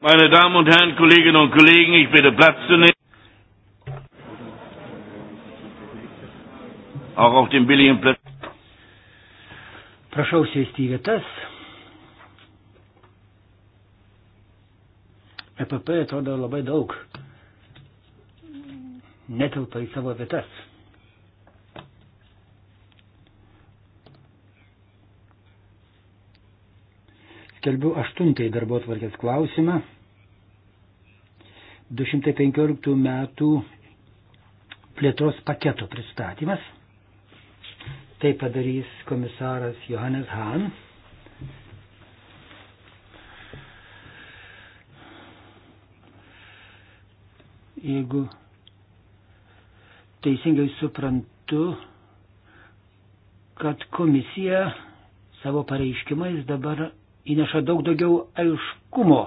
Meine Damen und Herren, Kolleginnen und Kollegen, ich bitte Platz zu nehmen. Auch auf dem billigen Platz. Prašau sėsti į vietas. EPP atrodo labai daug netilpa į savo vietas. Skelbiu aštuntąjį darbo atvarkės klausimą. 215 metų plėtros paketo pristatymas. Tai padarys komisaras Johannes Hahn. Jeigu teisingai suprantu, kad komisija savo pareiškimais dabar įneša daug daugiau aiškumo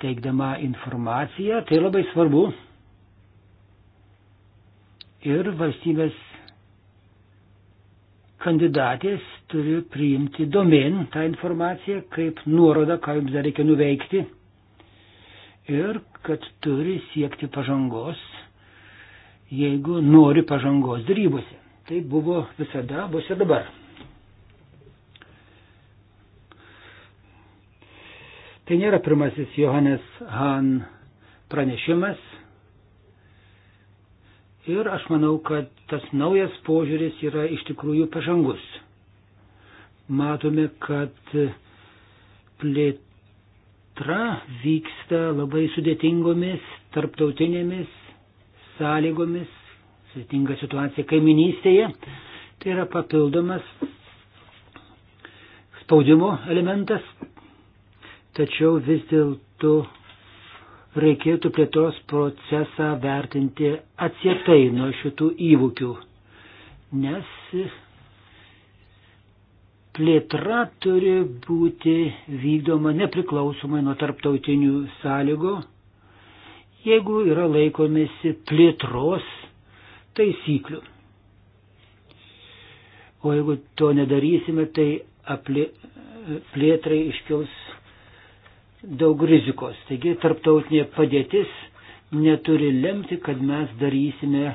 teikdama informaciją, tai labai svarbu. Ir valstybės kandidatės turi priimti domen tą informaciją kaip nuorodą, ką jums dar reikia nuveikti. Ir kad turi siekti pažangos, jeigu nori pažangos darybose. Tai buvo visada, bus ir dabar. Tai nėra pirmasis Johannes Han pranešimas. Ir aš manau, kad tas naujas požiūris yra iš tikrųjų pažangus. Matome, kad plėtra vyksta labai sudėtingomis tarptautinėmis sąlygomis, sudėtinga situacija kaiminystėje. Tai yra papildomas spaudimo elementas, tačiau vis dėlto reikėtų plėtos procesą vertinti atsietai nuo šitų įvykių, nes plėtra turi būti vykdoma nepriklausomai nuo tarptautinių sąlygų, jeigu yra laikomėsi plėtros taisyklių. O jeigu to nedarysime, tai aplė, plėtrai iškils daug rizikos. Taigi tarptautinė padėtis neturi lemti, kad mes darysime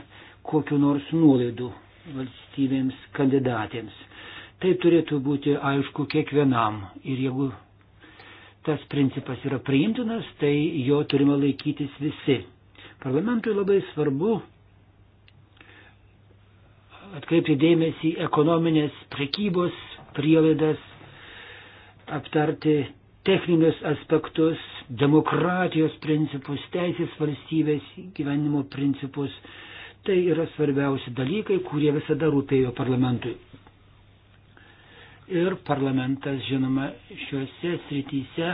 kokiu nors nuolaidų valstybėms kandidatėms. Tai turėtų būti aišku kiekvienam. Ir jeigu tas principas yra priimtinas, tai jo turime laikytis visi. Parlamentui labai svarbu atkreipti dėmesį ekonominės prekybos prielaidas, aptarti techninius aspektus, demokratijos principus, teisės valstybės gyvenimo principus. Tai yra svarbiausi dalykai, kurie visada rūpėjo parlamentui. Ir parlamentas, žinoma, šiuose srityse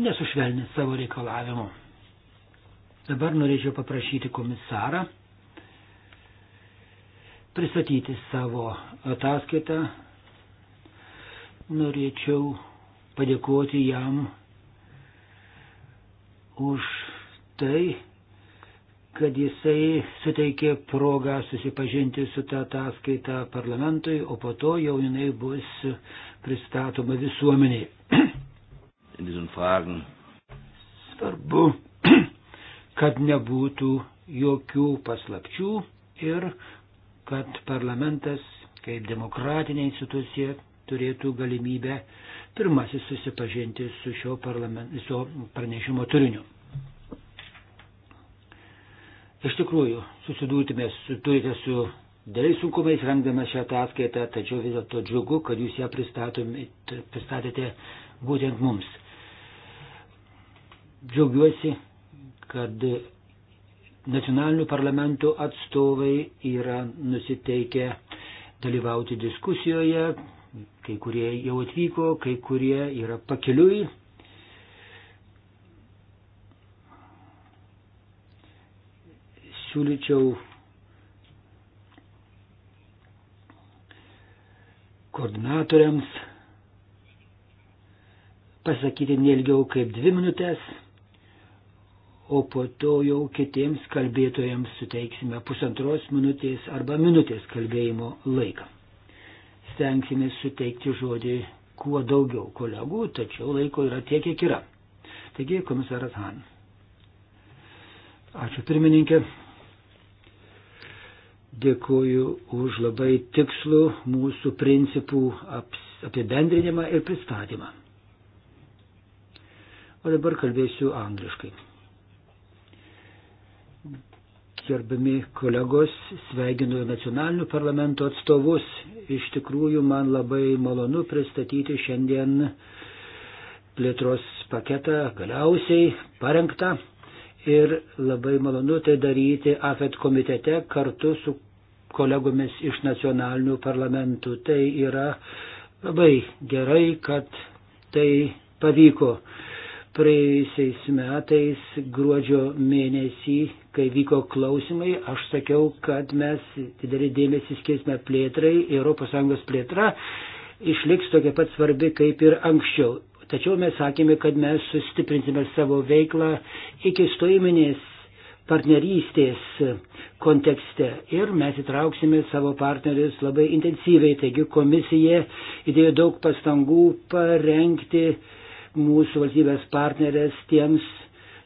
nesušvelnė savo reikalavimų. Dabar norėčiau paprašyti komisarą pristatyti savo ataskaitą. Norėčiau padėkoti jam už tai, kad jisai suteikė progą susipažinti su tą ataskaitą parlamentui, o po to jau jinai bus pristatoma visuomeniai. Svarbu, kad nebūtų jokių paslapčių ir kad parlamentas, kaip demokratinė institucija, turėtų galimybę uh, pirmasis susipažinti su šio, šio pranešimo turiniu. Iš tikrųjų, susidūrtumės, turite su dėliais sunkumais rengdama šią ataskaitą, tačiau vis dėlto džiugu, kad jūs ją pristatėte būtent mums. Džiaugiuosi, kad nacionalinių parlamentų atstovai yra nusiteikę dalyvauti diskusijoje, Kai kurie jau atvyko, kai kurie yra pakeliui. Siūlyčiau koordinatoriams pasakyti nelgiau kaip dvi minutės, o po to jau kitiems kalbėtojams suteiksime pusantros minutės arba minutės kalbėjimo laiką stengsimės suteikti žodį kuo daugiau kolegų, tačiau laiko yra tiek, kiek yra. Taigi, komisaras Han. Ačiū pirmininkė. Dėkuoju už labai tikslų mūsų principų apibendrinimą ir pristatymą. O dabar kalbėsiu angliškai gerbiami kolegos, sveikinu nacionalinių parlamento atstovus. Iš tikrųjų, man labai malonu pristatyti šiandien plėtros paketą galiausiai parengtą ir labai malonu tai daryti AFET komitete kartu su kolegomis iš nacionalinių parlamentų. Tai yra labai gerai, kad tai pavyko. Praėjusiais metais gruodžio mėnesį kai vyko klausimai, aš sakiau, kad mes didelį dėmesį skirsime plėtrai, ES plėtra išliks tokia pat svarbi kaip ir anksčiau. Tačiau mes sakėme, kad mes sustiprinsime savo veiklą iki stoiminės partnerystės kontekste ir mes įtrauksime savo partnerius labai intensyviai. Taigi komisija įdėjo daug pastangų parengti mūsų valstybės partnerės tiems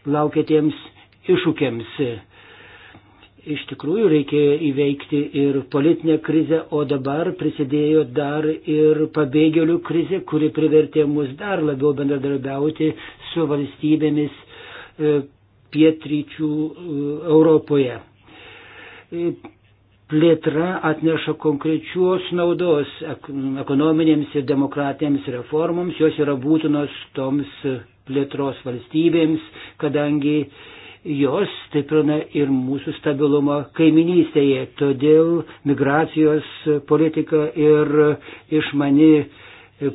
laukiatiems iššūkiams. Iš tikrųjų reikėjo įveikti ir politinę krizę, o dabar prisidėjo dar ir pabėgėlių krizė, kuri privertė mus dar labiau bendradarbiauti su valstybėmis e, pietryčių e, Europoje. E, plėtra atneša konkrečios naudos ekonominėms ir demokratėms reformoms, jos yra būtinos toms plėtros valstybėms, kadangi jos stiprina ir mūsų stabilumą kaiminystėje. Todėl migracijos politika ir išmani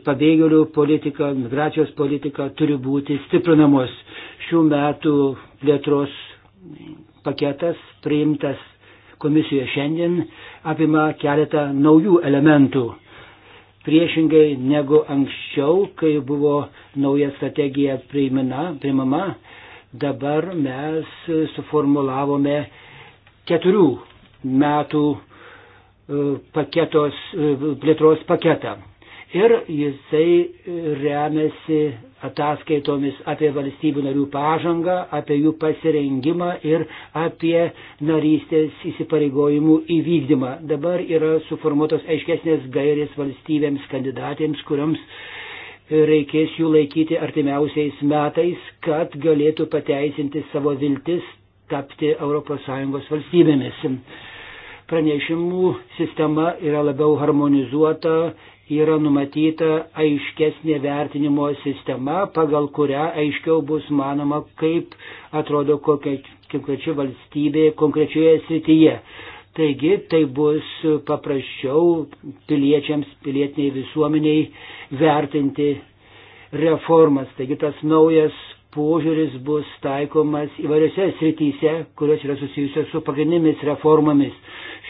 pabėgėlių politika, migracijos politika turi būti stiprinamos. Šių metų plėtros paketas priimtas komisijoje šiandien apima keletą naujų elementų. Priešingai negu anksčiau, kai buvo nauja strategija priimina, priimama, Dabar mes suformulavome keturių metų e, paketos, e, plėtros paketą. Ir jisai remiasi ataskaitomis apie valstybių narių pažangą, apie jų pasirengimą ir apie narystės įsipareigojimų įvykdymą. Dabar yra suformuotos aiškesnės gairės valstybėms kandidatėms, kuriams reikės jų laikyti artimiausiais metais, kad galėtų pateisinti savo viltis tapti ES valstybėmis. Pranešimų sistema yra labiau harmonizuota, yra numatyta aiškesnė vertinimo sistema, pagal kurią aiškiau bus manoma, kaip atrodo kokia konkrečia valstybė konkrečioje srityje. Taigi tai bus paprasčiau piliečiams, pilietiniai visuomeniai vertinti reformas. Taigi tas naujas požiūris bus taikomas įvairiose srityse, kurios yra susijusios su pagrindinėmis reformomis.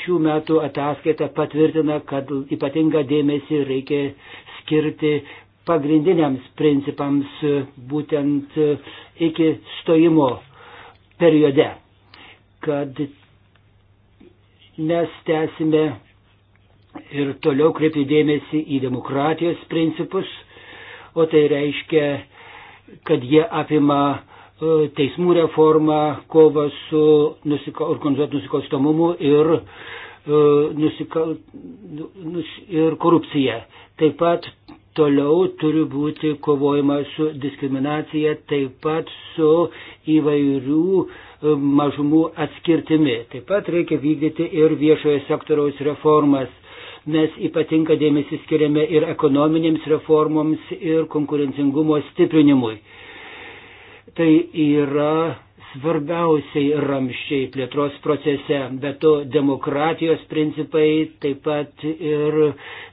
Šių metų ataskaita patvirtina, kad ypatingą dėmesį reikia skirti pagrindiniams principams būtent iki stojimo periode, kad mes tęsime ir toliau kreipti dėmesį į demokratijos principus, o tai reiškia, kad jie apima e, teismų reformą, kovą su nusika, organizuotų nusikalstamumu ir, e, nusika, nu, nus, ir korupcija. Taip pat toliau turi būti kovojama su diskriminacija, taip pat su įvairių uh, mažumų atskirtimi. Taip pat reikia vykdyti ir viešojo sektoriaus reformas. Mes ypatinga dėmesį skiriame ir ekonominėms reformoms, ir konkurencingumo stiprinimui. Tai yra svarbiausiai ramščiai plėtros procese, bet to demokratijos principai, taip pat ir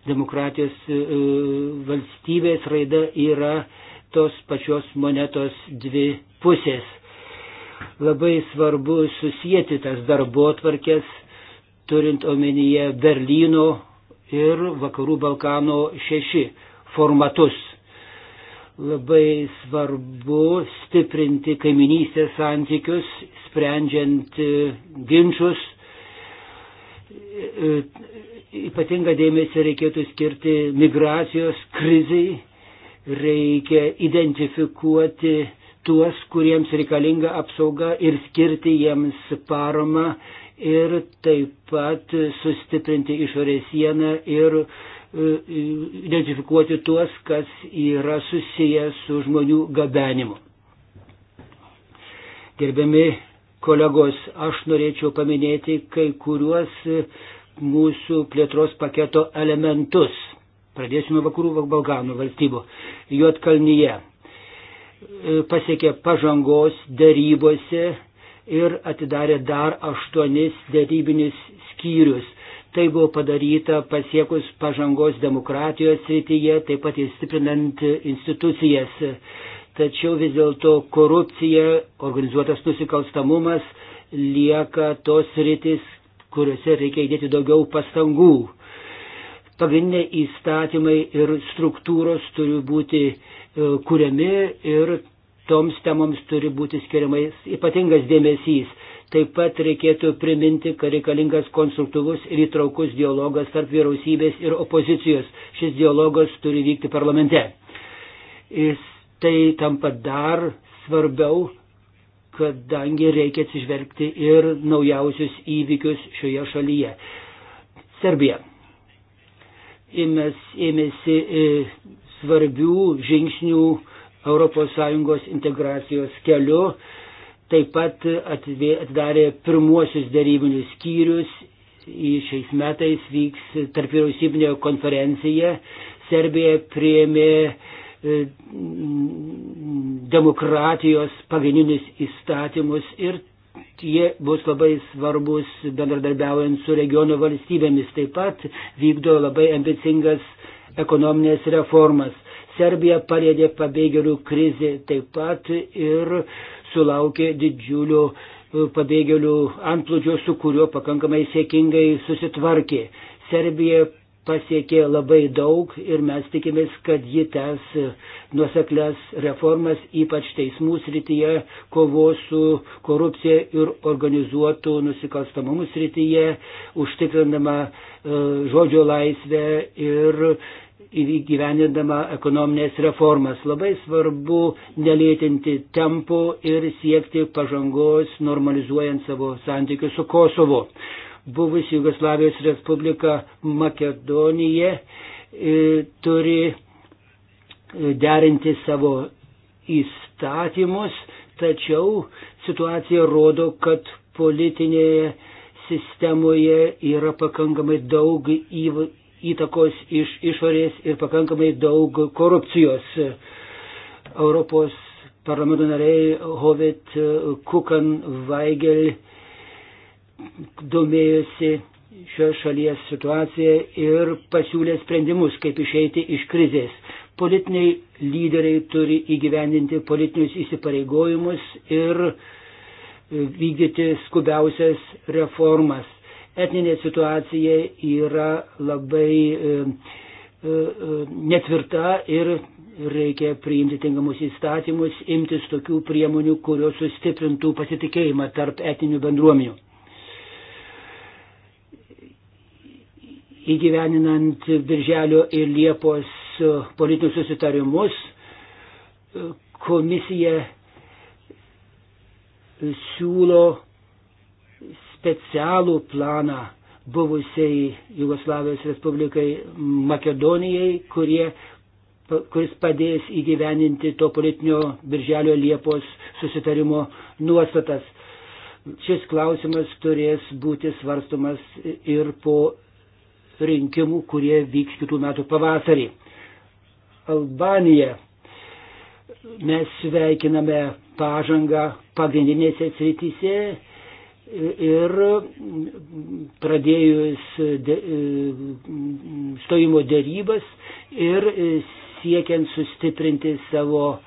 demokratijos e, valstybės raida yra tos pačios monetos dvi pusės. Labai svarbu susijęti tas darbo tvarkės, turint omenyje Berlyno ir Vakarų Balkano šeši formatus. Labai svarbu stiprinti kaiminystės santykius, sprendžiant e, ginčius. E, e, Ypatinga dėmesį reikėtų skirti migracijos krizai, reikia identifikuoti tuos, kuriems reikalinga apsauga ir skirti jiems paramą ir taip pat sustiprinti išorės sieną ir e, identifikuoti tuos, kas yra susijęs su žmonių gabenimu. Gerbiami kolegos, aš norėčiau paminėti kai kuriuos mūsų plėtros paketo elementus. Pradėsime vakarų Balkanų valstybių. Juotkalnyje pasiekė pažangos darybose ir atidarė dar aštuonis darybinis skyrius. Tai buvo padaryta pasiekus pažangos demokratijos srityje, taip pat įstiprinant institucijas. Tačiau vis dėlto korupcija, organizuotas nusikalstamumas lieka tos sritis, kuriuose reikia įdėti daugiau pastangų. Pagrindiniai įstatymai ir struktūros turi būti E, kuriami ir toms temoms turi būti skiriamais ypatingas dėmesys. Taip pat reikėtų priminti, kad reikalingas konstruktyvus ir įtraukus dialogas tarp vyriausybės ir opozicijos. Šis dialogas turi vykti parlamente. Ir tai tampa dar svarbiau, kadangi reikia atsižvelgti ir naujausius įvykius šioje šalyje. Serbija. Įmes, ėmėsi e, svarbių žingsnių ES integracijos keliu, taip pat atidarė pirmuosius darybinius skyrius, šiais metais vyks tarp vyriausybinė konferencija, Serbija prieimė e, demokratijos pagrindinius įstatymus ir jie bus labai svarbus bendradarbiaujant su regiono valstybėmis. Taip pat vykdo labai ambicingas ekonominės reformas. Serbija palėdė pabėgėlių krizę taip pat ir sulaukė didžiulio e, pabėgėlių antplūdžio, su kuriuo pakankamai sėkingai susitvarkė. Serbija pasiekė labai daug ir mes tikimės, kad ji tęs nuoseklės reformas, ypač teismų srityje, kovos su korupcija ir organizuotų nusikalstamumų srityje, užtikrindama e, žodžio laisvę ir įgyvendindama ekonominės reformas. Labai svarbu nelėtinti tempo ir siekti pažangos, normalizuojant savo santykius su Kosovo. Buvusi Jugoslavijos Respublika Makedonija e, turi e, derinti savo įstatymus, tačiau situacija rodo, kad politinėje sistemoje yra pakankamai daug įvairių įtakos iš išorės ir pakankamai daug korupcijos. Europos parlamento nariai Hovet, Kukan, Weigel domėjosi šios šalies situaciją ir pasiūlė sprendimus, kaip išeiti iš krizės. Politiniai lyderiai turi įgyvendinti politinius įsipareigojimus ir vykdyti skubiausias reformas etninė situacija yra labai e, e, e, netvirta ir reikia priimti tinkamus įstatymus, imtis tokių priemonių, kurios sustiprintų pasitikėjimą tarp etinių bendruomenių. Įgyveninant Birželio ir Liepos politinius susitarimus, komisija siūlo specialų planą buvusiai Jugoslavijos Respublikai Makedonijai, kurie, kuris padės įgyveninti to politinio birželio Liepos susitarimo nuostatas. Šis klausimas turės būti svarstomas ir po rinkimų, kurie vyks kitų metų pavasarį. Albanija. Mes sveikiname pažangą pagrindinėse srityse ir pradėjus de, stojimo dėrybas ir siekiant sustiprinti savo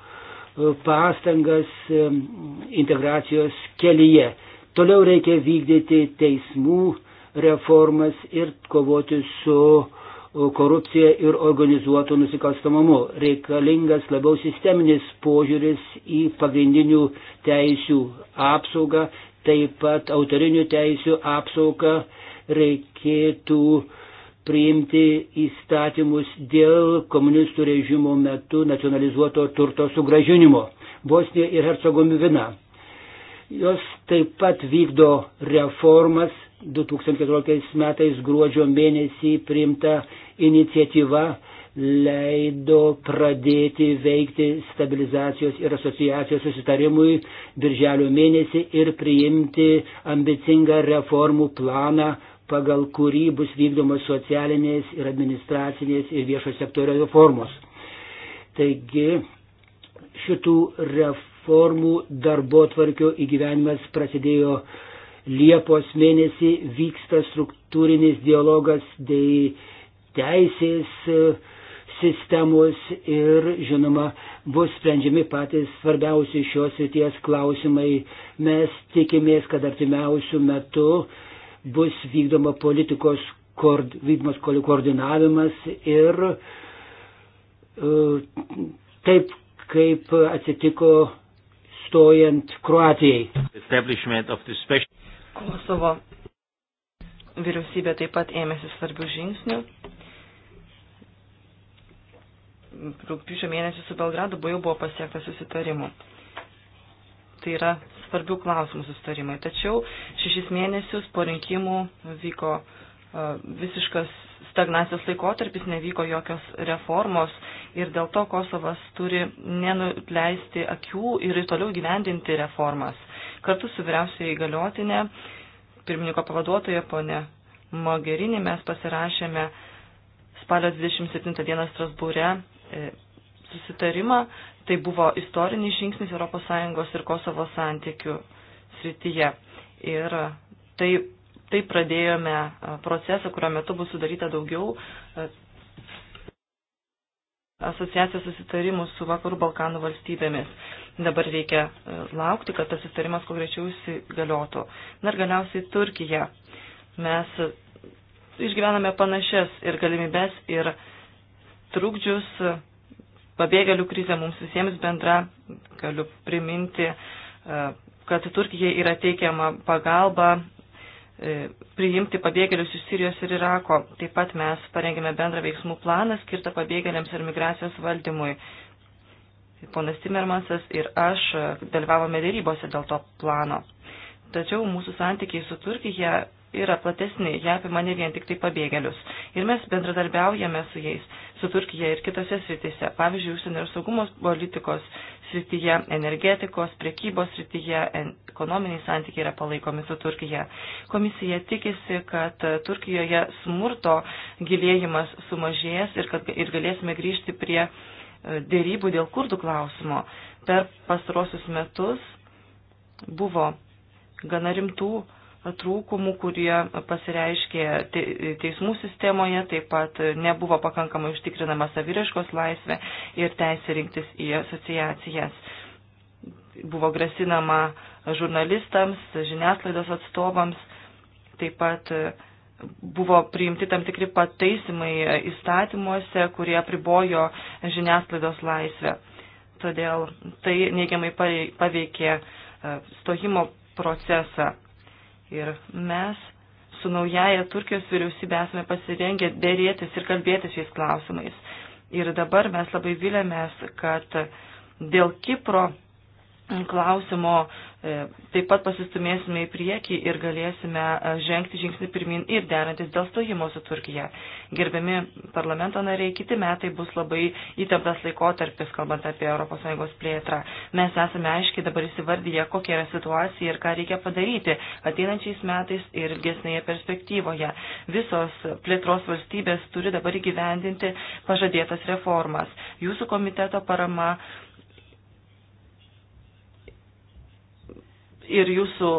pastangas integracijos kelyje. Toliau reikia vykdyti teismų reformas ir kovoti su korupcija ir organizuotų nusikalstamumu. Reikalingas labiau sisteminis požiūris į pagrindinių teisių apsaugą, taip pat autorinių teisių apsaugą reikėtų priimti įstatymus dėl komunistų režimo metu nacionalizuoto turto sugražinimo. Bosnija ir Hercegovina. Jos taip pat vykdo reformas. 2014 metais gruodžio mėnesį priimta iniciatyva leido pradėti veikti stabilizacijos ir asociacijos susitarimui birželio mėnesį ir priimti ambicingą reformų planą, pagal kurį bus vykdomos socialinės ir administracinės ir viešo sektorio reformos. Taigi šitų reformų darbo tvarkio įgyvenimas prasidėjo Liepos mėnesį, vyksta struktūrinis dialogas dėl teisės sistemos ir, žinoma, bus sprendžiami patys svarbiausi šios ryties klausimai. Mes tikimės, kad artimiausių metų bus vykdoma politikos koord, vykdomas koordinavimas ir e, taip, kaip atsitiko stojant Kroatijai. Kosovo vyriausybė taip pat ėmėsi svarbių žingsnių rūpiučio mėnesį su Belgradu jau buvo pasiektas susitarimų. Tai yra svarbių klausimų susitarimai. Tačiau šešis mėnesius po rinkimų vyko e, visiškas stagnacijos laikotarpis, nevyko jokios reformos ir dėl to Kosovas turi nenuleisti akių ir toliau gyvendinti reformas. Kartu su vyriausiai įgaliotinė, pirmininko pavaduotoja ponė Mogherini, mes pasirašėme spalio 27 dieną Strasbūre E, susitarimą. Tai buvo istorinis žingsnis ES ir Kosovo santykių srityje. Ir tai, tai pradėjome e, procesą, kurio metu bus sudaryta daugiau e, asociacijos susitarimų su Vakarų Balkanų valstybėmis. Dabar reikia laukti, kad tas susitarimas kuo greičiau įsigaliotų. Na ir galiausiai Turkija. Mes išgyvename panašias ir galimybės, ir trukdžius pabėgėlių krizę mums visiems bendra, galiu priminti, e, kad Turkijai yra teikiama pagalba e, priimti pabėgėlius iš Sirijos ir Irako. Taip pat mes parengėme bendrą veiksmų planą skirtą pabėgėliams ir migracijos valdymui. Ponas Timermansas ir aš dalyvavome dėrybose dėl to plano. Tačiau mūsų santykiai su Turkija yra platesni, jie apima ne vien tik tai pabėgėlius. Ir mes bendradarbiaujame su jais, su Turkija ir kitose sritise, pavyzdžiui, užsienio ir saugumos politikos srityje, energetikos, priekybos srityje, ekonominiai santykiai yra palaikomi su Turkija. Komisija tikisi, kad Turkijoje smurto gilėjimas sumažės ir kad ir galėsime grįžti prie e, dėrybų dėl kurdų klausimo. Per pastarosius metus buvo gana rimtų trūkumų, kurie pasireiškė teismų sistemoje, taip pat nebuvo pakankamai užtikrinama saviraškos laisvė ir teisė rinktis į asociacijas. Buvo grasinama žurnalistams, žiniasklaidos atstovams, taip pat buvo priimti tam tikri pataisimai įstatymuose, kurie pribojo žiniasklaidos laisvę. Todėl tai neigiamai paveikė e, stojimo procesą Ir mes su naujaja Turkijos vyriausybė esame pasirengę dėrėtis ir kalbėti šiais klausimais. Ir dabar mes labai vilėmės, kad dėl Kipro klausimo e, taip pat pasistumėsime į priekį ir galėsime e, žengti žingsnį pirmin ir derantis dėl stojimo su Turkija. Gerbiami parlamento nariai, kiti metai bus labai įtemptas laikotarpis, kalbant apie ES plėtrą. Mes esame aiškiai dabar įsivardyje, kokia yra situacija ir ką reikia padaryti ateinančiais metais ir ilgesnėje perspektyvoje. Visos plėtros valstybės turi dabar įgyvendinti pažadėtas reformas. Jūsų komiteto parama ir jūsų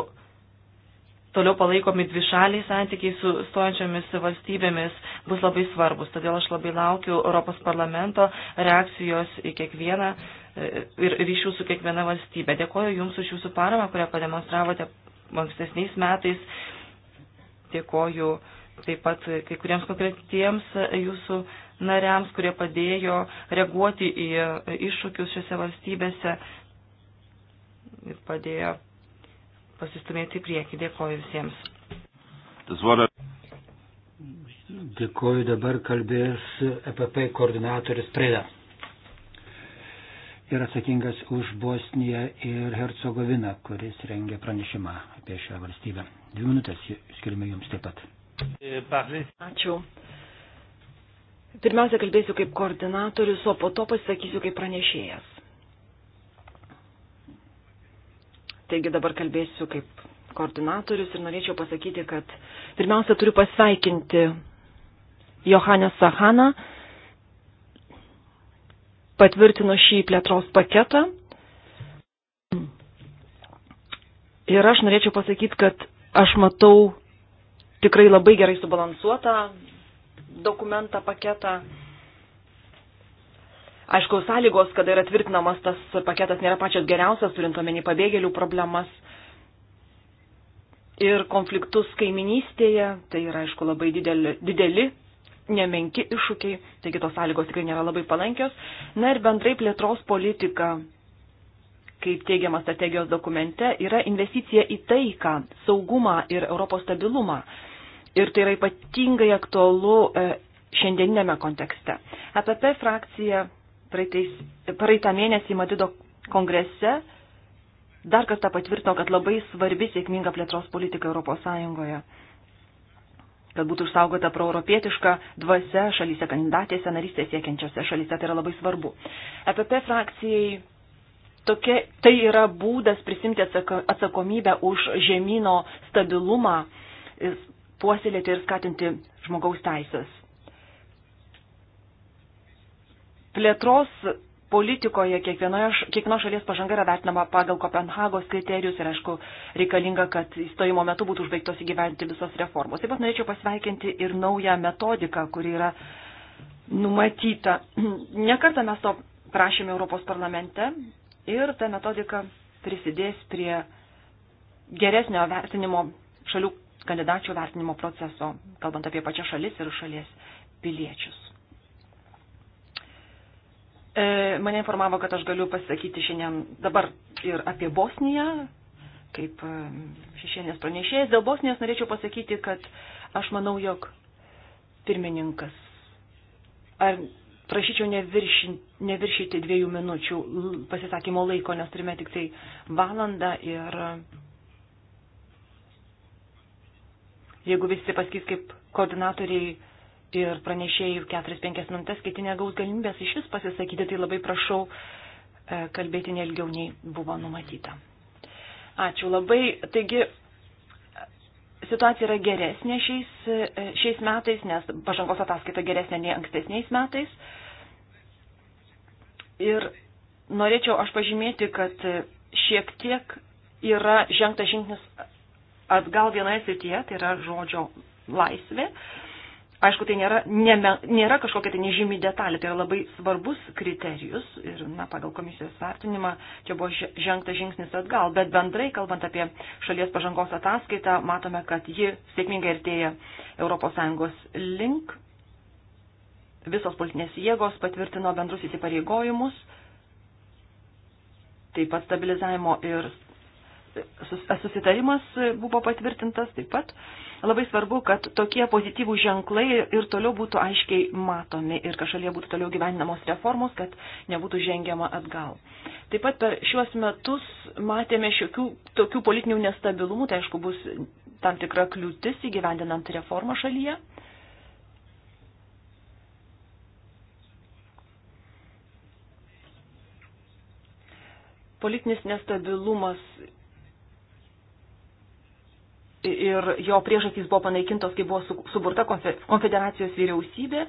toliau palaikomi dvišaliai santykiai su stojančiomis valstybėmis bus labai svarbus. Todėl aš labai laukiu Europos parlamento reakcijos į kiekvieną e, ir ryšių su kiekviena valstybė. Dėkoju Jums už Jūsų paramą, kurią pademonstravote ankstesniais metais. Dėkoju taip pat kai kuriems konkretiems Jūsų nariams, kurie padėjo reaguoti į iššūkius šiuose valstybėse ir padėjo pasistumėti į priekį. Dėkoju visiems. Dėkoju, dabar kalbės EPP koordinatorius Preda. Ir atsakingas už Bosniją ir Hercegoviną, kuris rengia pranešimą apie šią valstybę. Dvi minutės skirime jums taip pat. Ačiū. Pirmiausia, kalbėsiu kaip koordinatorius, o po to pasisakysiu kaip pranešėjas. Taigi dabar kalbėsiu kaip koordinatorius ir norėčiau pasakyti, kad pirmiausia turiu pasveikinti Johanę Sahaną, patvirtino šį plėtros paketą. Ir aš norėčiau pasakyti, kad aš matau tikrai labai gerai subalansuotą dokumentą, paketą. Aišku, sąlygos, kada yra tvirtinamas tas paketas, nėra pačios geriausios, turint omeny pabėgėlių problemas ir konfliktus kaiminystėje. Tai yra, aišku, labai dideli, dideli nemenki iššūkiai, taigi tos sąlygos tikrai nėra labai palankios. Na ir bendrai plėtros politika, kaip teigiama strategijos dokumente, yra investicija į taiką, saugumą ir Europos stabilumą. Ir tai yra ypatingai aktualu e, šiandieninėme kontekste. APP frakcija praeitais, praeitą mėnesį Madrido kongrese dar kartą patvirtino, kad labai svarbi sėkminga plėtros politika Europos Sąjungoje kad būtų išsaugota proeuropietiška dvasia šalyse kandidatėse, narystės siekiančiose šalyse, tai yra labai svarbu. EPP frakcijai tokia, tai yra būdas prisimti atsakomybę už žemynų stabilumą, puoselėti ir skatinti žmogaus teisės. plėtros politikoje kiekvienos šalies pažanga yra vertinama pagal Kopenhagos kriterijus ir, aišku, reikalinga, kad įstojimo metu būtų užbaigtos įgyventi visos reformos. Taip pat norėčiau pasveikinti ir naują metodiką, kuri yra numatyta. Nekartą mes to prašėme Europos parlamente ir ta metodika prisidės prie geresnio vertinimo šalių kandidačių vertinimo proceso, kalbant apie pačią šalis ir šalies piliečius. E, mane informavo, kad aš galiu pasakyti šiandien dabar ir apie Bosniją, kaip e, šešienės pranešėjas. Dėl Bosnijos norėčiau pasakyti, kad aš manau, jog pirmininkas. Ar prašyčiau neviršyti, neviršyti dviejų minučių pasisakymo laiko, nes turime tik tai valandą ir e, jeigu visi pasakys kaip koordinatoriai ir pranešėjų 4-5 minutės, kiti negaus galimybės iš vis pasisakyti, tai labai prašau e, kalbėti nelgiau nei buvo numatyta. Ačiū labai. Taigi, situacija yra geresnė šiais, e, šiais metais, nes pažangos ataskaita geresnė nei ankstesniais metais. Ir norėčiau aš pažymėti, kad šiek tiek yra žengtas žingsnis atgal vienoje srityje, tai yra žodžio laisvė. Uh, Aišku, tai nėra, nėme, nėra kažkokia tai nežymi detalė, tai yra labai svarbus kriterijus ir na, pagal komisijos vertinimą čia buvo žengta žingsnis atgal, bet bendrai, kalbant apie šalies pažangos ataskaitą, matome, kad ji sėkmingai artėja ES link. Visos politinės jėgos patvirtino bendrus įsipareigojimus, taip pat stabilizavimo ir susitarimas buvo patvirtintas taip pat. Uh, Labai svarbu, kad tokie pozityvų ženklai ir toliau būtų aiškiai matomi ir kad šalyje būtų toliau gyveninamos reformos, kad nebūtų žengiama atgal. Taip pat per šiuos metus matėme šiokių tokių politinių nestabilumų, tai aišku bus tam tikra kliūtis įgyvendinant reformą šalyje. Politinis nestabilumas ir jo priežastys buvo panaikintos, kai buvo suburta konfederacijos vyriausybė.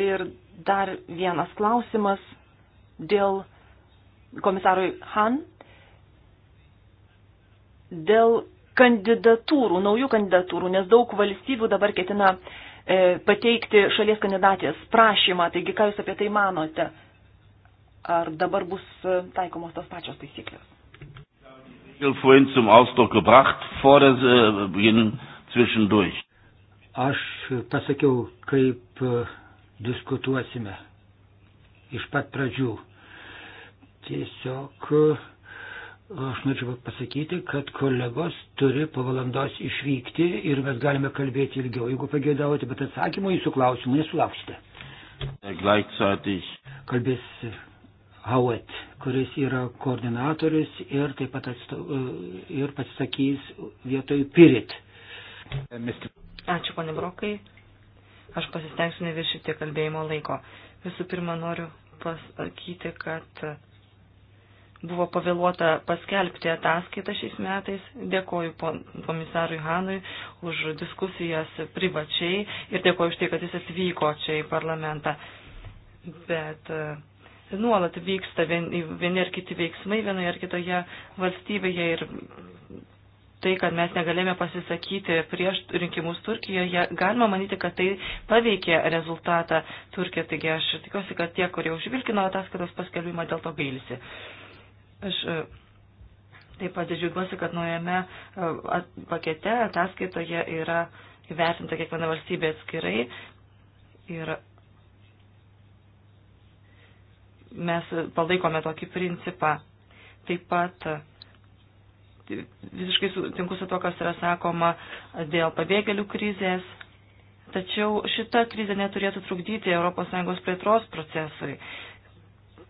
Ir dar vienas klausimas dėl komisarui Han, dėl kandidatūrų, naujų kandidatūrų, nes daug valstybių dabar ketina e, pateikti šalies kandidatės prašymą, taigi ką Jūs apie tai manote? Ar dabar bus e, taikomos tos pačios taisyklės? vorhin zum Ausdruck gebracht, vor der äh, Beginn zwischendurch. Aš pasakiau, kaip äh, diskutuosime iš pat pradžių. Tiesiog äh, aš norėčiau pasakyti, kad kolegos turi po valandos išvykti ir mes galime kalbėti ilgiau, jeigu pagėdavote, bet atsakymų jūsų klausimų nesulauksite. Gleichzeitig. Kalbės Howet, kuris yra koordinatorius ir taip pat atstau, ir pasisakys vietoj Pirit. Ačiū, ponė Brokai. Aš pasistengsiu neviršyti kalbėjimo laiko. Visų pirma, noriu pasakyti, kad buvo pavėluota paskelbti ataskaitą šiais metais. Dėkoju komisarui Hanui už diskusijas privačiai ir dėkoju už tai, kad jis atvyko čia į parlamentą. Bet uh, nuolat vyksta vieni ar kiti veiksmai vienoje ar kitoje valstybėje ir tai, kad mes negalėjome pasisakyti prieš rinkimus Turkijoje, galima manyti, kad tai paveikė rezultatą Turkijoje. Taigi aš tikiuosi, kad tie, kurie užvilkino ataskaitos paskelbimą, dėl to gailisi. Aš e, taip pat džiaugiuosi, kad naujame e, pakete ataskaitoje yra įvertinta kiekviena valstybė atskirai ir mes palaikome tokį principą. Taip pat visiškai sutinku su to, kas yra sakoma dėl pabėgėlių krizės. Tačiau šita krizė neturėtų trukdyti ES plėtros procesui.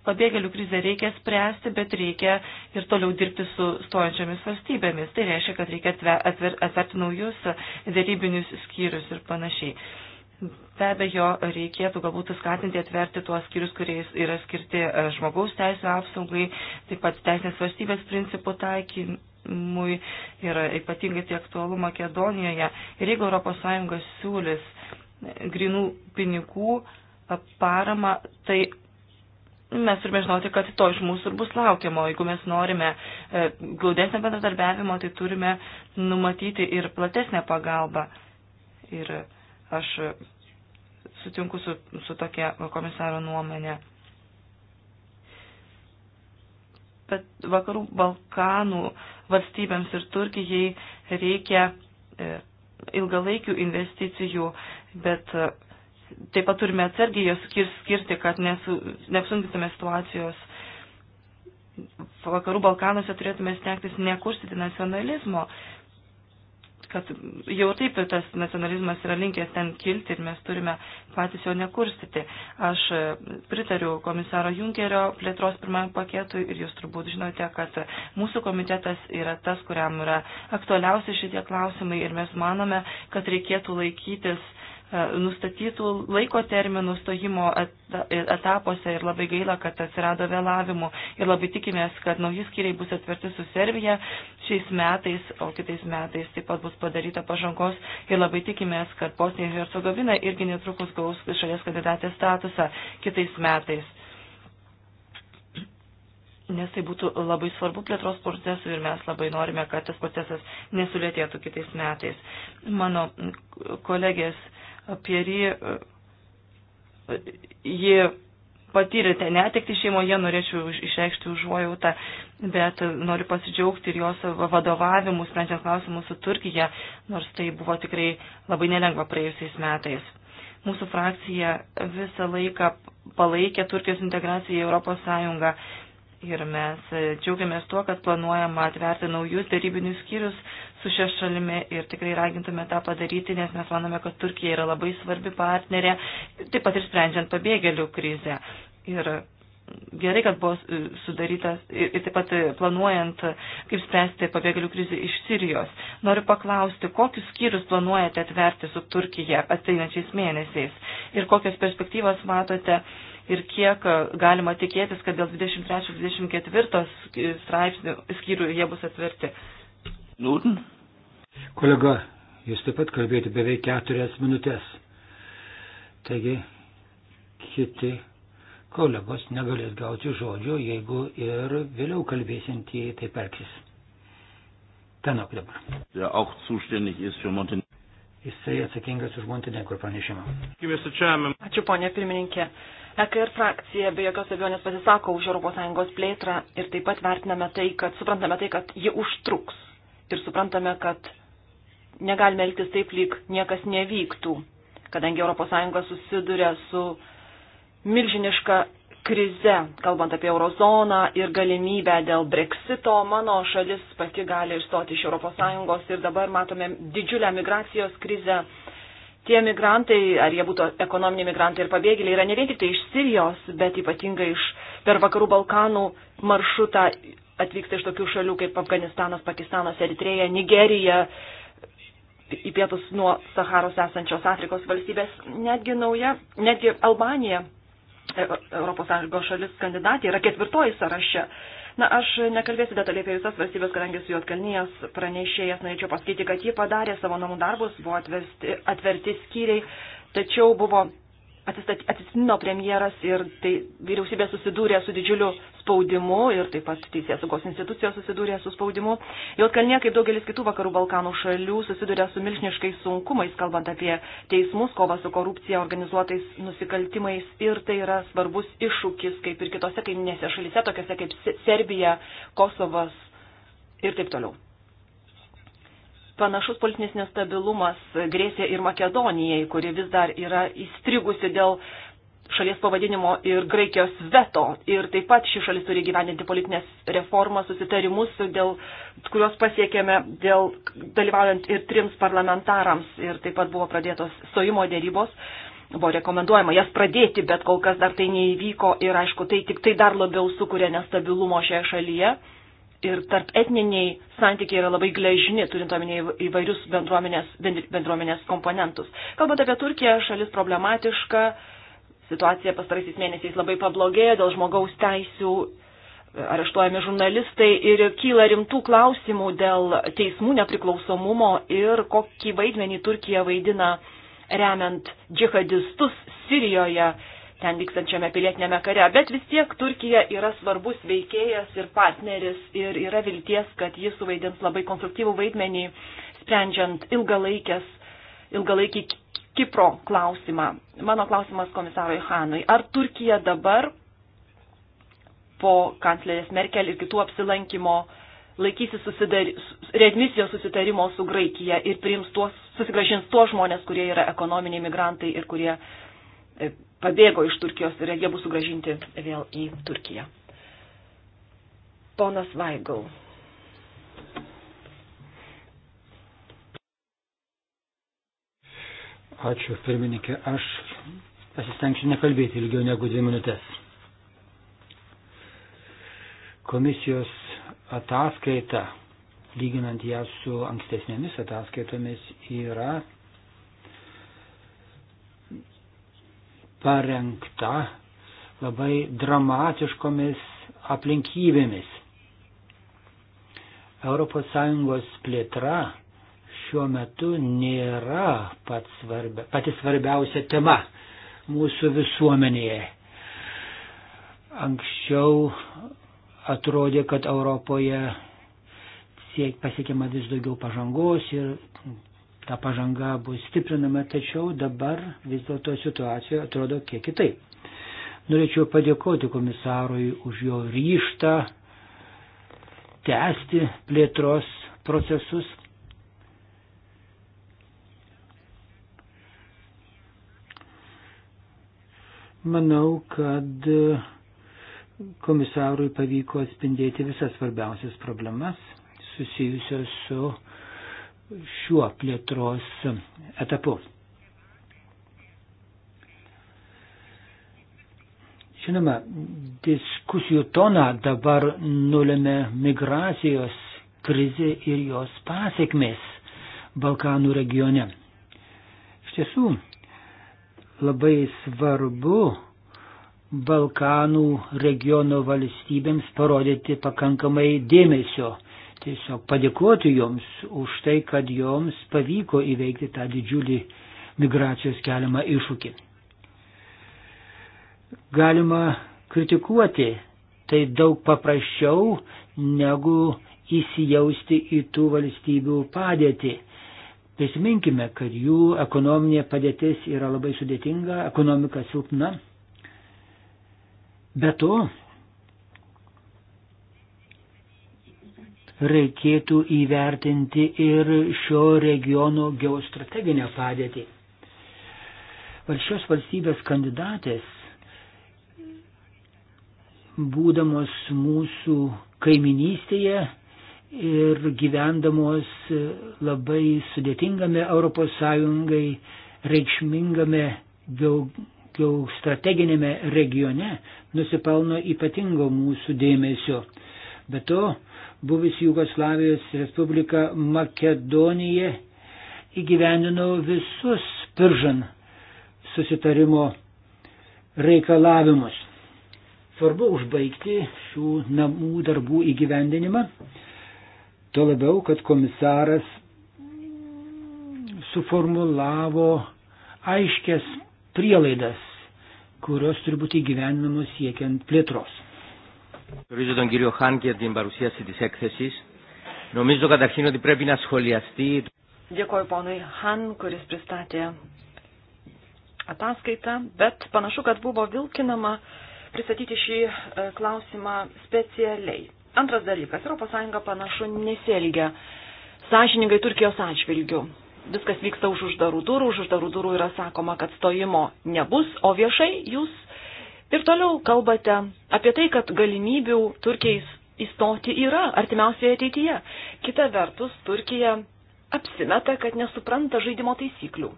Pabėgėlių krizę reikia spręsti, bet reikia ir toliau dirbti su stojančiamis valstybėmis. Tai reiškia, kad reikia atverti naujus dėrybinius skyrius ir panašiai. Be abejo, reikėtų galbūt skatinti atverti tuos skirius, kurie yra skirti e, žmogaus teisų apsaugai, taip pat teisinės valstybės principų taikymui ir ypatingai tai aktualu Makedonijoje. Ir jeigu ES siūlis grinų pinigų e, paramą, tai mes turime žinoti, kad to iš mūsų ir bus laukiamo. Jeigu mes norime e, glaudesnio bendradarbiavimo, tai turime numatyti ir platesnę pagalbą. Ir Aš sutinku su, su tokia komisaro nuomonė. Bet vakarų Balkanų valstybėms ir Turkijai reikia e, ilgalaikių investicijų, bet e, taip pat turime atsargiai jos skirti, kad neapsunkintume situacijos. Vakarų Balkanuose turėtume stengtis nekurstyti nacionalizmo, kad jau taip tas nacionalizmas yra linkęs ten kilti ir mes turime patys jo nekurstyti. Aš e, pritariu komisaro Junkerio plėtros pirmam paketui ir jūs turbūt žinote, kad mūsų komitetas yra tas, kuriam yra aktualiausi šitie klausimai ir mes manome, kad reikėtų laikytis E, nustatytų laiko terminų stojimo e, etapuose ir labai gaila, kad atsirado vėlavimų ir labai tikimės, kad nauji skyriai bus atverti su Serbija šiais metais, o kitais metais taip pat bus padaryta pažangos ir labai tikimės, kad Bosnija ir Hercegovina irgi netrukus gaus šalies kandidatės statusą kitais metais. Nes tai būtų labai svarbu plėtros procesui ir mes labai norime, kad tas procesas nesulėtėtų kitais metais. Mano kolegės Pierį, e, ji patyrėte netikti šeimoje, norėčiau išreikšti užuojautą, bet noriu pasidžiaugti ir jos vadovavimu, sprendžiant klausimus su Turkija, nors tai buvo tikrai labai nelengva praėjusiais metais. Mūsų frakcija visą laiką palaikė Turkijos integraciją į Europos Sąjungą ir mes džiaugiamės tuo, kad planuojama atverti naujus darybinius skyrius su šia šalimi ir tikrai ragintume tą padaryti, nes mes manome, kad Turkija yra labai svarbi partnerė, taip pat ir sprendžiant pabėgėlių krizę. Ir gerai, kad buvo sudarytas ir, ir taip pat planuojant, kaip spręsti pabėgėlių krizę iš Sirijos. Noriu paklausti, kokius skyrius planuojate atverti su Turkija ateinančiais mėnesiais ir kokias perspektyvas matote ir kiek galima tikėtis, kad dėl 23-24 straipsnių skyrių jie bus atverti. Minuten. Kolega, jūs taip pat kalbėjote beveik keturias minutės. Taigi, kiti kolegos negalės gauti žodžio, jeigu ir vėliau kalbėsintieji taip elgsis. Tenok dabar. Ja, auch zuständig ist für Montenegro. Jisai atsakingas už Montenegro pranešimą. Ačiū, ponė pirmininkė. EKR frakcija be jokios abejonės pasisako už ES plėtrą ir taip pat vertiname tai, kad suprantame tai, kad ji užtruks ir suprantame, kad negalime elgtis taip, lyg niekas nevyktų, kadangi ES susiduria su milžiniška krize, kalbant apie eurozoną ir galimybę dėl breksito, mano šalis pati gali išstoti iš ES ir dabar matome didžiulę migracijos krizę. Tie migrantai, ar jie būtų ekonominiai migrantai ir pabėgėliai, yra ne vien tik tai iš Sirijos, bet ypatingai iš per vakarų Balkanų maršrutą atvyksta iš tokių šalių kaip Afganistanas, Pakistanas, Eritreja, Nigerija, į pietus nuo Saharos esančios Afrikos valstybės, netgi nauja, netgi Albanija, ES šalis kandidatė, yra ketvirtoji sąraše. Na, aš nekalbėsiu detaliai apie visas valstybės, kadangi su Juotkalnyjas pranešėjas norėčiau pasakyti, kad ji padarė savo namų darbus, buvo atversti, atverti skyriai, tačiau buvo atsistino premjeras ir tai vyriausybė susidūrė su didžiuliu spaudimu ir taip pat teisės saugos institucijos susidūrė su spaudimu. Jotkalnie, kaip daugelis kitų vakarų Balkanų šalių, susidūrė su milžiniškais sunkumais, kalbant apie teismus, kovą su korupcija, organizuotais nusikaltimais ir tai yra svarbus iššūkis, kaip ir kitose kaiminėse šalyse, tokiose kaip Serbija, Kosovas ir taip toliau. Panašus politinis nestabilumas grėsė ir Makedonijai, kuri vis dar yra įstrigusi dėl šalies pavadinimo ir Graikijos veto. Ir taip pat ši šalis turi gyveninti politinės reformas, susitarimus, dėl, kuriuos pasiekėme dėl dalyvaujant ir trims parlamentarams. Ir taip pat buvo pradėtos stojimo dėrybos. Buvo rekomenduojama jas pradėti, bet kol kas dar tai neįvyko ir aišku, tai tik tai dar labiau sukuria nestabilumo šioje šalyje ir tarp etniniai santykiai yra labai gležni, turint omenyje įvairius bendruomenės, bendruomenės komponentus. Kalbant apie Turkiją, šalis problematiška, situacija pastaraisiais mėnesiais labai pablogėjo dėl žmogaus teisių, areštuojami žurnalistai ir kyla rimtų klausimų dėl teismų nepriklausomumo ir kokį vaidmenį Turkija vaidina remiant džihadistus Sirijoje ten vykstančiame pilietinėme kare. Bet vis tiek Turkija yra svarbus veikėjas ir partneris ir yra vilties, kad jis suvaidins labai konstruktyvų vaidmenį, sprendžiant ilgalaikės, ilgalaikį Kipro klausimą. Mano klausimas komisarui Hanui. Ar Turkija dabar po kanclerės Merkel ir kitų apsilankimo laikysis susidari, redmisijos susitarimo su Graikija ir priims tuos, susigražins tuos žmonės, kurie yra ekonominiai migrantai ir kurie e, pabėgo iš Turkijos ir jie bus sugražinti vėl į Turkiją. Ponas Vaigal. Ačiū, pirmininkė. Aš pasistengsiu nekalbėti ilgiau negu dvi minutės. Komisijos ataskaita, lyginant ją su ankstesnėmis ataskaitomis, yra parengta labai dramatiškomis aplinkybėmis. ES plėtra šiuo metu nėra svarbia, pati svarbiausia tema mūsų visuomenėje. Anksčiau atrodė, kad Europoje pasiekima vis daugiau pažangos ir ta pažanga bus stiprinama, tačiau dabar vis dėlto situacija atrodo kiek kitaip. Norėčiau padėkoti komisarui už jo ryštą tęsti plėtros procesus. Manau, kad komisarui pavyko atspindėti visas svarbiausias problemas susijusios su šiuo plėtros etapu. Žinoma, diskusijų toną dabar nulėmė migracijos krizė ir jos pasiekmės Balkanų regione. Iš tiesų, labai svarbu Balkanų regiono valstybėms parodyti pakankamai dėmesio tiesiog padėkoti joms už tai, kad joms pavyko įveikti tą didžiulį migracijos keliamą iššūkį. Galima kritikuoti, tai daug paprasčiau negu įsijausti į tų valstybių padėtį. Prisiminkime, kad jų ekonominė padėtis yra labai sudėtinga, ekonomika silpna. Be to, reikėtų įvertinti ir šio regiono geostrateginę padėtį. Ar šios valstybės kandidatės, būdamos mūsų kaiminystėje ir gyvendamos labai sudėtingame ES reikšmingame geostrateginėme regione, nusipelno ypatingo mūsų dėmesio Be to, buvis Jugoslavijos Respublika Makedonija įgyvendino visus piržan susitarimo reikalavimus. Svarbu užbaigti šių namų darbų įgyvendinimą, to labiau, kad komisaras suformulavo aiškias prielaidas, kurios turi būti įgyvendinamos siekiant plėtros. Ορίζω τον κύριο Χάν για την παρουσίαση της έκθεσης. Νομίζω καταρχήν ότι πρέπει να σχολιαστεί... Dėkoju ponui Han, kuris pristatė ataskaitą, bet panašu, kad buvo vilkinama pristatyti šį e, klausimą specialiai. Antras dalykas, ES panašu nesielgia sąžiningai Turkijos atžvilgių. Viskas vyksta už uždarų durų, už uždarų durų yra sakoma, kad stojimo nebus, o viešai jūs Ir toliau kalbate apie tai, kad galimybių Turkijais įstoti yra artimiausioje ateityje. Kita vertus, Turkija apsimeta, kad nesupranta žaidimo taisyklių.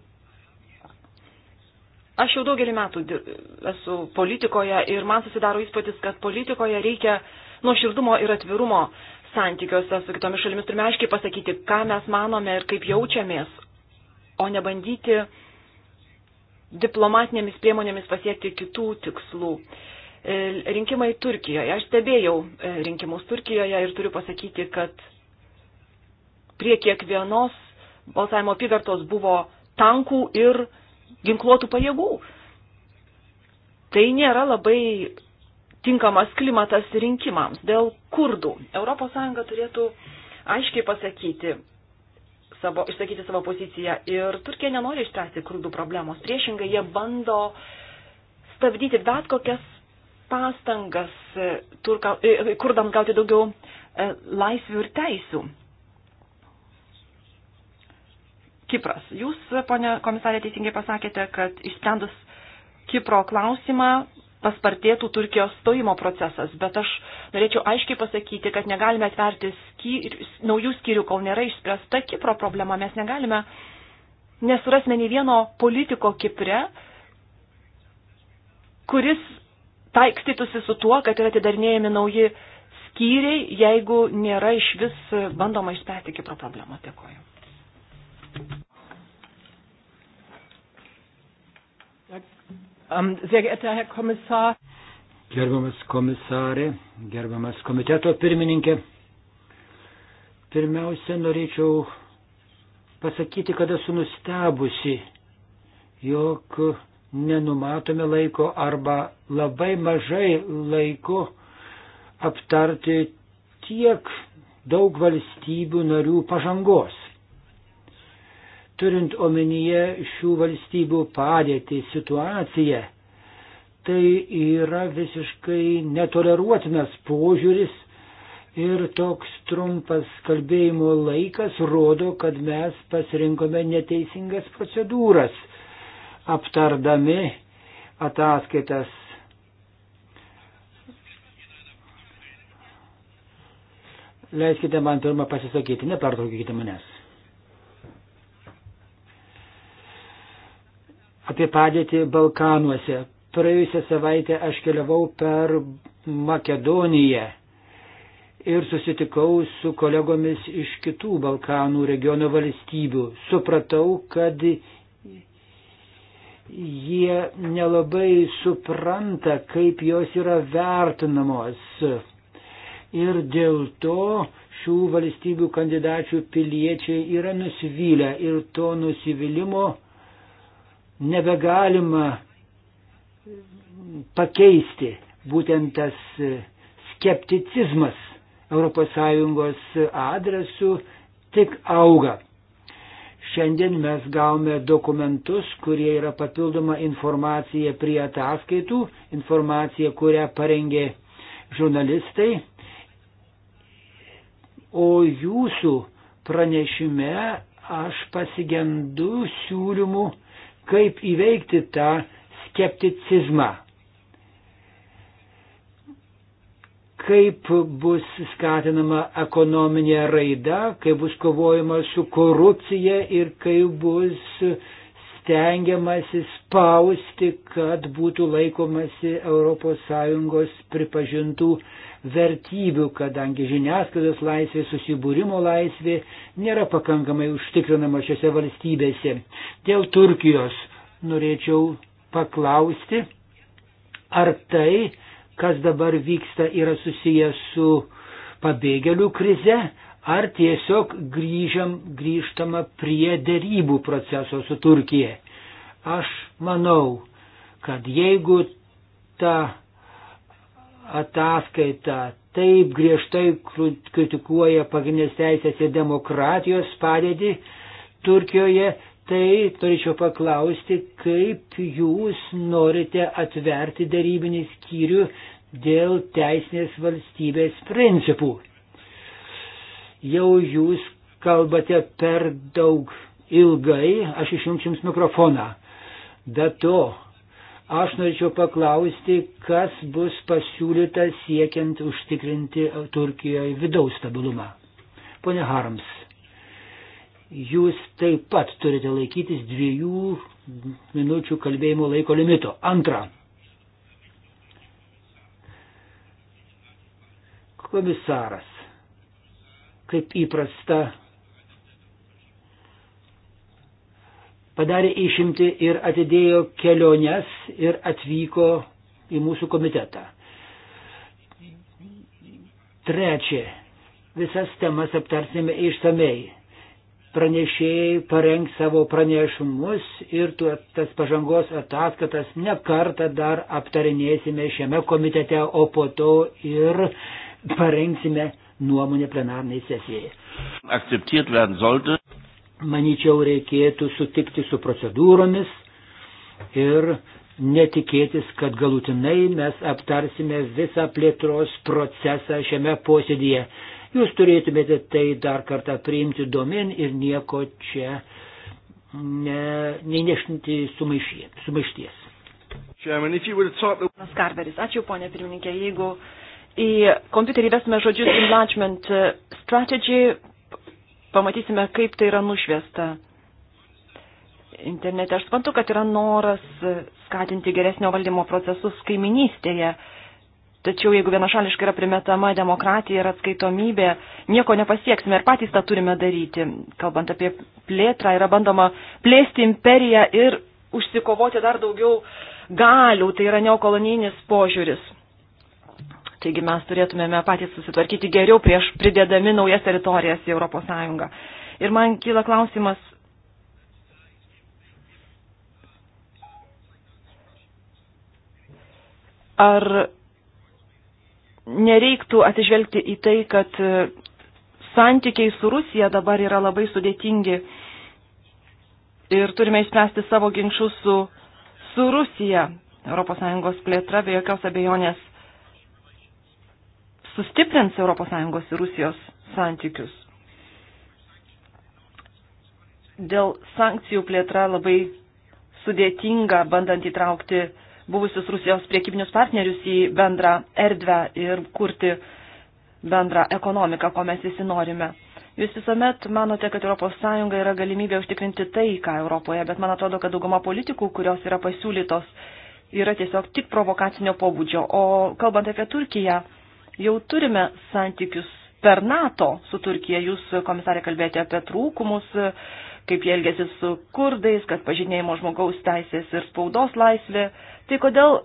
Aš jau daugelį metų esu politikoje ir man susidaro įspūdis, kad politikoje reikia nuoširdumo ir atvirumo santykiuose su kitomis šalimis. Turime aiškiai pasakyti, ką mes manome ir kaip jaučiamės, o nebandyti bandyti diplomatinėmis priemonėmis pasiekti kitų tikslų. E, rinkimai Turkijoje. Aš stebėjau e, rinkimus Turkijoje ir turiu pasakyti, kad prie kiekvienos balsavimo apygardos buvo tankų ir ginkluotų pajėgų. Tai nėra labai tinkamas klimatas rinkimams. Dėl kurdų ES turėtų aiškiai pasakyti, savo, išsakyti savo poziciją. Ir Turkija nenori išspręsti kurdų problemos. Priešingai, jie bando stabdyti bet kokias pastangas e, turka, e, e, kurdams gauti daugiau laisvių ir teisių. Kipras. Jūs, ponė komisarė, teisingai pasakėte, kad išsprendus Kipro klausimą paspartėtų Turkijos stojimo procesas, bet aš norėčiau aiškiai pasakyti, kad negalime atverti skyrių, naujų skyrių, kol nėra išspręsta Kipro problema. Mes negalime, nesurasme nei vieno politiko Kipre, kuris taikstytųsi su tuo, kad yra atidarnėjami nauji skyriai, jeigu nėra iš vis bandoma išspręsti Kipro problemą. Dėkuoju. Ähm, sehr geehrter Herr Kommissar. Gerbiamas komisarė, gerbiamas komiteto pirmininkė. Pirmiausia, norėčiau pasakyti, kad esu nustebusi, jog nenumatome laiko arba labai mažai laiko aptarti tiek daug valstybių narių pažangos turint omenyje šių valstybių padėtį, situaciją. Tai yra visiškai netoleruotinas požiūris ir toks trumpas kalbėjimo laikas rodo, kad mes pasirinkome neteisingas procedūras, aptardami ataskaitas. Leiskite man pirmą pasisakyti, nepertraukite manęs. apie padėtį Balkanuose. Praėjusią savaitę aš keliavau per Makedoniją ir susitikau su kolegomis iš kitų Balkanų regiono valstybių. Supratau, kad jie nelabai supranta, kaip jos yra vertinamos. Ir dėl to šių valstybių kandidačių piliečiai yra nusivylę ir to nusivylimų nebegalima pakeisti būtent tas skepticizmas ES adresu tik auga. Šiandien mes gavome dokumentus, kurie yra papildoma informacija prie ataskaitų, informacija, kurią parengė žurnalistai. O jūsų pranešime aš pasigendu siūlymų kaip įveikti tą skepticizmą. Kaip bus skatinama ekonominė raida, kaip bus kovojama su korupcija ir kaip bus stengiamasi spausti, kad būtų laikomasi ES pripažintų vertybių, kadangi žiniasklaidos laisvė, susibūrimo laisvė nėra pakankamai užtikrinama šiuose valstybėse. Dėl Turkijos norėčiau paklausti, ar tai, kas dabar vyksta, yra susijęs su pabėgėlių krize, ar tiesiog grįžam, grįžtama prie dėrybų proceso su Turkija. Aš manau, kad jeigu ta ataskaita taip griežtai kritikuoja pagrindinės teisės ir demokratijos padėtį Turkijoje, tai turėčiau paklausti, kaip jūs norite atverti darybinį skyrių dėl teisinės valstybės principų. Jau jūs kalbate per daug ilgai, aš išjungsiu jums mikrofoną. Be to, Aš norėčiau paklausti, kas bus pasiūlyta siekiant užtikrinti Turkijoje vidaus stabilumą. Pone Harms, jūs taip pat turite laikytis dviejų minučių kalbėjimo laiko limito. Antra. Komisaras, kaip įprasta, padarė išimti ir atidėjo keliones ir atvyko į mūsų komitetą. Trečia, visas temas aptarsime išsamei. Pranešėjai parengs savo pranešimus ir tu, tas pažangos ataskatas ne kartą dar aptarinėsime šiame komitete, o po to ir parengsime nuomonę plenarniai sesijai manyčiau, reikėtų sutikti su procedūromis ir netikėtis, kad galutinai mes aptarsime visą plėtros procesą šiame posėdėje. Jūs turėtumėte tai dar kartą priimti domin ir nieko čia neinešinti sumaišties. Ponas Karveris, ačiū ponė pirmininkė, jeigu į kompiuterį vesime žodžius enlargement uh, strategy, pamatysime, kaip tai yra nušviesta internete. Aš suprantu, kad yra noras skatinti geresnio valdymo procesus kaiminystėje, tačiau jeigu vienašališkai yra primetama demokratija ir atskaitomybė, nieko nepasieksime ir patys tą turime daryti. Kalbant apie plėtrą, yra bandoma plėsti imperiją ir užsikovoti dar daugiau galių, tai yra neokolonijinis požiūris. Taigi mes turėtumėme patys susitvarkyti geriau prieš pridėdami naujas teritorijas į ES. Ir man kyla klausimas, ar nereiktų atsižvelgti į tai, kad santykiai su Rusija dabar yra labai sudėtingi ir turime išspręsti savo ginčius su, su Rusija. ES plėtra be jokios abejonės sustiprins ES ir Rusijos santykius. Dėl sankcijų plėtra labai sudėtinga, bandant įtraukti buvusius Rusijos priekybinius partnerius į bendrą erdvę ir kurti bendrą ekonomiką, ko mes visi norime. Jūs visuomet manote, kad ES yra galimybė užtikrinti taiką Europoje, bet man atrodo, kad dauguma politikų, kurios yra pasiūlytos, yra tiesiog tik provokacinio pobūdžio. O kalbant apie Turkiją, jau turime santykius per NATO su Turkija. Jūs, komisarė, kalbėjote apie trūkumus, kaip jie elgesi su kurdais, kad pažinėjimo žmogaus teisės ir spaudos laisvė. Tai kodėl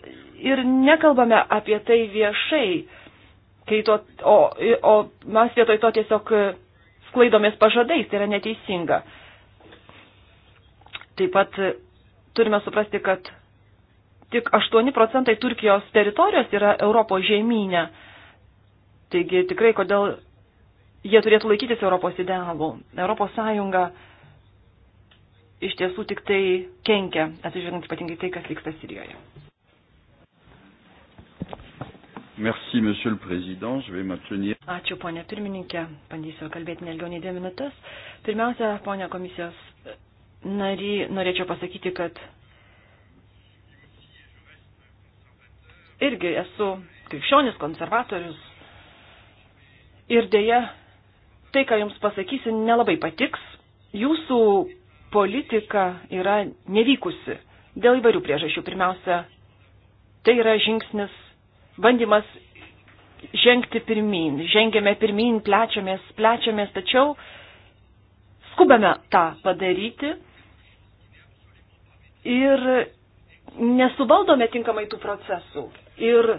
ir nekalbame apie tai viešai, kai to, o, o mes vietoj to tiesiog sklaidomės pažadais, tai yra neteisinga. Taip pat turime suprasti, kad tik 8 procentai Turkijos teritorijos yra Europos žemynė Taigi tikrai, kodėl jie turėtų laikytis Europos idealų. Europos Sąjunga iš tiesų tik tai kenkia, atsižvelgiant ypatingai tai, kas vyksta Sirijoje. Merci, monsieur le président. Je vais maintenir. Ačiū, ponė pirmininkė. Bandysiu kalbėti nelgiau nei dvi minutės. Pirmiausia, ponė komisijos nary, norėčiau pasakyti, kad irgi esu krikščionis konservatorius, Ir dėja, tai, ką jums pasakysiu, nelabai patiks. Jūsų politika yra nevykusi dėl įvairių priežasčių. Pirmiausia, tai yra žingsnis, bandymas žengti pirmin. Žengėme pirmin, plečiamės, plečiamės, tačiau skubame tą padaryti ir nesuvaldome tinkamai tų procesų. Ir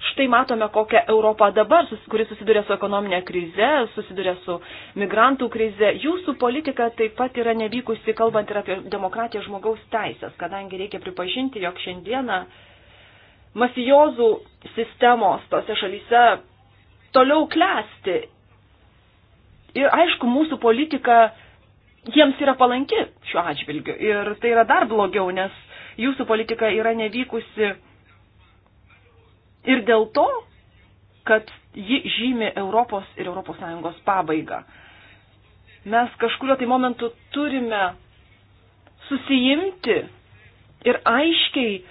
štai matome kokią Europą dabar, kuris susiduria su ekonominė krize, susiduria su migrantų krize. Jūsų politika taip pat yra nevykusi, kalbant ir apie demokratiją žmogaus teisės, kadangi reikia pripažinti, jog šiandieną mafijozų sistemos tose šalyse toliau klesti. Ir aišku, mūsų politika jiems yra palanki šiuo atžvilgiu. Ir tai yra dar blogiau, nes jūsų politika yra nevykusi ir dėl to, kad ji žymi Europos ir ES pabaigą. Mes kažkurio tai momentu turime susijimti ir aiškiai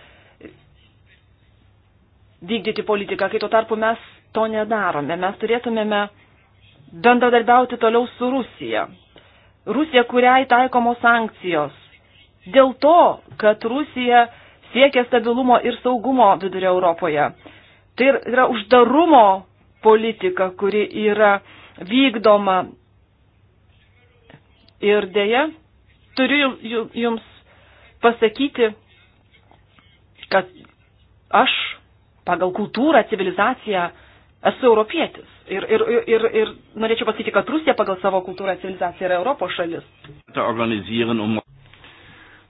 vykdyti politiką, kai tuo tarpu mes to nedarome. Mes turėtumėme bendradarbiauti toliau su Rusija. Rusija, kuriai taikomos sankcijos. Dėl to, kad Rusija siekia stabilumo ir saugumo vidurio Europoje. Tai yra uždarumo politika, kuri yra vykdoma. Ir dėja, turiu jums pasakyti, kad aš pagal kultūrą, civilizaciją esu europietis. Ir, ir, ir, ir norėčiau pasakyti, kad Rusija pagal savo kultūrą, civilizaciją yra Europos šalis.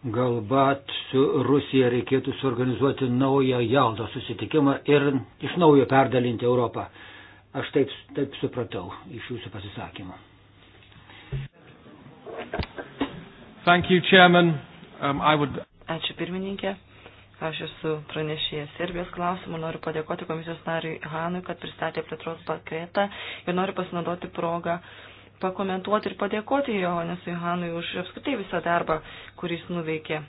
Galbūt su Rusija reikėtų suorganizuoti naują jaudo susitikimą ir iš naujo perdalinti Europą. Aš taip, taip supratau iš jūsų pasisakymų. Thank you, Chairman. Um, I would... Ačiū pirmininkė. Aš esu pranešėjęs Serbijos klausimų. Noriu padėkoti komisijos nariui Hanui, kad pristatė plėtros paketą ir noriu pasinaudoti progą uh, pakomentuoti ir padėkoti Johanesui Hanui už apskritai visą darbą, kuris nuveikė.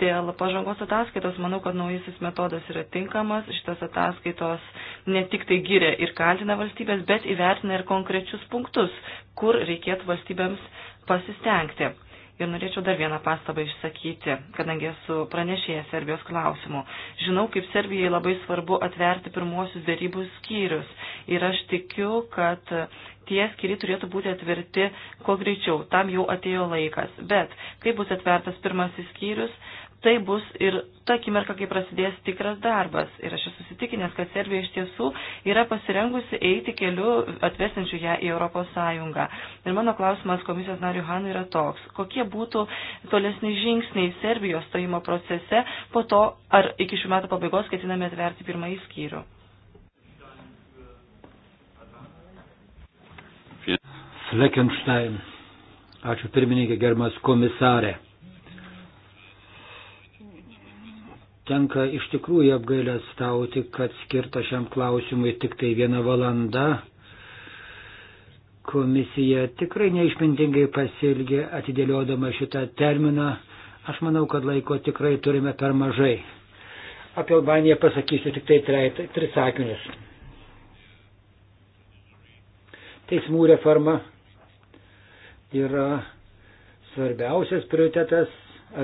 Dėl pažangos ataskaitos manau, kad naujasis metodas yra tinkamas. Šitas ataskaitos ne tik tai gyrė ir kaltina valstybės, bet įvertina ir konkrečius punktus, kur reikėtų valstybėms pasistengti. Ir norėčiau dar vieną pastabą išsakyti, kadangi esu pranešėjęs Serbijos klausimų. Žinau, kaip Serbijai labai svarbu atverti pirmuosius dėrybų skyrius. Ir aš tikiu, kad tie skiriai turėtų būti atverti kuo greičiau. Tam jau atėjo laikas. Bet kai bus atvertas pirmasis skyrius, tai bus ir ta akimirka, kai prasidės tikras darbas. Ir aš esu susitikinęs, kad Serbija iš tiesų yra pasirengusi eiti keliu atvesinčiu ją į Europos Sąjungą. Ir mano klausimas komisijos nariu Hanui yra toks. Kokie būtų tolesni žingsniai Serbijos stojimo procese po to, ar iki šių metų pabaigos ketiname atverti pirmąjį skyrių? Fleckenstein. Ačiū pirmininkė, gerbiamas komisarė. tenka iš tikrųjų apgailę stauti, kad skirta šiam klausimui tik tai viena valanda. Komisija tikrai neišmintingai pasilgė atidėliodama šitą terminą. Aš manau, kad laiko tikrai turime per mažai. Apie Albaniją pasakysiu tik tai trejt, tris sakinius. Teismų reforma yra svarbiausias prioritetas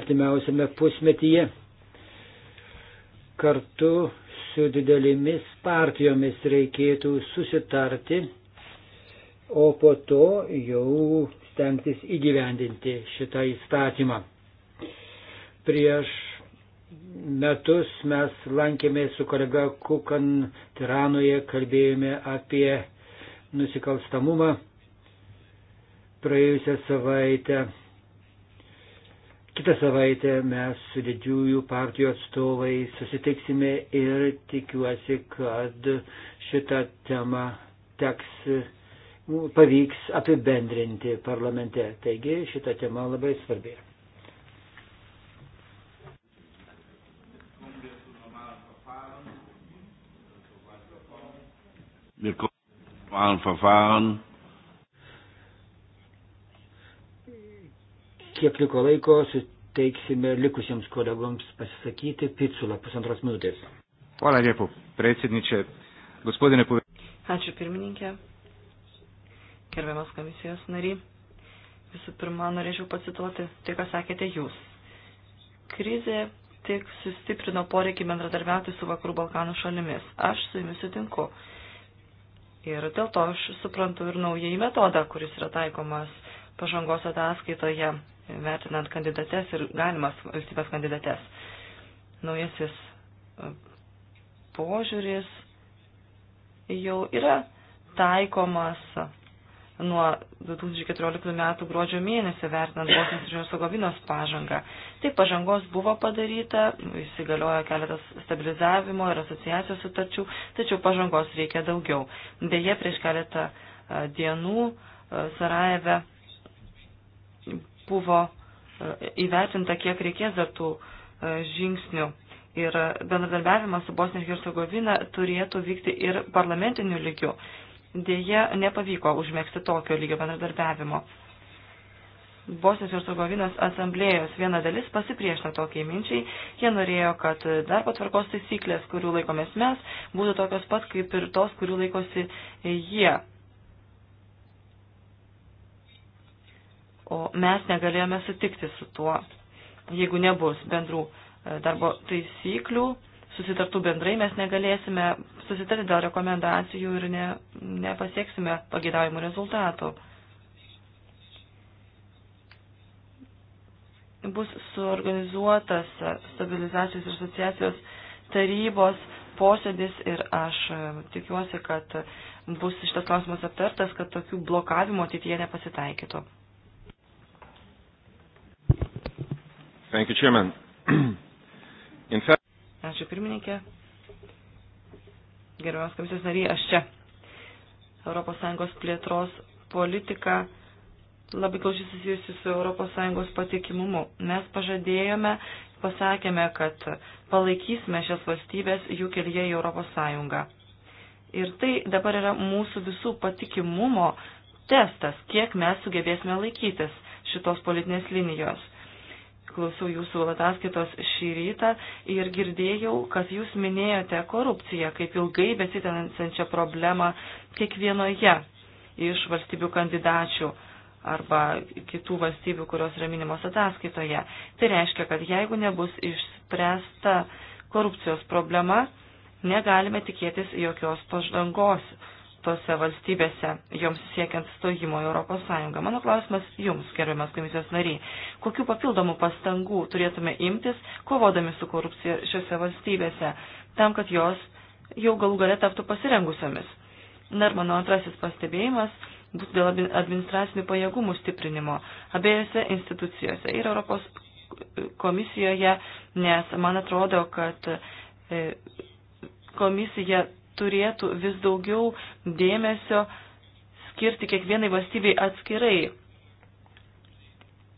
artimiausiame pusmetyje kartu su didelėmis partijomis reikėtų susitarti, o po to jau stengtis įgyvendinti šitą įstatymą. Prieš metus mes lankėmės su kolega Kukan Tiranoje, kalbėjome apie nusikalstamumą. Praėjusią savaitę Kitą savaitę mes su didžiųjų partijų atstovai susitiksime ir tikiuosi, kad šitą temą teks pavyks apibendrinti parlamente. Taigi šita tema labai svarbi. Wir kommen zu normalen Verfahren. Kiek liko laiko, suteiksime likusiems kolegoms pasisakyti. Pitsula, pusantros minutės. Hvala lijepo, predsjedniče. Gospodine Pove... Ačiū pirmininkė. Gerbiamas komisijos nary. Visų pirma, norėčiau pacituoti tai, ką sakėte jūs. Krizė tik sustiprino poreikį bendradarbiauti su Vakarų Balkanų šalimis. Aš su jumis sutinku. Ir dėl to aš suprantu ir naująjį metodą, kuris yra taikomas pažangos ataskaitoje vertinant kandidates ir galimas valstybės kandidates. Naujasis e, požiūris jau yra taikomas nuo 2014 metų gruodžio mėnesį vertinant Bosnijos ir Hercegovinos pažangą. Taip pažangos buvo padaryta, įsigaliojo keletas stabilizavimo ir asociacijos sutarčių, tačiau pažangos reikia daugiau. Beje, prieš keletą e, dienų e, Sarajeve buvo e, įvertinta, kiek reikės dar tų e, žingsnių. Ir bendradarbiavimas su Bosnija ir Hercegovina turėtų vykti ir parlamentiniu lygiu. Deja, nepavyko užmėgsti tokio lygio bendradarbiavimo. Bosnijos ir Hercegovinos asamblėjos viena dalis pasipriešino tokiai minčiai. Jie norėjo, kad darbo tvarkos taisyklės, kurių laikomės mes, būtų tokios pat kaip ir tos, kurių laikosi jie. o mes negalėjome sutikti su tuo, jeigu nebus bendrų e, darbo taisyklių, susitartų bendrai, mes negalėsime susitarti dėl rekomendacijų ir ne, nepasieksime pagėdavimų rezultatų. Bus suorganizuotas stabilizacijos ir asociacijos tarybos posėdis ir aš e, tikiuosi, kad bus šitas klausimas aptartas, kad tokių blokavimo ateityje nepasitaikytų. Thank you, Chairman. In fact... Ačiū pirmininkė. Gerbiamas komisijos nariai, aš čia. ES plėtros politika labai glaužiai susijusi su ES patikimumu. Mes pažadėjome, pasakėme, kad palaikysime šias valstybės jų kelyje į ES. Ir tai dabar yra mūsų visų patikimumo testas, kiek mes sugebėsime laikytis šitos politinės linijos klausiau jūsų ataskaitos šį rytą ir girdėjau, kad jūs minėjote korupciją kaip ilgai besitenančią problemą kiekvienoje iš valstybių kandidačių arba kitų valstybių, kurios yra minimos ataskaitoje. Tai reiškia, kad jeigu nebus išspręsta korupcijos problema, negalime tikėtis jokios pažangos tose valstybėse, joms siekiant stojimo į Europos Sąjungą. Mano klausimas jums, gerbiamas komisijos nariai, kokiu papildomų pastangų turėtume imtis, kovodami su korupcija šiuose valstybėse, tam, kad jos jau galų galę taptų pasirengusiomis. Na ir mano antrasis pastebėjimas bus dėl administracinių pajėgumų stiprinimo abiejose institucijose ir Europos komisijoje, nes man atrodo, kad e, komisija turėtų vis daugiau dėmesio skirti kiekvienai valstybei atskirai,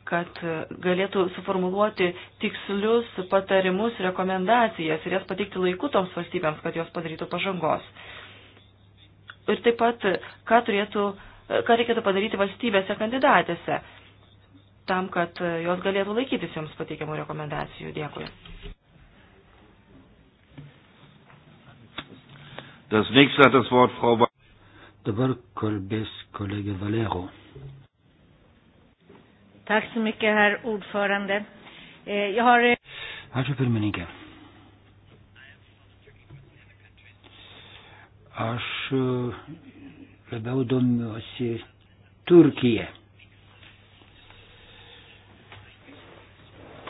kad galėtų suformuluoti tikslius patarimus, rekomendacijas ir jas pateikti laiku toms valstybėms, kad jos padarytų pažangos. Ir taip pat, ką, turėtų, ką reikėtų padaryti valstybėse kandidatėse, tam, kad jos galėtų laikytis joms pateikiamų rekomendacijų. Dėkui. Das nächste hat das Wort Frau Valero. Dabar kalbės kolegė Valero. Tack så mycket, herr ordförande. Eh, jag har... Eh, Ačiū pirmininkė. Aš eh, labiau domiuosi Turkija.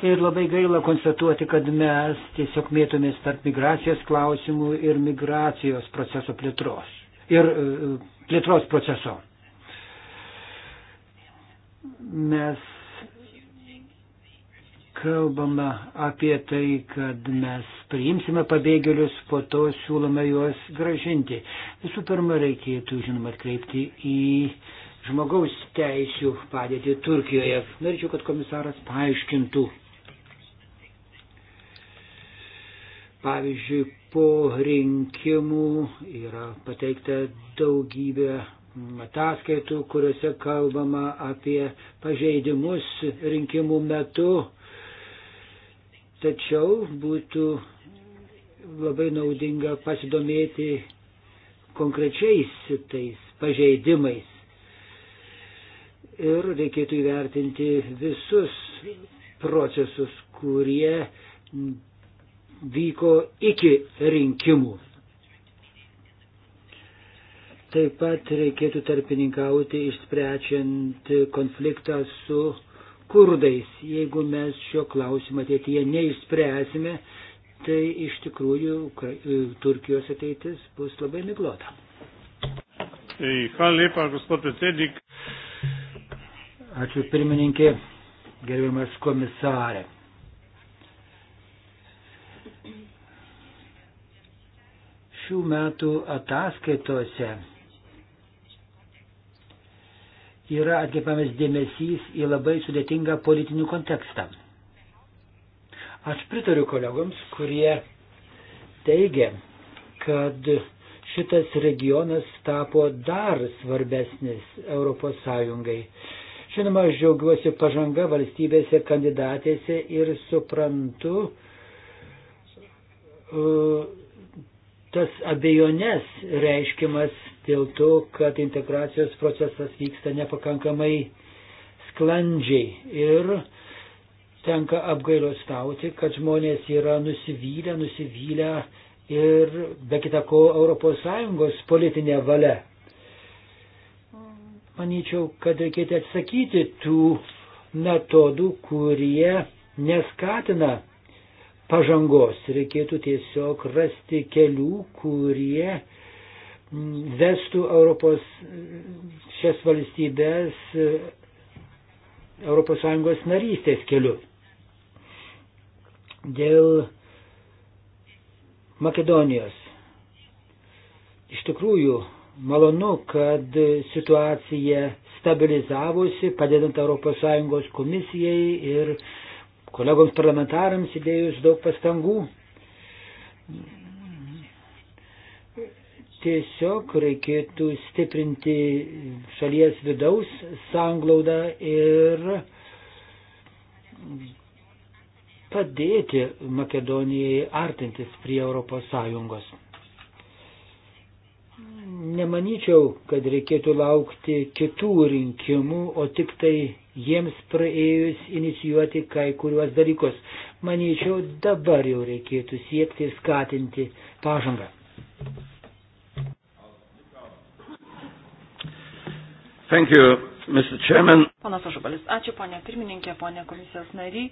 Ir labai gaila konstatuoti, kad mes tiesiog mėtomės tarp migracijos klausimų ir migracijos proceso plėtros. Ir e, plėtros proceso. Mes kalbame apie tai, kad mes priimsime pabėgėlius, po to siūlome juos gražinti. Visų pirma, reikėtų, žinoma, atkreipti į žmogaus teisių padėtį Turkijoje. Norėčiau, kad komisaras paaiškintų Pavyzdžiui, po rinkimų yra pateikta daugybė ataskaitų, kuriuose kalbama apie pažeidimus rinkimų metu. Tačiau būtų labai naudinga pasidomėti konkrečiais tais pažeidimais. Ir reikėtų įvertinti visus procesus, kurie vyko iki rinkimų. Taip pat reikėtų tarpininkauti išsprečiant konfliktą su kurdais. Jeigu mes šio klausimą ateityje neišspręsime, tai iš tikrųjų Turkijos ateitis bus labai miglota. E, hvala lepa, gospod predsednik. Ačiū pirmininkė, gerbiamas komisarė. šių metų ataskaitose yra atkreipiamas dėmesys į labai sudėtingą politinį kontekstą. Aš pritariu kolegoms, kurie teigia, kad šitas regionas tapo dar svarbesnis Europos Sąjungai. Žinoma, aš džiaugiuosi pažanga valstybėse kandidatėse ir suprantu, uh, tas abejonės reiškimas dėl to, kad integracijos procesas vyksta nepakankamai sklandžiai ir tenka apgailostauti, kad žmonės yra nusivylę, nusivylę ir be kita ko ES politinė valia. Manyčiau, kad reikėtų atsakyti tų metodų, kurie neskatina pažangos. Reikėtų tiesiog rasti kelių, kurie mm, vestų Europos šias valstybės ES narystės keliu. Dėl Makedonijos. Iš tikrųjų, malonu, kad situacija stabilizavosi, padedant ES komisijai ir kolegoms parlamentarams įdėjus daug pastangų. Tiesiog reikėtų stiprinti šalies vidaus sanglaudą ir padėti Makedonijai artintis prie Europos Sąjungos. Nemanyčiau, kad reikėtų laukti kitų rinkimų, o tik tai jiems praėjus inicijuoti kai kuriuos dalykus. Manyčiau, dabar jau reikėtų siekti ir skatinti pažangą. Thank you, Mr. Chairman. Panas Ašubalis, ačiū ponė pirmininkė, ponė komisijos nariai.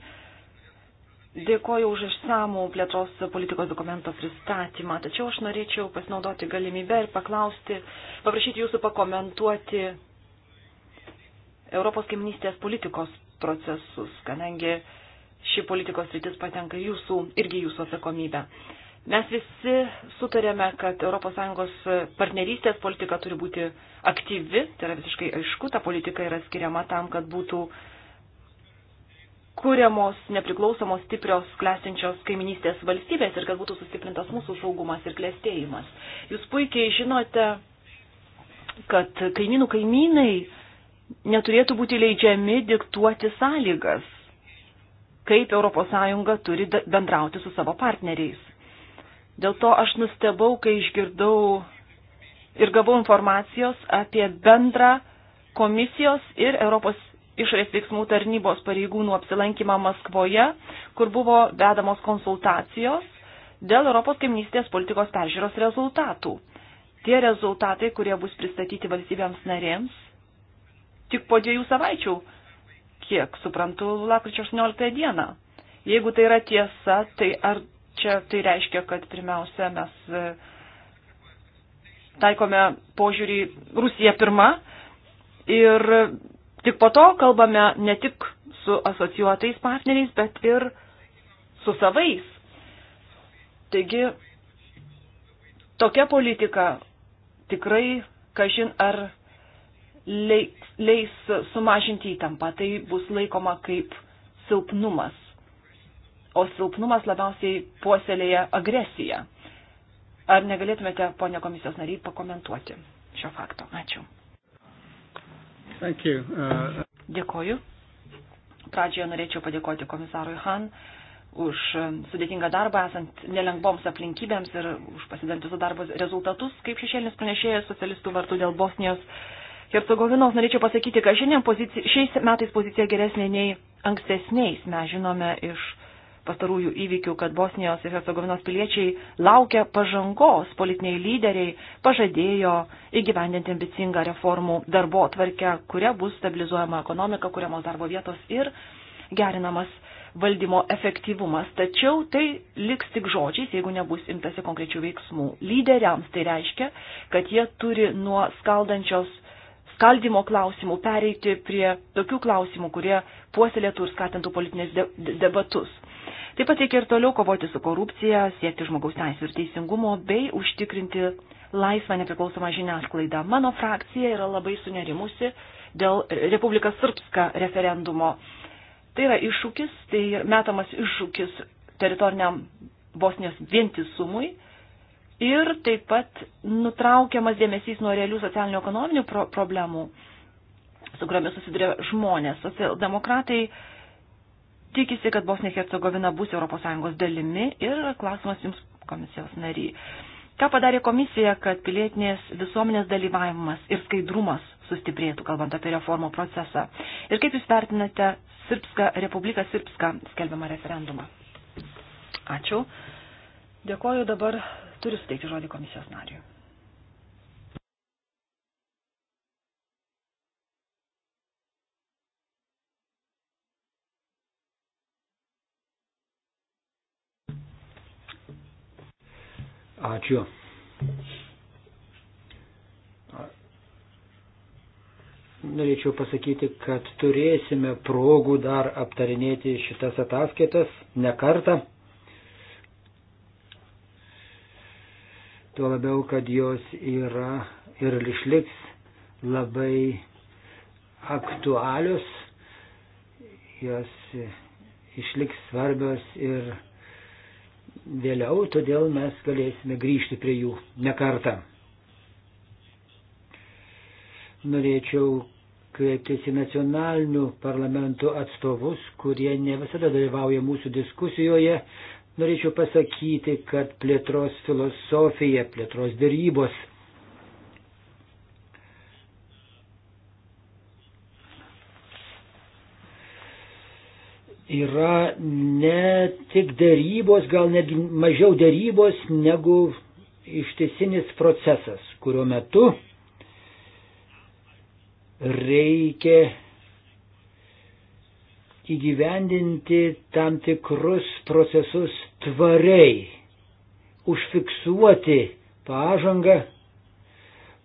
Dėkoju už išsamų plėtros politikos dokumento pristatymą, tačiau aš norėčiau pasinaudoti galimybę ir paklausti, paprašyti jūsų pakomentuoti Europos kaiminystės politikos procesus, kadangi ši politikos rytis patenka jūsų, irgi jūsų atsakomybę. Mes visi sutarėme, kad ES partnerystės politika turi būti aktyvi, tai yra visiškai aišku, ta politika yra skiriama tam, kad būtų uh, kuriamos nepriklausomos stiprios klestinčios kaiminystės valstybės ir kad būtų sustiprintas mūsų saugumas ir klėstėjimas. Jūs puikiai žinote, kad kaimynų kaimynai neturėtų būti leidžiami diktuoti sąlygas, kaip ES turi bendrauti su savo partneriais. Dėl to aš nustebau, kai išgirdau ir gavau informacijos apie bendrą komisijos ir Europos išorės veiksmų tarnybos pareigūnų apsilankymą Maskvoje, kur buvo vedamos konsultacijos dėl Europos kaimynystės politikos peržiūros rezultatų. Tie rezultatai, kurie bus pristatyti valstybėms narėms, tik po dviejų savaičių, kiek suprantu, lakryčio 18 dieną. Jeigu tai yra tiesa, tai ar čia tai reiškia, kad pirmiausia mes e, taikome požiūrį Rusija pirma ir Tik po to kalbame ne tik su asocijuotais partneriais, bet ir su savais. Taigi, tokia politika tikrai, kažin ar leis sumažinti įtampą. Tai bus laikoma kaip silpnumas. O silpnumas labiausiai puoselėja agresiją. Ar negalėtumėte, ponia komisijos nariai, pakomentuoti šio fakto? Ačiū. Uh... Dėkoju. Pradžioje norėčiau padėkoti komisarui Han už sudėtingą darbą, esant nelengvoms aplinkybėms ir už pasidalintus darbo rezultatus. Kaip šešėlinis pranešėjas socialistų vartų dėl Bosnijos Hercegovinos, norėčiau pasakyti, kad šiandien pozicija, šiais metais pozicija geresnė nei ankstesniais. Mes žinome iš pastarųjų įvykių, kad Bosnijos ir Hercegovinos piliečiai laukia pažangos, politiniai lyderiai pažadėjo įgyvendinti ambicingą reformų darbo tvarkę, kuria bus stabilizuojama ekonomika, kuriamos darbo vietos ir gerinamas valdymo efektyvumas. Tačiau tai liks tik žodžiais, jeigu nebus imtasi konkrečių veiksmų. Lyderiams tai reiškia, kad jie turi nuo skaldančios skaldimo klausimų pereiti prie tokių klausimų, kurie puoselėtų ir skatintų politinės debatus. Taip pat reikia ir toliau kovoti su korupcija, siekti žmogaus teisų ir teisingumo bei užtikrinti laisvą nepriklausomą žiniasklaidą. Mano frakcija yra labai sunerimusi dėl Republika Srpska referendumo. Tai yra iššūkis, tai metamas iššūkis teritoriniam Bosnijos vientisumui ir taip pat nutraukiamas dėmesys nuo realių socialinių ekonominių pro problemų, su kuriomis susiduria žmonės. Socialdemokratai uh, tikisi, kad Bosnija Hercegovina bus ES dalimi ir klausimas jums komisijos nariai. Ką padarė komisija, kad pilietinės visuomenės dalyvavimas ir skaidrumas sustiprėtų, kalbant apie reformų procesą? Ir kaip jūs vertinate Sirpska, Republika Sirpska skelbiamą referendumą? Ačiū. Dėkoju, dabar turiu suteikti žodį komisijos nariui. Ačiū. Norėčiau pasakyti, kad turėsime progų dar aptarinėti šitas ataskaitas ne kartą. Tuo labiau, kad jos yra ir išliks labai aktualios, jos išliks svarbios ir vėliau, todėl mes galėsime grįžti prie jų nekartą. Norėčiau kreiptis į nacionalinių parlamentų atstovus, kurie ne visada dalyvauja mūsų diskusijoje. Norėčiau pasakyti, kad plėtros filosofija, plėtros dėrybos yra ne tik dėrybos, gal netgi mažiau dėrybos negu ištisinis procesas, kurio metu reikia įgyvendinti tam tikrus procesus tvariai, užfiksuoti pažangą.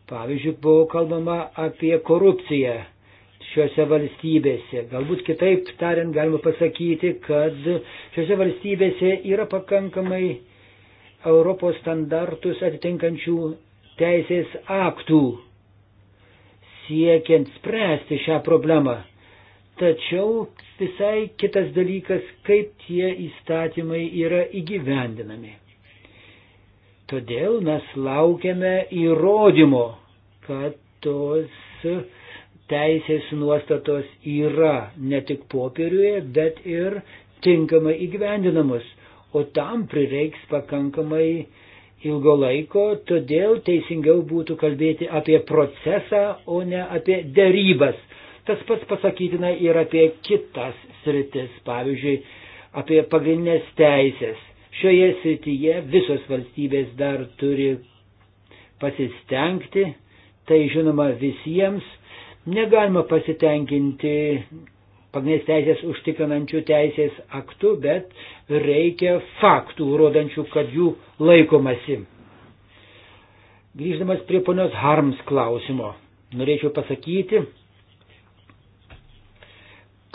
Pavyzdžiui, buvo kalbama apie korupciją šiuose valstybėse. Galbūt kitaip tariant, galima pasakyti, kad šiuose valstybėse yra pakankamai Europos standartus atitinkančių teisės aktų siekiant spręsti šią problemą. Tačiau visai kitas dalykas, kaip tie įstatymai yra įgyvendinami. Todėl mes laukiame įrodymo, kad tos uh, teisės nuostatos yra ne tik popieriuje, bet ir tinkamai įgyvendinamos, o tam prireiks pakankamai ilgo laiko, todėl teisingiau būtų kalbėti apie procesą, o ne apie dėrybas. Tas pats pasakytina ir apie kitas sritis, pavyzdžiui, apie pagrindinės teisės. Šioje srityje visos valstybės dar turi pasistengti, tai žinoma visiems Negalima pasitenkinti pagrindinės teisės užtikrinančių teisės aktų, bet reikia faktų, rodančių, kad jų laikomasi. Grįždamas prie ponios Harms klausimo, norėčiau pasakyti,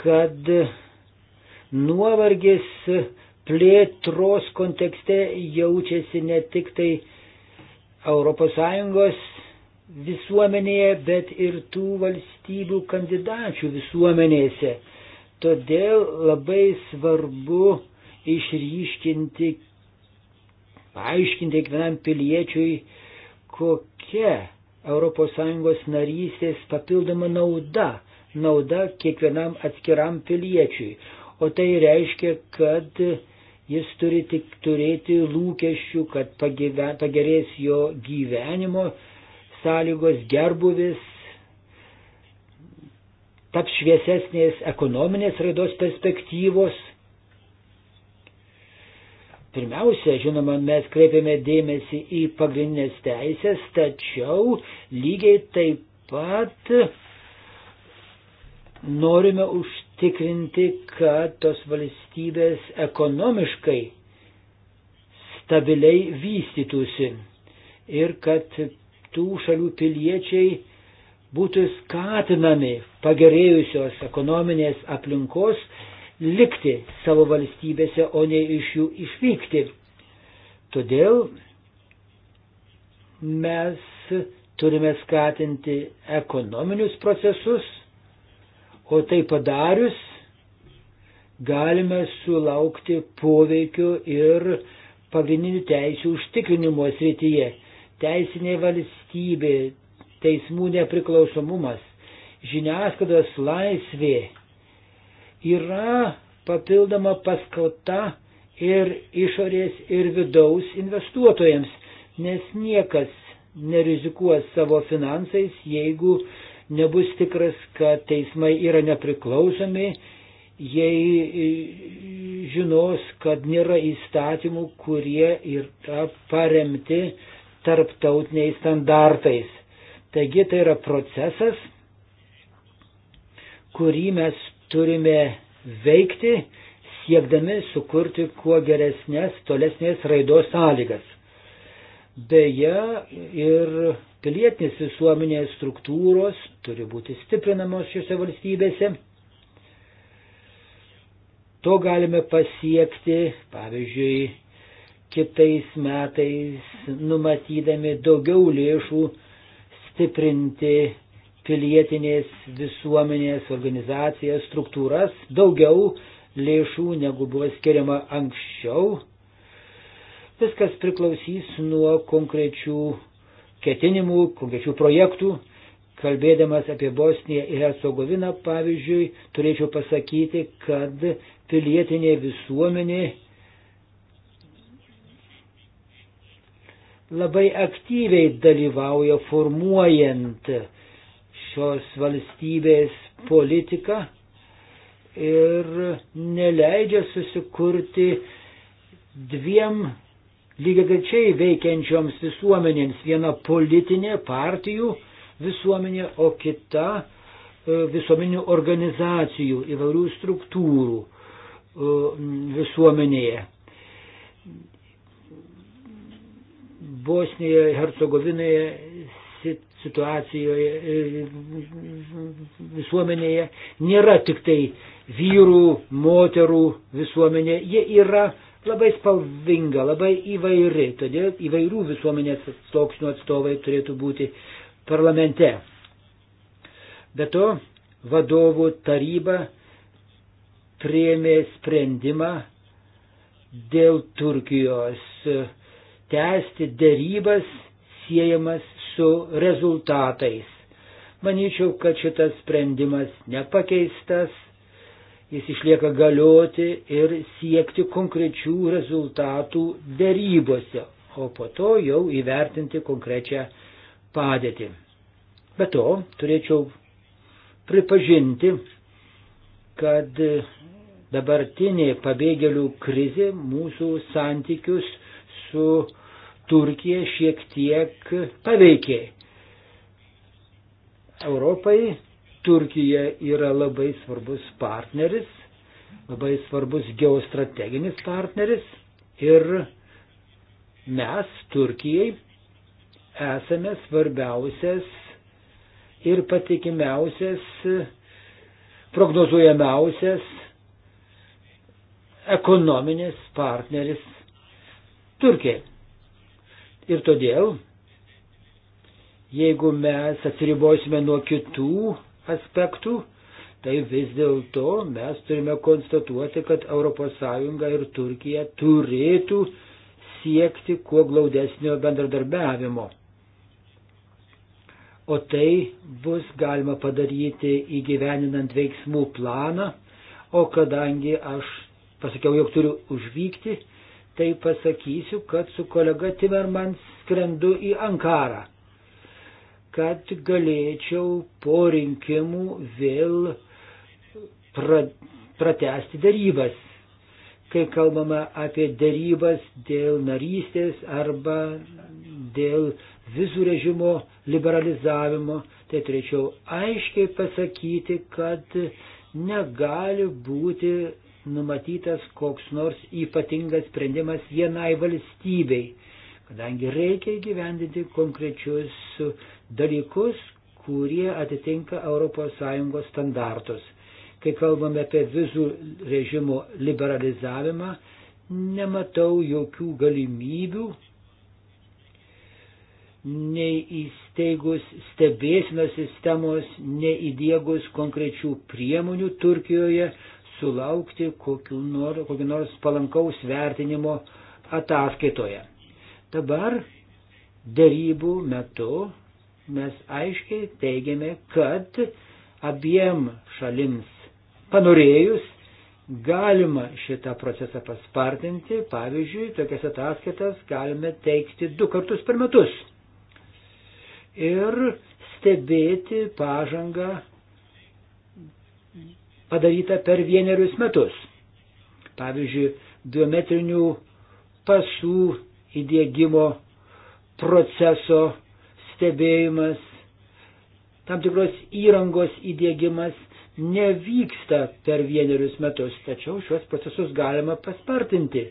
kad nuovargis plėtros kontekste jaučiasi ne tik tai ES visuomenėje, bet ir tų valstybių kandidačių visuomenėse. Todėl labai svarbu išryškinti, paaiškinti kiekvienam piliečiui, kokia ES narystės papildoma nauda, nauda kiekvienam atskiram piliečiui. O tai reiškia, kad jis turi tik turėti lūkesčių, kad pagerės jo gyvenimo sąlygos, gerbuvis, taps šviesesnės ekonominės raidos perspektyvos. Pirmiausia, žinoma, mes kreipiame dėmesį į pagrindinės teisės, tačiau lygiai taip pat norime užtikrinti, kad tos valstybės ekonomiškai stabiliai vystytųsi ir kad tų šalių piliečiai būtų skatinami pagerėjusios ekonominės aplinkos likti savo valstybėse, o ne iš jų išvykti. Todėl mes turime skatinti ekonominius procesus, o tai padarius galime sulaukti poveikio ir pagrindinių teisų užtikrinimo srityje teisinė valstybė, teismų nepriklausomumas, žiniasklaidos laisvė yra papildoma paskata ir išorės, ir vidaus investuotojams, nes niekas nerizikuos savo finansais, jeigu nebus tikras, kad teismai yra nepriklausomi, jei e, žinos, kad nėra įstatymų, kurie yra paremti tarptautiniais standartais. Taigi tai yra procesas, kurį mes turime veikti, siekdami sukurti kuo geresnės, tolesnės raidos sąlygas. Beje, ir pilietinės visuomenės struktūros turi būti stiprinamos šiuose valstybėse. To galime pasiekti, pavyzdžiui, kitais metais numatydami daugiau lėšų stiprinti pilietinės visuomenės organizacijas, struktūras, daugiau lėšų negu buvo skiriama anksčiau. Viskas priklausys nuo konkrečių ketinimų, konkrečių projektų. Kalbėdamas apie Bosniją ir Hercegoviną, pavyzdžiui, turėčiau pasakyti, kad pilietinė visuomenė labai aktyviai dalyvauja formuojant šios valstybės politiką ir neleidžia susikurti dviem lygiagrečiai veikiančioms visuomenėms. Viena politinė partijų visuomenė, o kita e, visuomenių organizacijų, įvairių struktūrų e, visuomenėje. Bosnijoje, Hercegovinoje situacijoje, e, visuomenėje nėra tik tai vyrų, moterų visuomenė, jie yra labai spalvinga, labai įvairi, todėl įvairių visuomenės sluoksnių atstovai turėtų būti parlamente. Be to, vadovų taryba prieėmė sprendimą dėl Turkijos tęsti dėrybas siejamas su rezultatais. Manyčiau, kad šitas sprendimas nepakeistas, jis išlieka galioti ir siekti konkrečių rezultatų dėrybose, o po to jau įvertinti konkrečią padėtį. Be to, turėčiau pripažinti, kad dabartinė pabėgėlių krizė mūsų santykius su Turkija šiek tiek paveikė. Europai Turkija yra labai svarbus partneris, labai svarbus geostrateginis partneris ir mes Turkijai esame svarbiausias ir patikimiausias, prognozuojamiausias ekonominis partneris Turkijai. Ir todėl, jeigu mes atsiribosime nuo kitų aspektų, tai vis dėlto mes turime konstatuoti, kad ES ir Turkija turėtų siekti kuo glaudesnio bendradarbiavimo. O tai bus galima padaryti įgyveninant veiksmų planą, o kadangi aš pasakiau, jog turiu užvykti, tai pasakysiu, kad su kolega Timerman skrendu į Ankarą, kad galėčiau po rinkimų vėl pra, pratesti darybas. Kai kalbama apie darybas dėl narystės arba dėl vizų režimo liberalizavimo, tai turėčiau aiškiai pasakyti, kad negali būti numatytas koks nors ypatingas sprendimas vienai valstybei, kadangi reikia įgyvendinti konkrečius dalykus, kurie atitinka ES standartus. Kai kalbame apie vizų režimo liberalizavimą, nematau jokių galimybių nei įsteigus stebėsinos sistemos, nei įdėgus konkrečių priemonių Turkijoje sulaukti kokiu nor, kokiu nors palankaus vertinimo ataskaitoje. Dabar darybų metu mes aiškiai teigiame, kad abiem šalims panorėjus galima šitą procesą paspartinti. Pavyzdžiui, tokias ataskaitas galime teikti du kartus per metus. Ir stebėti pažangą padaryta per vienerius metus. Pavyzdžiui, biometrinių pasų įdėgymo proceso stebėjimas, tam tikros įrangos įdėgymas nevyksta per vienerius metus, tačiau šios procesus galima paspartinti.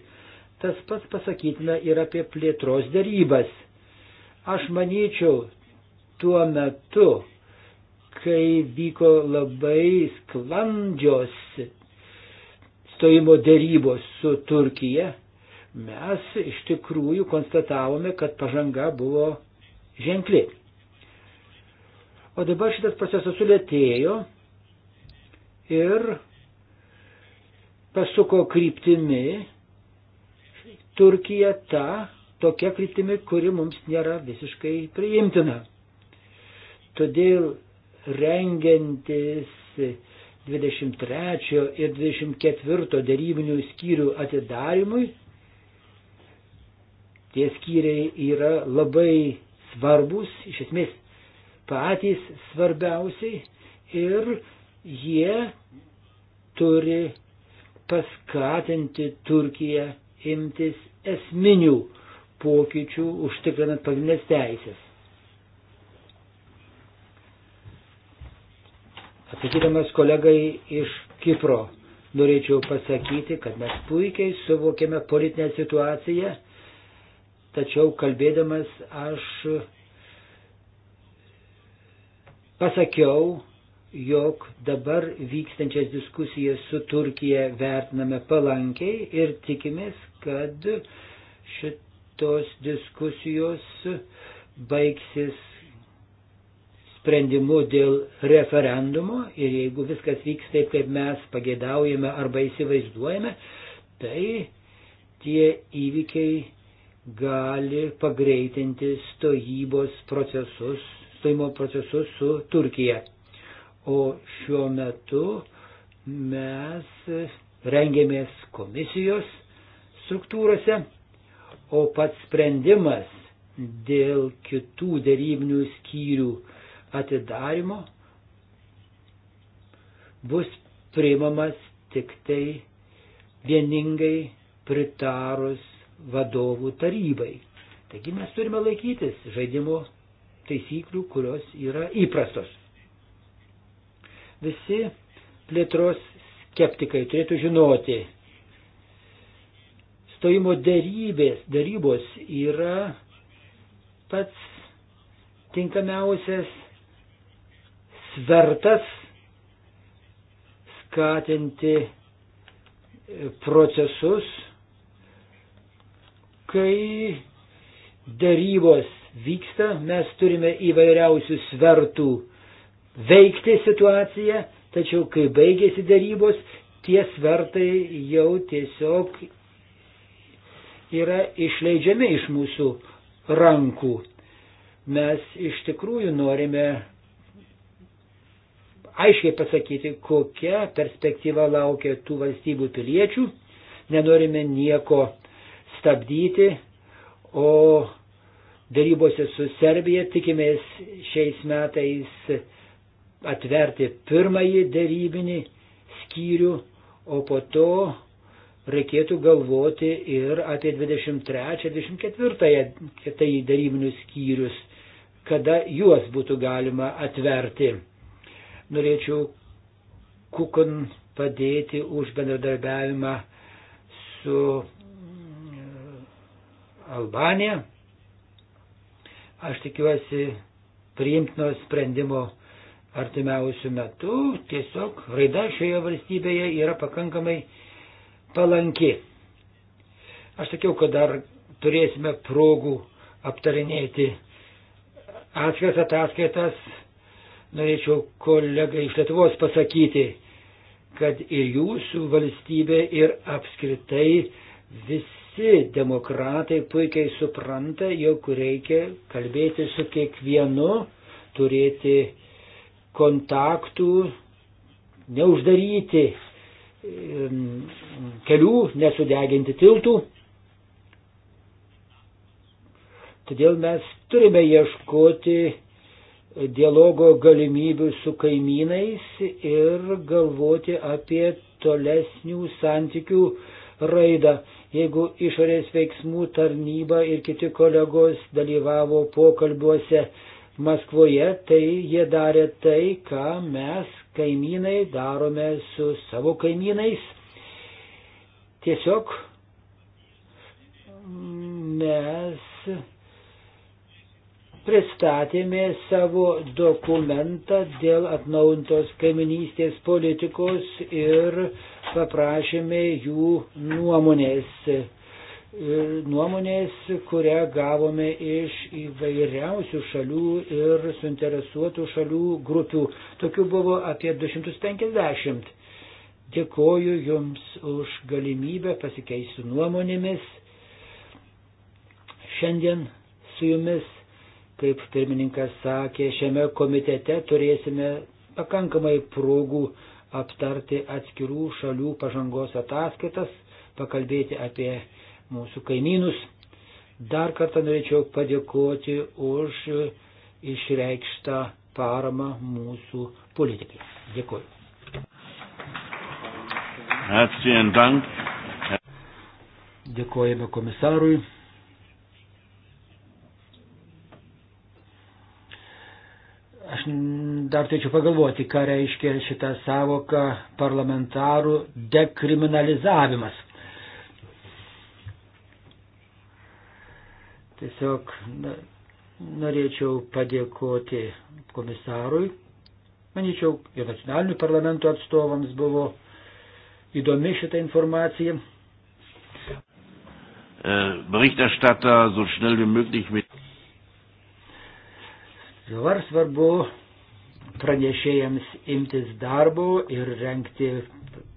Tas pats pasakytina ir apie plėtros darybas. Aš manyčiau, tuo metu kai vyko labai sklandžios stojimo dėrybos su Turkija, mes iš tikrųjų konstatavome, kad pažanga buvo ženkli. O dabar šitas procesas sulėtėjo ir pasuko kryptimi Turkija ta tokia kryptimi, kuri mums nėra visiškai priimtina. Todėl rengiantis 23 ir 24 dėrybinių skyrių atidarimui. Tie skyriai yra labai svarbus, iš esmės patys svarbiausiai ir jie turi paskatinti Turkiją imtis esminių pokyčių, užtikrinant pagrindinės teisės. Sakydamas kolegai iš Kipro, norėčiau pasakyti, kad mes puikiai suvokėme politinę situaciją, tačiau kalbėdamas aš pasakiau, jog dabar vykstančias diskusijas su Turkija vertiname palankiai ir tikimės, kad šitos diskusijos baigsis sprendimu dėl referendumo ir jeigu viskas vyks taip, kaip mes pagėdaujame arba įsivaizduojame, tai tie įvykiai gali pagreitinti stojybos procesus, stojimo procesus su Turkija. O šiuo metu mes rengiamės komisijos struktūrose, o pats sprendimas dėl kitų dėrybinių skyrių atidarimo bus priimamas tik tai vieningai pritarus vadovų tarybai. Taigi mes turime laikytis žaidimo taisyklių, kurios yra įprastos. Visi plėtros skeptikai turėtų žinoti, stojimo dėrybės, dėrybos yra pats tinkamiausias svertas skatinti procesus, kai darybos vyksta, mes turime įvairiausių svertų veikti situaciją, tačiau kai baigėsi darybos, tie svertai jau tiesiog yra išleidžiami iš mūsų rankų. Mes iš tikrųjų norime aiškiai pasakyti, kokia perspektyva laukia tų valstybių piliečių. Nenorime nieko stabdyti, o darybose su Serbija tikimės šiais metais atverti pirmąjį darybinį skyrių, o po to reikėtų galvoti ir apie 23-24 tai darybinius skyrius, kada juos būtų galima atverti. Norėčiau Kukun padėti už bendradarbiavimą su mm, Albanija. Aš tikiuosi priimtino sprendimo artimiausių metų. Tiesiog raida šioje valstybėje yra pakankamai palanki. Aš sakiau, kad dar turėsime progų aptarinėti atskiras ataskaitas norėčiau kolegai iš Lietuvos pasakyti, kad ir jūsų valstybė, ir apskritai visi demokratai puikiai supranta, jog reikia kalbėti su kiekvienu, turėti kontaktų, neuždaryti kelių, nesudeginti tiltų. Todėl mes turime ieškoti dialogo galimybių su kaimynais ir galvoti apie tolesnių santykių raidą. Jeigu išorės veiksmų tarnyba ir kiti kolegos dalyvavo pokalbiuose Maskvoje, tai jie darė tai, ką mes kaimynai darome su savo kaimynais. Tiesiog mes pristatėme savo dokumentą dėl atnaujintos kaiminystės politikos ir paprašėme jų nuomonės. E, nuomonės, kurią gavome iš įvairiausių šalių ir suinteresuotų šalių grupių. Tokių buvo apie 250. Dėkoju Jums už galimybę pasikeisti nuomonėmis. Šiandien su Jumis Kaip pirmininkas sakė, šiame komitete turėsime pakankamai progų aptarti atskirų šalių pažangos ataskaitas, pakalbėti apie mūsų kaimynus. Dar kartą norėčiau padėkoti už išreikštą paramą mūsų politikai. Dėkuoju. Dėkojame komisarui. Aš dar turėčiau pagalvoti, ką reiškia šita savoka parlamentarų dekriminalizavimas. Tiesiog na, norėčiau padėkoti komisarui. Manyčiau, ir nacionalinių parlamentų atstovams buvo įdomi šitą informaciją. Äh, Berichterstatter so schnell wie möglich mit. Dabar svarbu pranešėjams imtis darbo ir renkti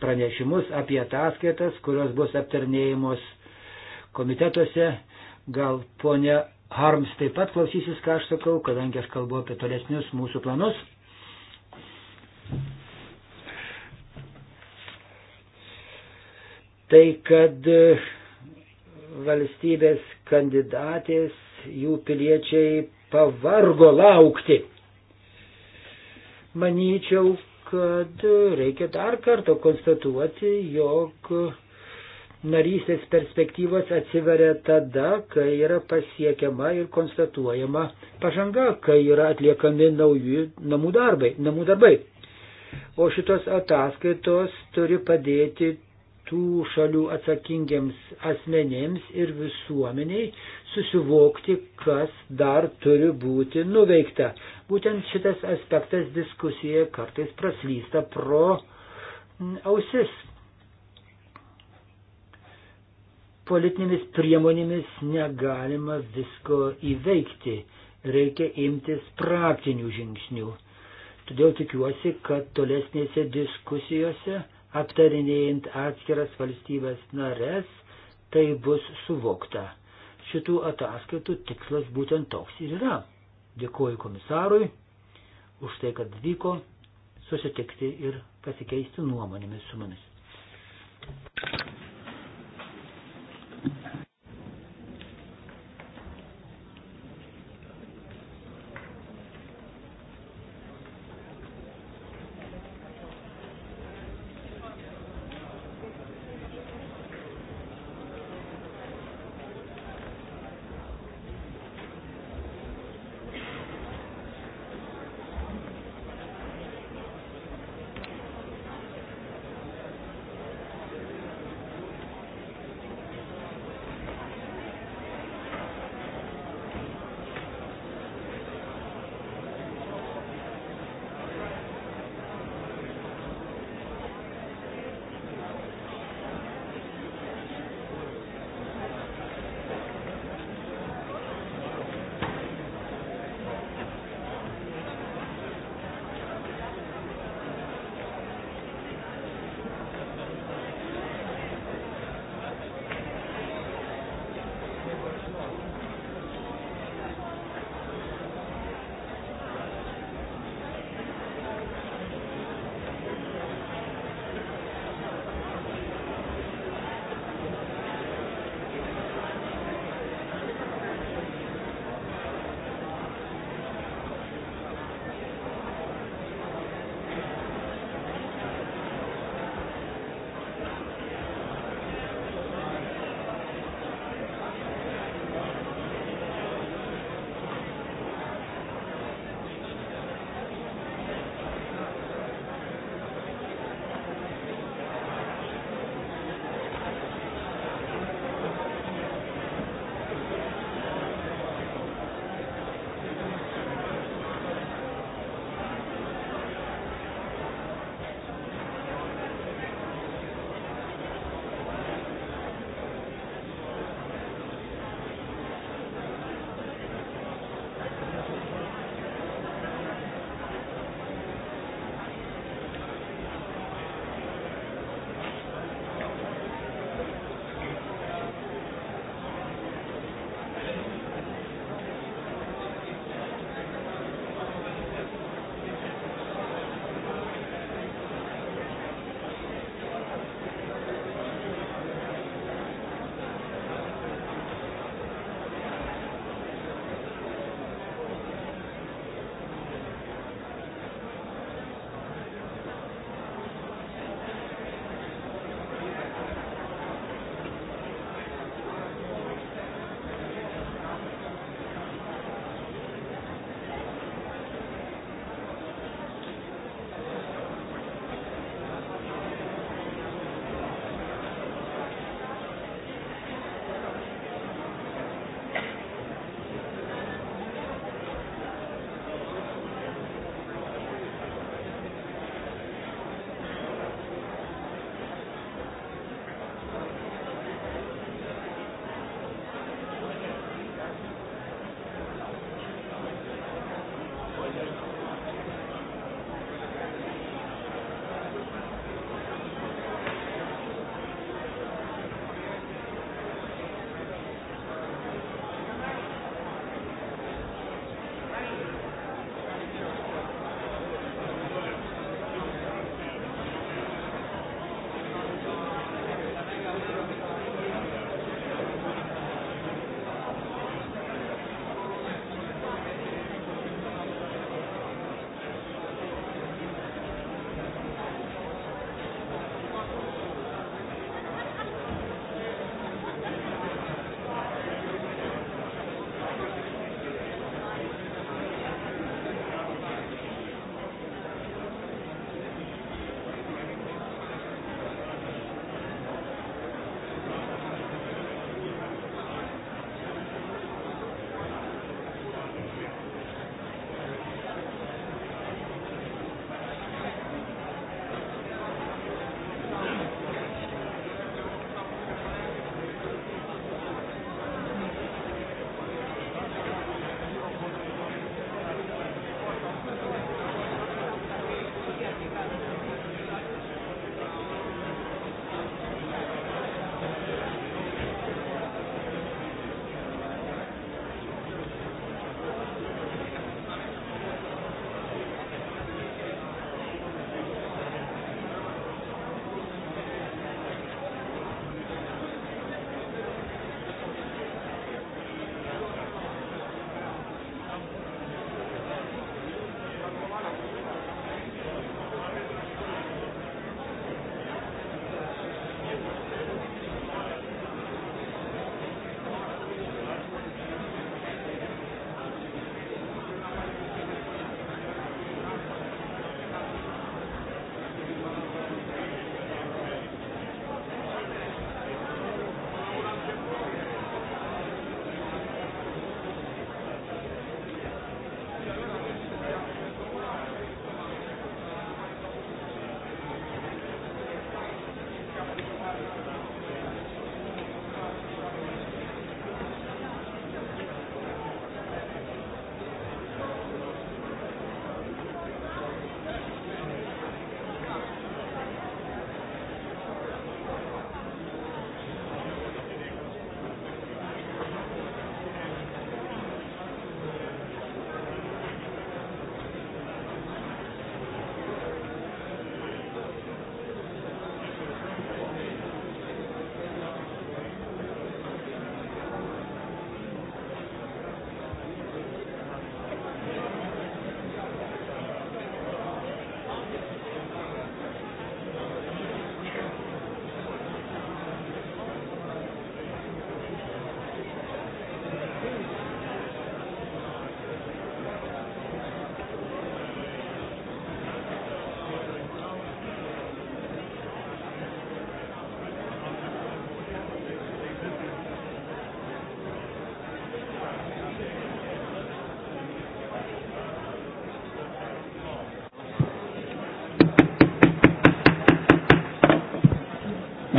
pranešimus apie ataskaitas, kurios bus aptarnėjimos komitetuose. Gal ponia Harms taip pat klausysis, ką aš sakau, kadangi aš kalbu apie tolesnius mūsų planus. Tai kad e, valstybės kandidatės, jų piliečiai pavargo laukti. Manyčiau, kad reikia dar kartą konstatuoti, jog narystės perspektyvos atsiveria tada, kai yra pasiekiama ir konstatuojama pažanga, kai yra atliekami nauji namų darbai. Namų darbai. O šitos ataskaitos turi padėti tų šalių atsakingiams asmenėms ir visuomeniai susivokti, kas dar turi būti nuveikta. Būtent šitas aspektas diskusijoje kartais praslysta pro ausis. Politinėmis priemonėmis negalima visko įveikti, reikia imtis praktinių žingsnių. Todėl tikiuosi, kad tolesnėse diskusijose aptarinėjant atskiras valstybės nares, tai bus suvokta. Šitų ataskaitų tikslas būtent toks ir yra. Dėkuoju komisarui už tai, kad vyko susitikti ir pasikeisti nuomonėmis su mumis.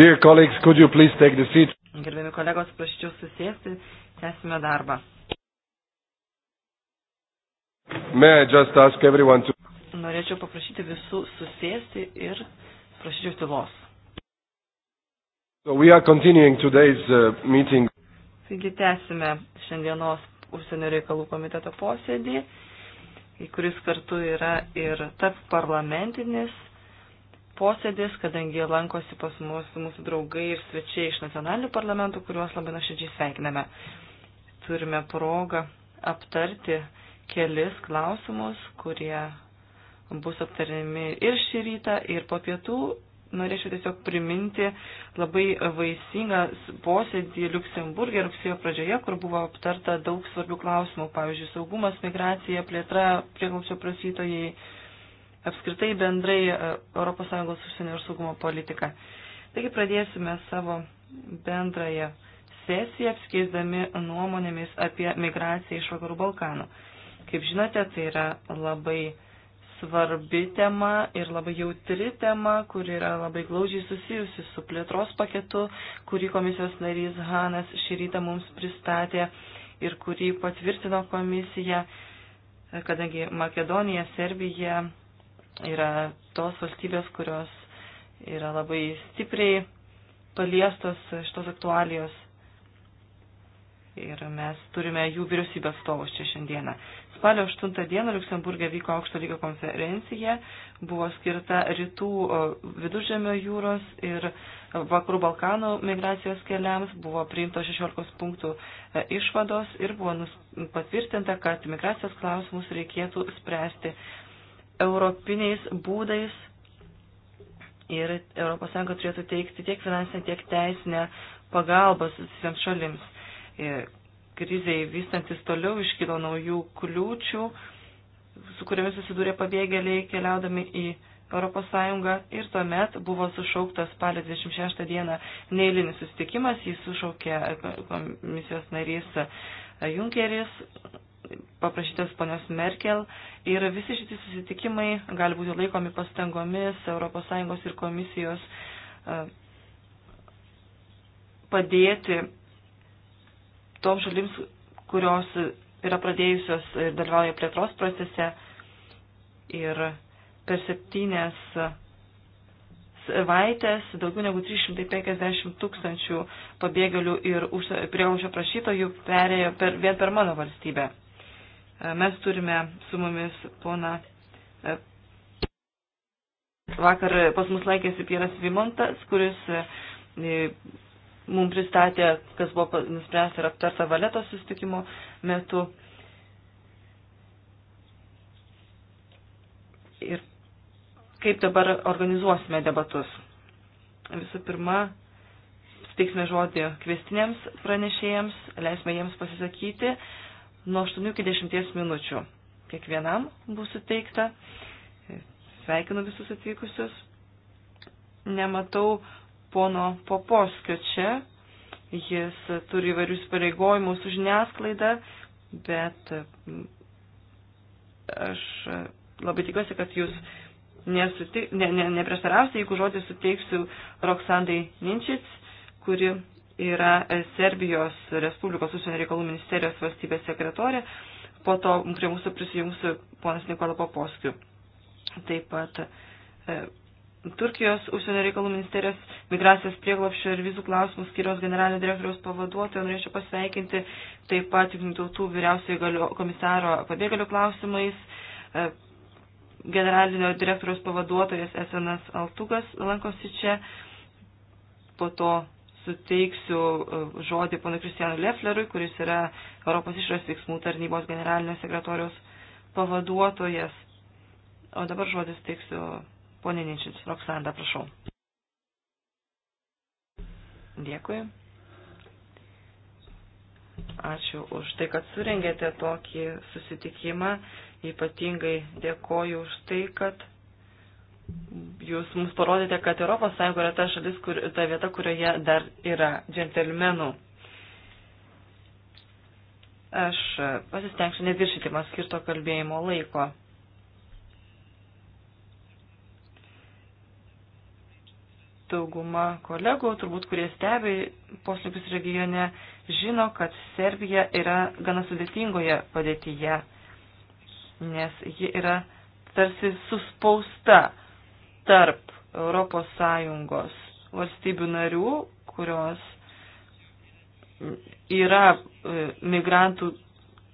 Dear colleagues, could you please take the seat? Gerbiami kolegos, prašyčiau susėsti, tęsime darbą. May I just ask everyone to... Norėčiau paprašyti visų susėsti ir prašyčiau tylos. So we are continuing today's uh, meeting. Taigi tęsime šiandienos užsienio reikalų komiteto posėdį, į kuris kartu yra ir tarp parlamentinis posėdis, kadangi lankosi pas mus mūsų draugai ir svečiai iš nacionalinių parlamentų, kuriuos labai nuoširdžiai sveikiname. Turime progą aptarti kelis klausimus, kurie bus aptariami ir šį rytą, ir po pietų. Norėčiau tiesiog priminti labai vaisingą posėdį Luksemburgė rugsėjo pradžioje, kur buvo aptarta daug svarbių klausimų, pavyzdžiui, saugumas, migracija, plėtra, prieglupščio prasytojai, apskritai bendrai ES užsienio ir saugumo politiką. Taigi pradėsime savo bendrąją sesiją apskeisdami nuomonėmis apie migraciją iš Vakarų Balkanų. Kaip žinote, tai yra labai svarbi tema ir labai jautri tema, kuri yra labai glaužiai susijusi su plėtros paketu, kurį komisijos narys Hanas šį rytą mums pristatė ir kurį patvirtino komisija, kadangi Makedonija, Serbija, yra tos valstybės, kurios yra labai stipriai paliestos šitos aktualijos. Ir mes turime jų vyriausybės atstovus čia šiandieną. Spalio 8 dieną Luksemburgė vyko aukšto lygio konferencija, buvo skirta rytų viduržėmio jūros ir vakarų Balkanų migracijos keliams, buvo priimto 16 punktų e, išvados ir buvo patvirtinta, kad migracijos klausimus reikėtų spręsti europiniais būdais ir ES turėtų teikti tiek finansinę, tiek teisinę pagalbą susisiems šalims. Ir kriziai vystantis toliau iškilo naujų kliūčių, su kuriamis susidūrė pabėgėliai keliaudami į ES ir tuomet buvo sušauktas spalio 26 dieną neįlinis susitikimas, jį sušaukė komisijos narys Junkeris paprašytas ponios Merkel ir visi šitie susitikimai gali būti laikomi pastangomis ES ir komisijos e, padėti toms šalims, kurios yra pradėjusios ir dalyvauja plėtros procese ir per septynės savaitės daugiau negu 350 tūkstančių pabėgėlių ir prieaušio prašytojų perėjo per, vien per mano valstybę. E, mes turime su mumis pona. E, vakar pas mus laikėsi Pieras Vimontas, kuris e, mums pristatė, kas buvo nuspręsta ir aptarta valeto sustikimo metu. Ir kaip dabar organizuosime debatus. Visų pirma, steiksime žodį kvestiniams pranešėjams, leisime jiems pasisakyti nuo 8 iki 10 minučių. Kiekvienam bus suteikta. Sveikinu visus atvykusius. Nematau pono Poposkio čia. Jis turi įvairius pareigojimus už žiniasklaidą, bet mm, aš labai tikiuosi, kad jūs neprieštarausite, ne, ne, ne jeigu žodį suteiksiu Roksandai Ninčic, kuri yra Serbijos Respublikos užsienio reikalų ministerijos valstybės sekretorė, po to prie mūsų prisijungs ponas Nikola Poposkiu. Taip pat e, Turkijos užsienio reikalų ministerijos migracijos prieglopščio ir vizų klausimų skyrios generalinio direktoriaus pavaduotojo norėčiau pasveikinti, taip pat Junktinių tautų vyriausiojo komisaro pabėgalių klausimais. E, generalinio direktoriaus pavaduotojas Esenas Altugas lankosi čia, po to suteiksiu e, žodį ponui Kristianui Leflerui, kuris yra Europos išras veiksmų tarnybos generalinio sekretoriaus pavaduotojas. O dabar žodis teiksiu ponė Ninčič. Roksanda, prašau. Dėkui. Ačiū už tai, kad surengėte tokį susitikimą. Ypatingai dėkoju už tai, kad jūs mums parodėte, kad ES yra ta šalis, kur, ta vieta, kurioje dar yra džentelmenų. Aš pasistengsiu neviršyti man skirto kalbėjimo laiko. Dauguma kolegų, turbūt, kurie stebi poslinkius regione, žino, kad Serbija yra gana sudėtingoje padėtyje, nes ji yra tarsi suspausta tarp ES valstybių narių, kurios yra e, migrantų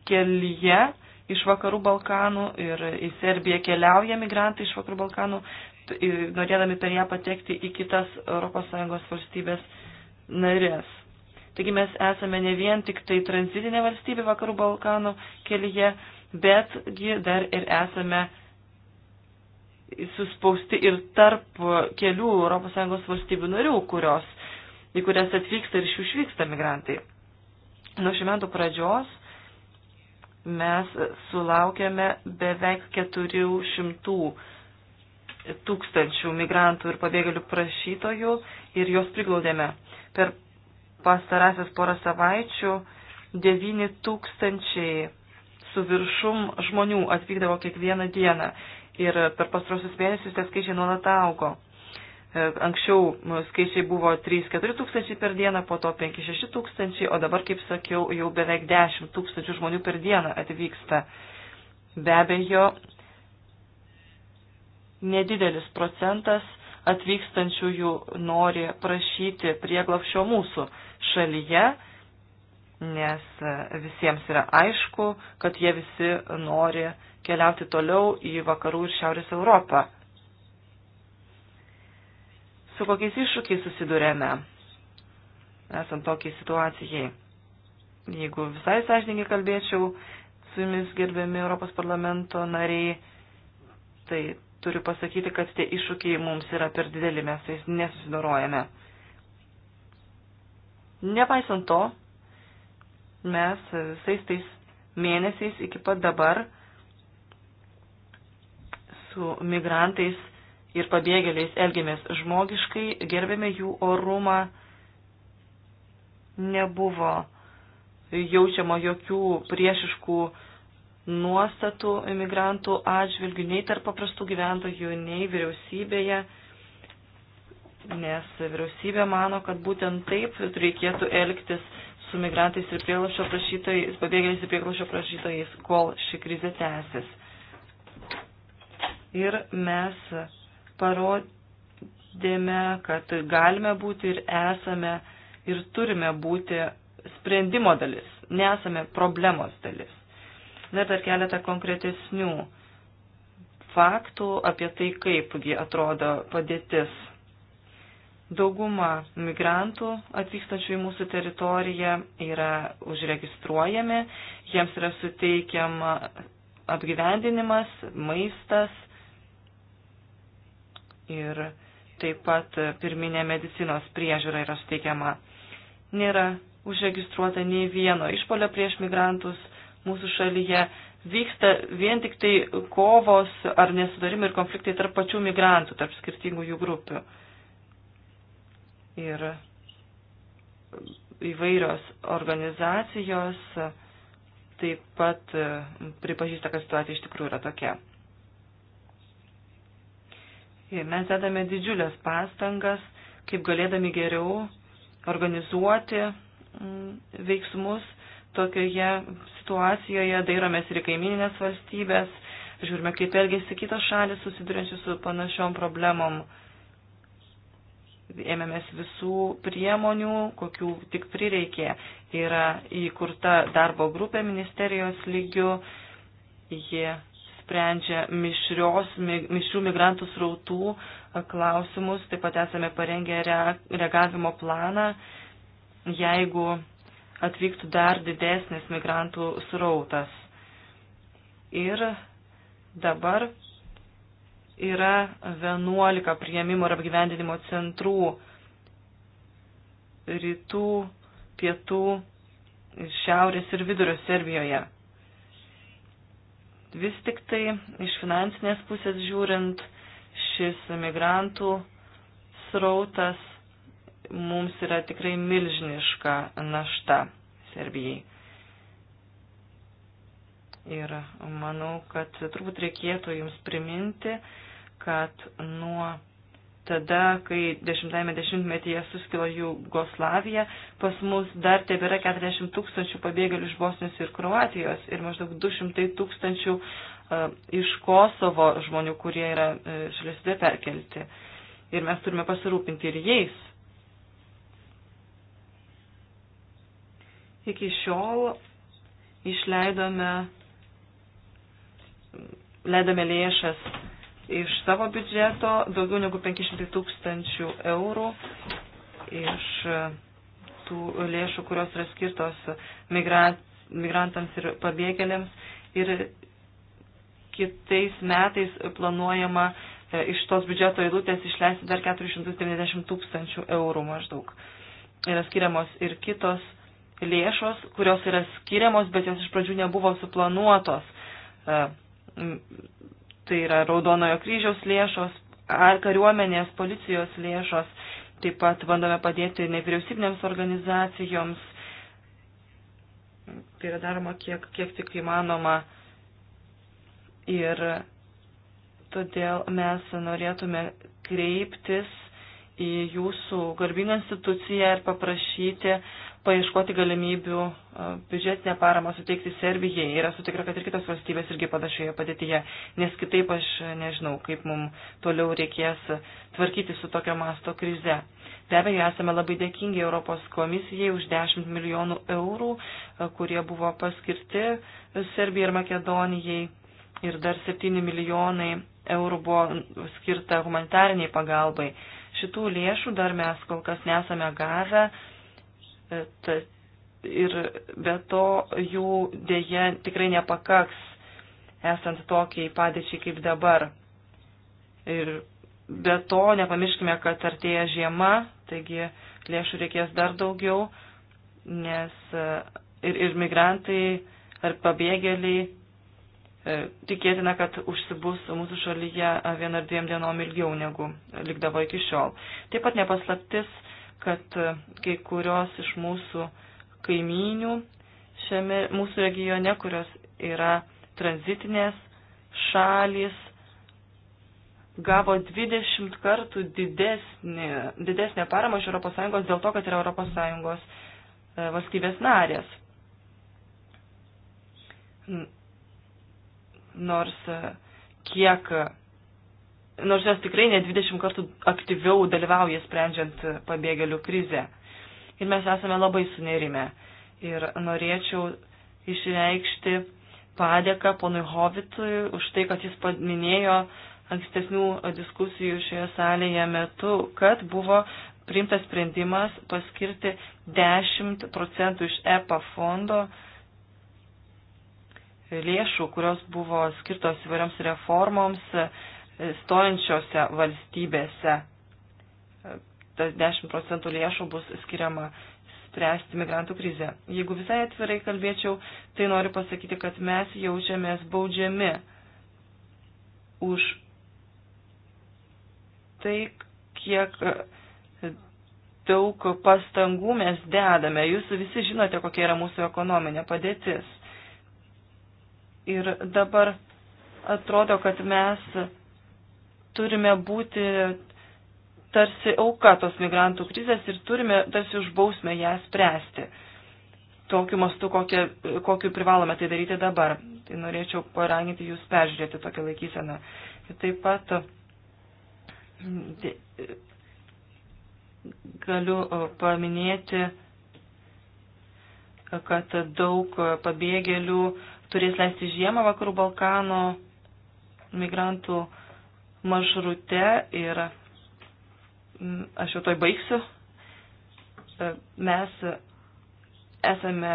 kelyje iš vakarų Balkanų ir į Serbiją keliauja migrantai iš vakarų Balkanų, norėdami per ją patekti į kitas ES valstybės narės. Taigi mes esame ne vien tik tai tranzitinė valstybė vakarų Balkanų kelyje, bet dar ir esame suspausti ir tarp kelių ES valstybių narių, kurios, į kurias atvyksta ir iš jų išvyksta migrantai. Nuo šių metų pradžios mes sulaukėme beveik 400 tūkstančių migrantų ir pabėgėlių prašytojų ir juos priglaudėme. Per pastarąsias porą savaičių 9 tūkstančiai su viršum žmonių atvykdavo kiekvieną dieną ir per pastrosius mėnesius tie skaičiai nuolat augo. E, anksčiau skaičiai buvo 3-4 tūkstančiai per dieną, po to 5-6 tūkstančiai, o dabar, kaip sakiau, jau beveik 10 tūkstančių žmonių per dieną atvyksta. Be abejo, nedidelis procentas atvykstančiųjų nori prašyti prieglapšio mūsų šalyje, nes e, visiems yra aišku, kad jie visi nori keliauti toliau į vakarų ir šiaurės Europą. Su kokiais iššūkiais susidurėme, esant tokiai situacijai? Jeigu visai sąžininkai kalbėčiau su jumis gerbiami Europos parlamento nariai, tai turiu pasakyti, kad tie iššūkiai mums yra per dideli, mes jais nesusidorojame. Nepaisant to, mes visais tais mėnesiais iki pat dabar su migrantais ir pabėgėliais elgėmės žmogiškai, gerbėme jų orumą, nebuvo jaučiama jokių priešiškų nuostatų imigrantų atžvilgių nei tarp paprastų gyventojų, nei vyriausybėje, nes vyriausybė mano, kad būtent taip reikėtų elgtis su migrantais ir prieglašio prašytojais, pabėgėliais ir prieglašio prašytojais, kol ši krizė tęsis ir mes parodėme, kad galime būti ir esame ir turime būti sprendimo dalis, nesame problemos dalis. Na ir dar keletą konkretesnių faktų apie tai, kaipgi atrodo padėtis. Dauguma migrantų atvykstančių į mūsų teritoriją yra užregistruojami, jiems yra suteikiama apgyvendinimas, maistas, ir taip pat pirminė medicinos priežiūra yra suteikiama. Nėra užregistruota nei vieno išpolio prieš migrantus mūsų šalyje. Vyksta vien tik tai kovos ar nesudarimai ir konfliktai tarp pačių migrantų, tarp skirtingų jų grupių. Ir įvairios organizacijos taip pat pripažįsta, kad situacija iš tikrųjų yra tokia. Mes dedame didžiulės pastangas, kaip galėdami geriau organizuoti mm, veiksmus tokioje situacijoje, dairomės ir kaimininės valstybės, žiūrime, kaip elgėsi kitos šalis susidurinčios su panašiom problemom. Ėmėmės visų priemonių, kokių tik prireikė. Yra įkurta darbo grupė ministerijos lygių, jie sprendžia mišrios, mišrių migrantų srautų klausimus. Taip pat esame parengę reagavimo planą, jeigu atvyktų dar didesnis migrantų srautas. Ir dabar yra 11 prieimimo ir apgyvendinimo centrų rytų, pietų, šiaurės ir vidurio Serbijoje. Vis tik tai iš finansinės pusės žiūrint, šis migrantų srautas mums yra tikrai milžiniška našta Serbijai. Ir manau, kad turbūt reikėtų jums priminti, kad nuo tada, kai 10-ame dešimtmetyje suskilo Jugoslavija, pas mus dar tebėra 40 tūkstančių pabėgėlių iš Bosnijos ir Kroatijos ir maždaug 200 tūkstančių uh, iš Kosovo žmonių, kurie yra uh, e, šalise perkelti. Ir mes turime pasirūpinti ir jais. Iki šiol išleidome, leidome lėšas iš savo biudžeto, daugiau negu 500 tūkstančių eurų iš e, tų lėšų, kurios yra skirtos migrantams ir pabėgėliams. Ir kitais metais planuojama e, iš tos biudžeto eilutės išleisti dar 490 tūkstančių eurų maždaug. Yra skiriamos ir kitos lėšos, kurios yra skiriamos, bet jos iš pradžių nebuvo suplanuotos e, tai yra Raudonojo kryžiaus lėšos, ar kariuomenės, policijos lėšos, taip pat bandome padėti nevyriausybinėms organizacijoms, tai yra daroma kiek, kiek tik įmanoma ir todėl mes norėtume kreiptis į jūsų garbingą instituciją ir paprašyti paieškoti galimybių e, biudžetinę paramą suteikti Serbijai. Ir esu tikra, kad ir kitos valstybės irgi panašioje padėtyje, nes kitaip aš nežinau, kaip mums toliau reikės tvarkyti su tokio masto krize. Be abejo, esame labai dėkingi Europos komisijai už 10 milijonų eurų, e, kurie buvo paskirti Serbijai ir Makedonijai. Ir dar 7 milijonai eurų buvo skirta humanitariniai pagalbai. Šitų lėšų dar mes kol kas nesame gavę Ta, ir be to jų dėje tikrai nepakaks esant tokiai padėčiai kaip dabar. Ir be to nepamirškime, kad artėja žiema, taigi lėšų reikės dar daugiau, nes ir, ir migrantai, ar pabėgėliai e, tikėtina, kad užsibus mūsų šalyje vien ar dviem dienom ilgiau negu likdavo iki šiol. Taip pat nepaslaptis, kad e, kai kurios iš mūsų kaimynių šiame mūsų regione, kurios yra tranzitinės šalis, gavo 20 kartų didesnį, didesnę paramą iš ES dėl to, kad yra ES e, valstybės narės. Nors e, kiek nors jos tikrai ne 20 kartų aktyviau dalyvauja sprendžiant pabėgėlių krizę. Ir mes esame labai sunerime. Ir norėčiau išreikšti padėką ponui Hovitui už tai, kad jis paminėjo ankstesnių diskusijų šioje salėje metu, kad buvo priimtas sprendimas paskirti 10 procentų iš EPA fondo lėšų, kurios buvo skirtos įvairioms reformoms, stojančiose valstybėse. Tas 10 procentų lėšų bus skiriama spręsti migrantų krizę. Jeigu visai atvirai kalbėčiau, tai noriu pasakyti, kad mes jaučiamės baudžiami už tai, kiek daug pastangų mes dedame. Jūs visi žinote, kokia yra mūsų ekonominė padėtis. Ir dabar atrodo, kad mes turime būti tarsi auka tos migrantų krizės ir turime tarsi užbausmę ją spręsti. Tokiu mastu, kokie, kokiu privalome tai daryti dabar. Tai norėčiau paraginti jūs peržiūrėti tokią laikyseną. Ir taip pat galiu e, paminėti, kad daug pabėgėlių turės leisti žiemą vakarų Balkano migrantų uh, maršrute ir aš jau toj baigsiu. E, mes esame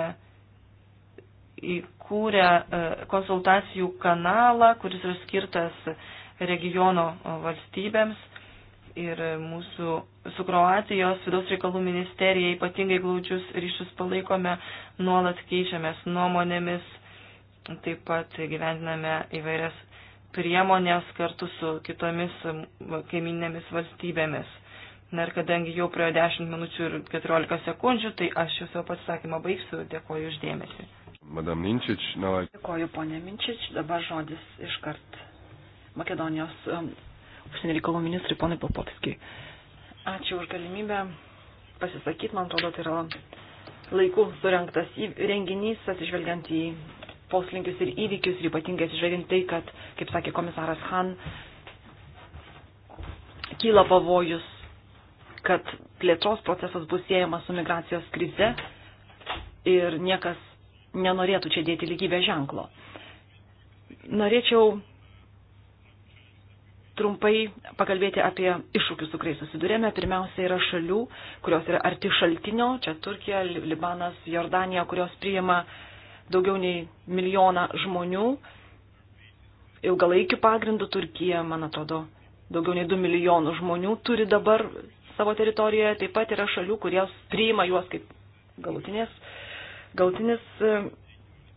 įkūrę e, konsultacijų kanalą, kuris yra skirtas regiono valstybėms ir mūsų su Kroatijos vidaus reikalų ministerija ypatingai glaudžius ryšius palaikome, nuolat keičiamės nuomonėmis, taip pat gyvendiname įvairias priemonės kartu su kitomis kaiminėmis valstybėmis. Na ir kadangi jau praėjo 10 minučių ir 14 sekundžių, tai aš jau savo pasisakymą baigsiu. Dėkoju uždėmesi. Madam Minčič, na. No... Dėkoju, ponė Minčič. Dabar žodis iškart Makedonijos um, užsienio um, reikalų ministrui, ponai Popovskijai. Ačiū už galimybę pasisakyti. Man atrodo, tai yra laikų surinktas renginys, atsižvelgiant į poslinkius ir įvykius ir ypatingai atsižvelgiant tai, kad, kaip sakė komisaras Han, kyla pavojus, kad plėtros procesas bus siejamas su migracijos krize ir niekas nenorėtų čia dėti lygybės ženklo. Norėčiau trumpai pakalbėti apie iššūkius, su kuriais susidurėme. Pirmiausia yra šalių, kurios yra arti šaltinio, čia Turkija, Libanas, Jordanija, kurios priima uh, daugiau nei milijoną žmonių. Ilgalaikių pagrindų Turkija, man atrodo, daugiau nei 2 milijonų žmonių turi dabar savo teritorijoje. Taip pat yra šalių, kurios priima juos kaip galutinės, galutinis e,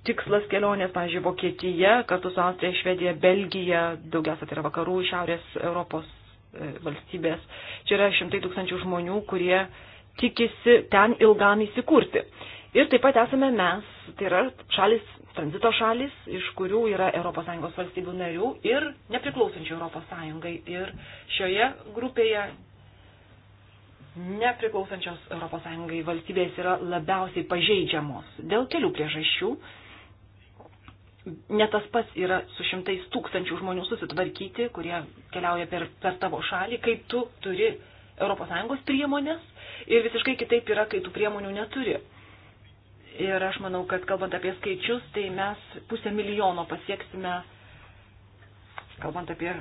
tikslas kelionės, pavyzdžiui, Vokietija, kartu su Austrija, Švedija, Belgija, daugiausia tai yra vakarų, šiaurės Europos e, valstybės. Čia yra šimtai tūkstančių žmonių, kurie tikisi ten ilgam įsikurti. Ir taip pat esame mes, tai yra šalis, tranzito šalis, iš kurių yra ES valstybių narių ir nepriklausančių ES. Ir šioje grupėje nepriklausančios ES valstybės yra labiausiai pažeidžiamos dėl kelių priežasčių. Ne tas pats yra su šimtais tūkstančių žmonių susitvarkyti, kurie keliauja per, per tavo šalį, kaip tu turi ES priemonės ir visiškai kitaip yra, kai tų priemonių neturi. Ir aš manau, kad kalbant apie skaičius, tai mes pusę milijono pasieksime, kalbant apie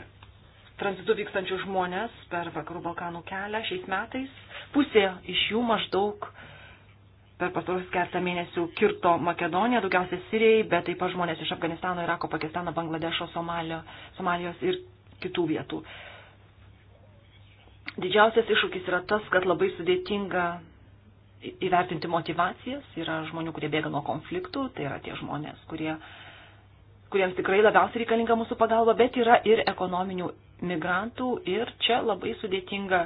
tranzitu vykstančius žmonės per Vakarų Balkanų kelią šiais metais. Pusė iš jų maždaug per pastarus keletą mėnesių kirto Makedoniją, daugiausia Sirijai, bet taip pat žmonės iš Afganistano, Irako, Pakistano, Bangladešo, Somalio, Somalijos ir kitų vietų. Didžiausias iššūkis yra tas, kad labai sudėtinga įvertinti motivacijas. Yra žmonių, kurie bėga nuo konfliktų, tai yra tie žmonės, kurie, kuriems tikrai labiausiai reikalinga mūsų pagalba, bet yra ir ekonominių migrantų ir čia labai sudėtinga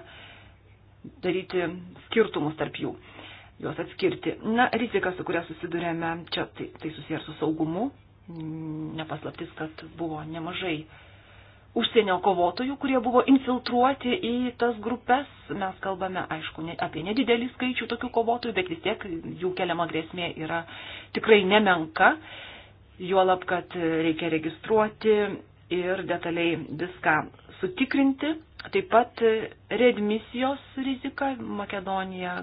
daryti skirtumus tarp jų, juos atskirti. Na, rizika, su kuria susidurėme, čia tai, tai susijęs su saugumu. Nepaslaptis, kad buvo nemažai uh, užsienio kovotojų, kurie buvo infiltruoti į tas grupės. Mes kalbame, aišku, ne, apie nedidelį skaičių tokių kovotojų, bet vis tiek jų keliama grėsmė yra tikrai nemenka. Juolab, kad reikia registruoti ir detaliai viską sutikrinti. Taip pat redmisijos rizika. Makedonija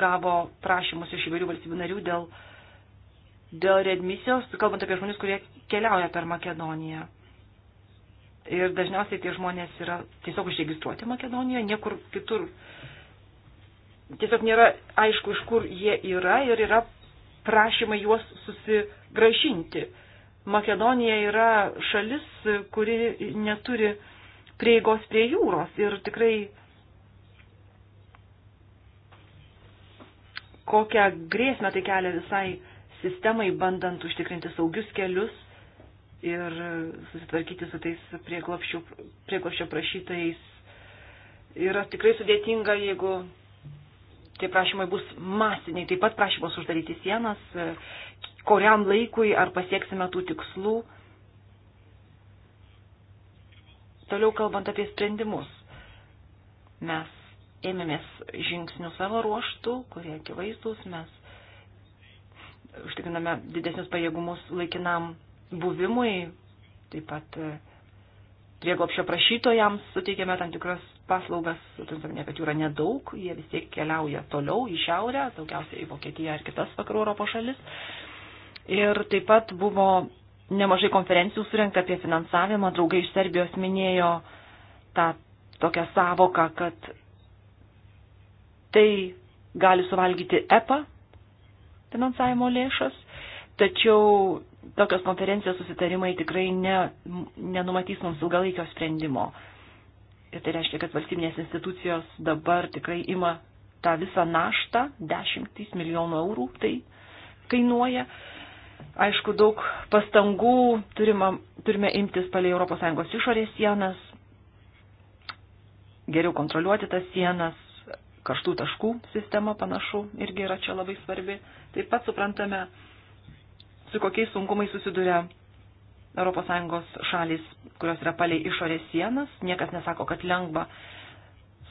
gavo prašymus iš įvairių valstybių narių dėl, dėl redmisijos, kalbant apie žmonius, kurie keliauja per Makedoniją Ir dažniausiai tie žmonės yra tiesiog užregistruoti Makedonijoje, niekur kitur. Tiesiog nėra aišku, iš kur jie yra ir yra prašymai juos susigražinti. Makedonija yra šalis, kuri neturi prieigos prie jūros ir tikrai kokią grėsmę tai kelia visai sistemai, bandant užtikrinti saugius kelius ir susitvarkyti su tais prieglopščio prašytais yra tikrai sudėtinga, jeigu tie prašymai bus masiniai. Taip pat prašymas uždaryti sienas, kuriam laikui ar pasieksime tų tikslų. Toliau kalbant apie sprendimus, mes ėmėmės žingsnių savo ruoštų, kurie akivaizdus, mes užtikriname didesnius pajėgumus laikinam buvimui, taip pat e, prieglopšio prašytojams suteikiame tam tikras paslaugas, turintame, kad jų yra nedaug, jie vis tiek keliauja toliau į šiaurę, daugiausiai į Vokietiją ar kitas vakarų Europos šalis. Ir taip pat buvo nemažai konferencijų surinkta apie finansavimą, draugai iš Serbijos minėjo tą tokią savoką, kad tai gali suvalgyti EPA finansavimo lėšas, tačiau tokios konferencijos susitarimai tikrai ne, nenumatys mums ilgalaikio sprendimo. Ir tai reiškia, kad valstybinės institucijos dabar tikrai ima tą visą naštą, dešimtys milijonų eurų tai kainuoja. Aišku, daug pastangų turime, turime imtis palei ES išorės sienas, geriau kontroliuoti tas sienas, karštų taškų sistema panašu irgi yra čia labai svarbi. Taip pat suprantame, su kokiais sunkumais susiduria ES šalis, kurios yra paliai išorės sienas. Niekas nesako, kad lengva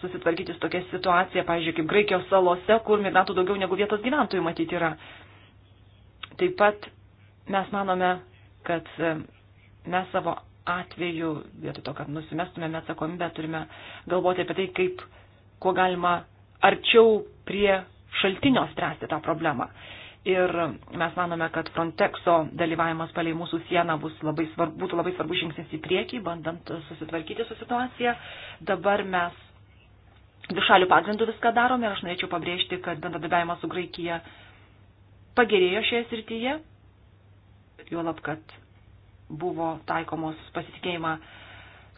susitvarkyti su tokia situacija, pavyzdžiui, kaip Graikijos salose, kur migrantų daugiau negu vietos gyventojų matyti yra. Taip pat mes manome, kad e, mes savo atveju, vietoj to, kad nusimestumėme atsakomybę, turime galvoti apie tai, kaip, kuo galima arčiau prie šaltinio spręsti tą problemą. Ir mes manome, kad Frontexo dalyvavimas palei mūsų sieną bus labai svarbu, būtų labai svarbus žingsnis į priekį, bandant susitvarkyti su situacija. Dabar mes dvišalių pagrindų viską darome ir aš norėčiau pabrėžti, kad bendradarbiavimas su Graikija pagerėjo šioje srityje, juolab, kad buvo taikomos pasitikėjimą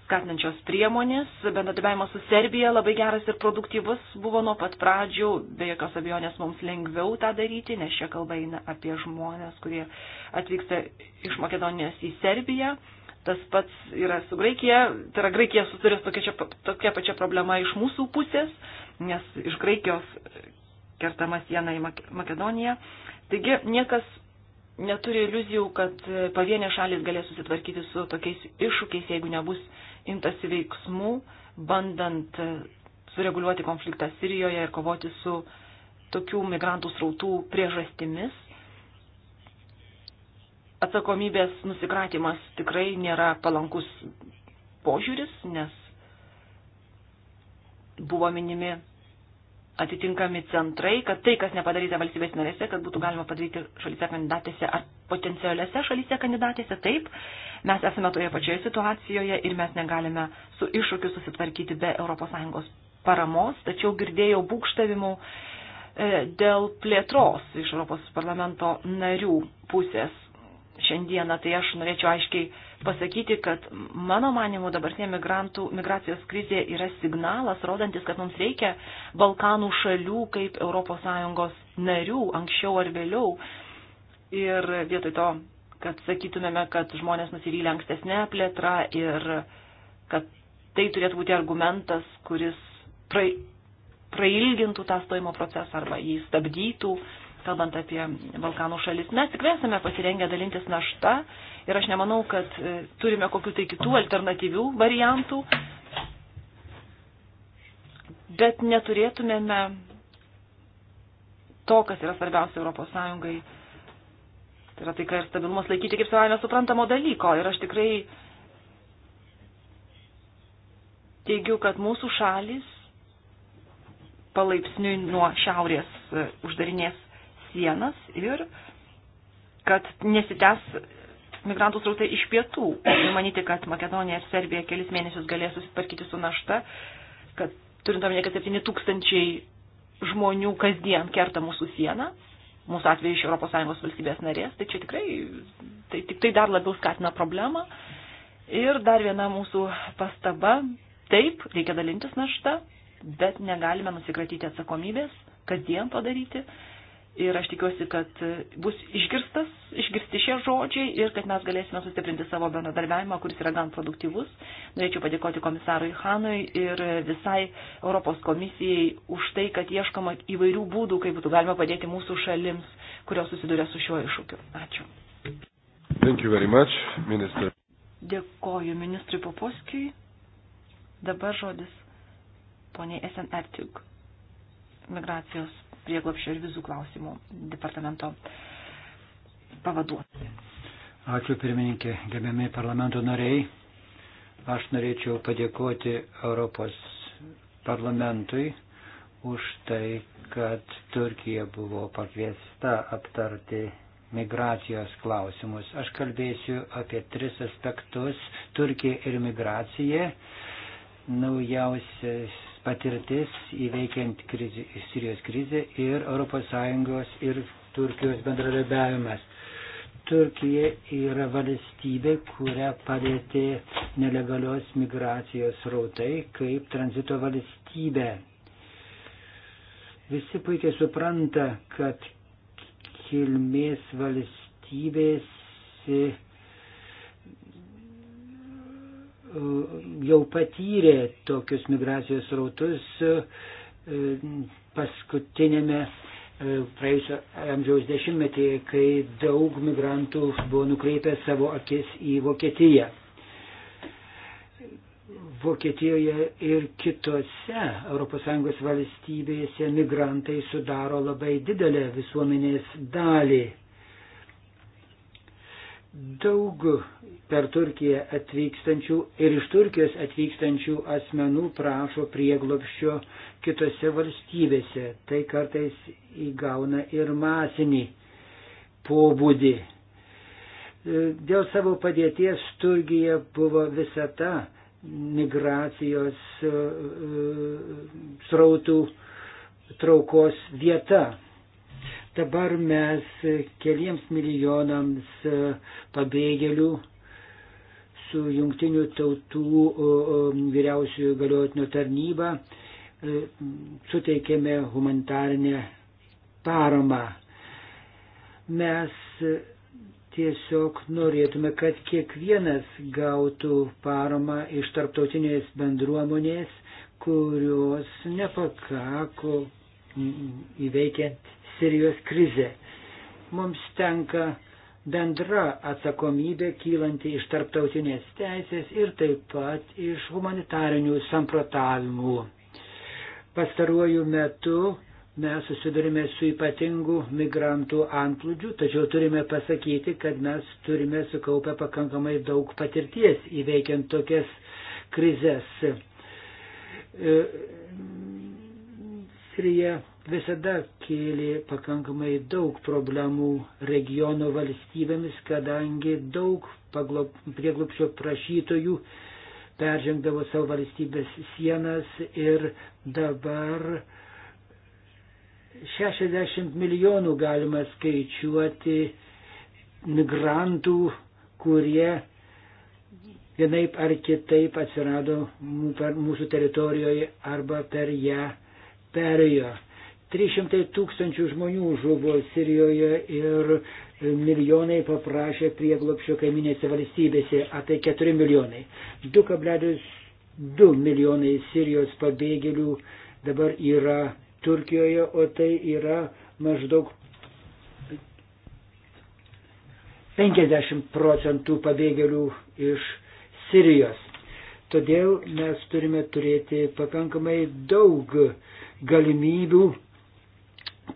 skatinančios priemonės, bendradarbiavimas su Serbija labai geras ir produktyvus buvo nuo pat pradžių, be jokios abejonės mums lengviau tą daryti, nes čia kalba eina apie žmonės, kurie atvyksta iš Makedonijos į Serbiją. Tas pats yra su Graikija, tai yra Graikija susiduria tokia, tokia pačia problema iš mūsų pusės, nes iš Graikijos kertama siena į Makedoniją. Taigi niekas neturi iliuzijų, kad pavienės šalis galės susitvarkyti su tokiais iššūkiais, jeigu nebus imtasi veiksmų, bandant sureguliuoti konfliktą Sirijoje ir kovoti su tokių migrantų srautų priežastimis. Atsakomybės nusikratimas tikrai nėra palankus požiūris, nes buvo minimi atitinkami centrai, kad tai, kas nepadaryta valstybės narėse, kad būtų galima padaryti šalyse kandidatėse ar potencialiose šalyse kandidatėse, taip, mes esame toje pačioje situacijoje ir mes negalime su iššūkiu susitvarkyti be ES paramos, tačiau girdėjau būkštavimų e, dėl plėtros iš Europos parlamento narių pusės šiandieną, tai aš norėčiau aiškiai pasakyti, kad mano manimu dabartinė migrantų migracijos krizė yra signalas, rodantis, kad mums reikia Balkanų šalių kaip ES narių anksčiau ar vėliau, Ir vietoj to, kad sakytumėme, kad žmonės nusivylė ankstesnė plėtra ir kad tai turėtų būti argumentas, kuris pra, prailgintų tą stojimo procesą arba jį stabdytų, kalbant apie Balkanų šalis. Mes tikrai esame pasirengę dalintis naštą ir aš nemanau, kad e, turime kokių tai kitų alternatyvių variantų, bet neturėtumėme to, kas yra svarbiausia Europos Sąjungai Tai yra taika ir stabilumas laikyti kaip savai nesuprantamo dalyko. Ir aš tikrai teigiu, kad mūsų šalis palaipsniui nuo šiaurės e, uždarinės sienas ir kad nesitęs migrantų srautai iš pietų. Ir manyti, kad Makedonija ir Serbija kelis mėnesius galės susitvarkyti su našta, kad turint omenyje, kad 7 tūkstančiai žmonių kasdien kerta mūsų sieną, mūsų atveju iš ES valstybės narės, tai čia tikrai tai, tik tai dar labiau skatina problemą. Ir dar viena mūsų pastaba, taip, reikia dalintis naštą, bet negalime nusikratyti atsakomybės, kasdien padaryti Ir aš tikiuosi, kad bus išgirstas, išgirsti šie žodžiai ir kad mes galėsime sustiprinti savo bendradarbiavimą, kuris yra gan produktyvus. Norėčiau padėkoti komisarui Hanui ir visai Europos komisijai už tai, kad ieškoma įvairių būdų, kaip būtų galima padėti mūsų šalims, kurios susiduria su šiuo iššūkiu. Ačiū. Much, minister. Dėkoju ministrui Poposkijui. Dabar žodis poniai Esen Ertiuk. Migracijos prieglopščio ir vizų klausimų departamento pavaduotojai. Ačiū pirmininkė, gerbiami parlamento nariai. Aš norėčiau padėkoti Europos parlamentui už tai, kad Turkija buvo pakviesta aptarti migracijos klausimus. Aš kalbėsiu apie tris aspektus - Turkija ir migracija, naujausias patirtis įveikiant krizi, Sirijos krizę ir ES ir Turkijos bendradarbiavimas. Turkija yra valstybė, kurią palėtė nelegalios migracijos rautai kaip tranzito valstybė. Visi puikiai supranta, kad kilmės valstybės jau patyrė tokius migracijos rautus e, paskutinėme e, praėjusio amžiaus dešimtmetyje, kai daug migrantų buvo nukreipę savo akis į Vokietiją. Vokietijoje ir kitose ES valstybėse migrantai sudaro labai didelę visuomenės dalį daug per Turkiją atvykstančių ir iš Turkijos atvykstančių asmenų prašo prieglopščio kitose valstybėse. Tai kartais įgauna ir masinį pobūdį. E, dėl savo padėties Turkija buvo visata migracijos e, e, srautų traukos vieta. Dabar mes keliems milijonams e, pabėgėlių su jungtinių tautų vyriausiųjų galiotinio tarnyba e, suteikėme humanitarinę paramą. Mes e, tiesiog norėtume, kad kiekvienas gautų paramą iš tarptautinės bendruomonės, kurios nepakako įveikiant Sirijos krizė. Mums tenka bendra atsakomybė kylanti iš tarptautinės teisės ir taip pat iš humanitarinių samprotavimų. Pastaruoju metu mes susidurime su ypatingu migrantų antplūdžiu, tačiau turime pasakyti, kad mes turime sukaupę pakankamai daug patirties įveikiant tokias krizės. E, Sirija visada kėlė pakankamai daug problemų regiono valstybėmis, kadangi daug prieglupščio prašytojų peržengdavo savo valstybės sienas ir dabar 60 milijonų galima skaičiuoti migrantų, kurie vienaip ar kitaip atsirado mūsų teritorijoje arba per ją perėjo. 300 tūkstančių žmonių žuvo Sirijoje ir milijonai paprašė prieglopšio kaiminėse valstybėse, apie tai 4 milijonai. 2,2 milijonai Sirijos pabėgėlių dabar yra Turkijoje, o tai yra maždaug 50 procentų pabėgėlių iš Sirijos. Todėl mes turime turėti pakankamai daug galimybių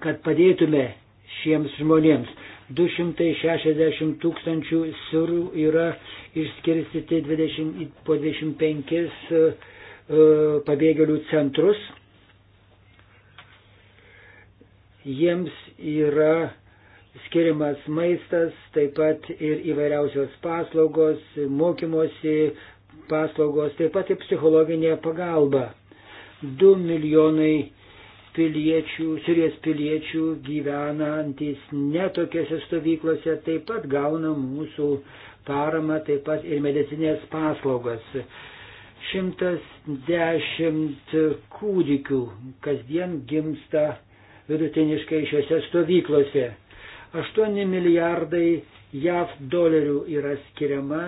kad padėtume šiems žmonėms. 260 tūkstančių sirų yra išskirstyti 20, po 25 uh, e, pabėgėlių centrus. Jiems yra skiriamas maistas, taip pat ir įvairiausios paslaugos, mokymosi paslaugos, taip pat ir psichologinė pagalba. 2 milijonai piliečių, Sirijos piliečių gyvenantis netokiose stovyklose taip pat gauna mūsų paramą, taip pat ir medicinės paslaugas. 110 kūdikių kasdien gimsta vidutiniškai šiuose stovyklose. 8 milijardai JAV dolerių yra skiriama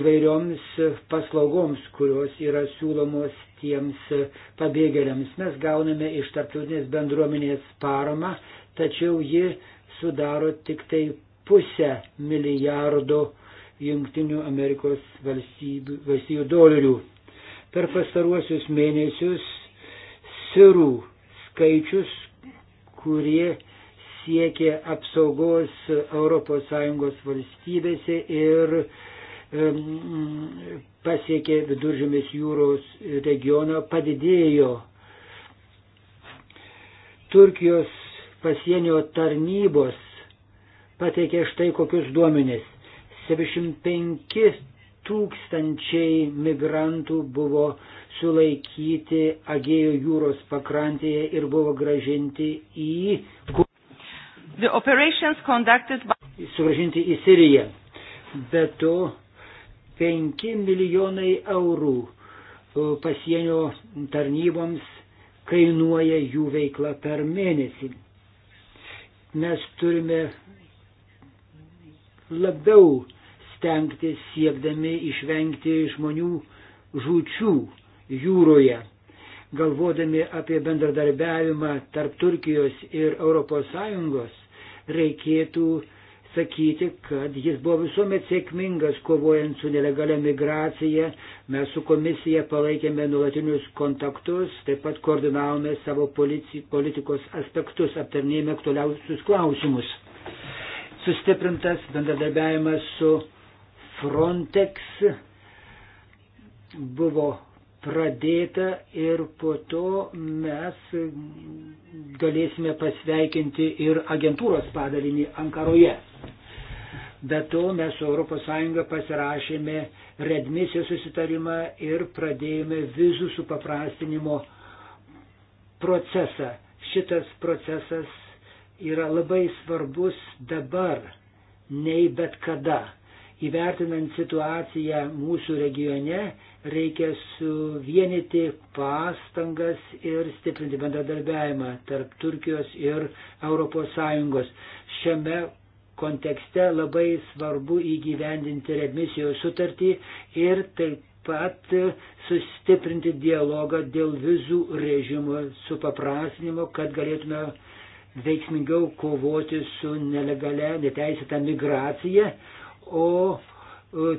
įvairioms paslaugoms, kurios yra siūlomos tiems pabėgėliams. Mes gauname iš tarptautinės bendruomenės paramą, tačiau ji sudaro tik tai pusę milijardo Junktinių Amerikos valstybių, valstybių dolerių. Per pastaruosius mėnesius sirų skaičius, kurie siekia apsaugos ES valstybėse ir pasiekė viduržėmės jūros regioną, padidėjo Turkijos pasienio tarnybos pateikė štai kokius duomenis. 75 tūkstančiai migrantų buvo sulaikyti Agėjo jūros pakrantėje ir buvo gražinti į, by... sugražinti į Siriją. Be to, 5 milijonai eurų e, pasienio tarnyboms kainuoja jų veikla per mėnesį. Mes turime labiau stengtis siekdami išvengti žmonių žučių jūroje. Galvodami apie bendradarbiavimą tarp Turkijos ir ES reikėtų sakyti, kad jis buvo visuomet sėkmingas kovojant su nelegalia migracija. Mes su komisija palaikėme nulatinius kontaktus, taip pat koordinavome savo polici, politikos aspektus, aptarnėjome aktualiausius klausimus. Sustiprintas bendradarbiavimas su Frontex buvo pradėta ir po to mes galėsime pasveikinti ir agentūros padalinį Ankaroje. Be to mes su ES pasirašėme redmisijos susitarimą ir pradėjome vizų supaprastinimo procesą. Šitas procesas yra labai svarbus dabar, nei bet kada. Įvertinant situaciją mūsų regione, reikia suvienyti pastangas ir stiprinti bendradarbiavimą tarp Turkijos ir ES. Šiame kontekste labai svarbu įgyvendinti readmisijos sutartį ir taip pat sustiprinti dialogą dėl vizų režimo supaprastinimo, kad galėtume veiksmingiau kovoti su nelegale, neteisėta migracija, o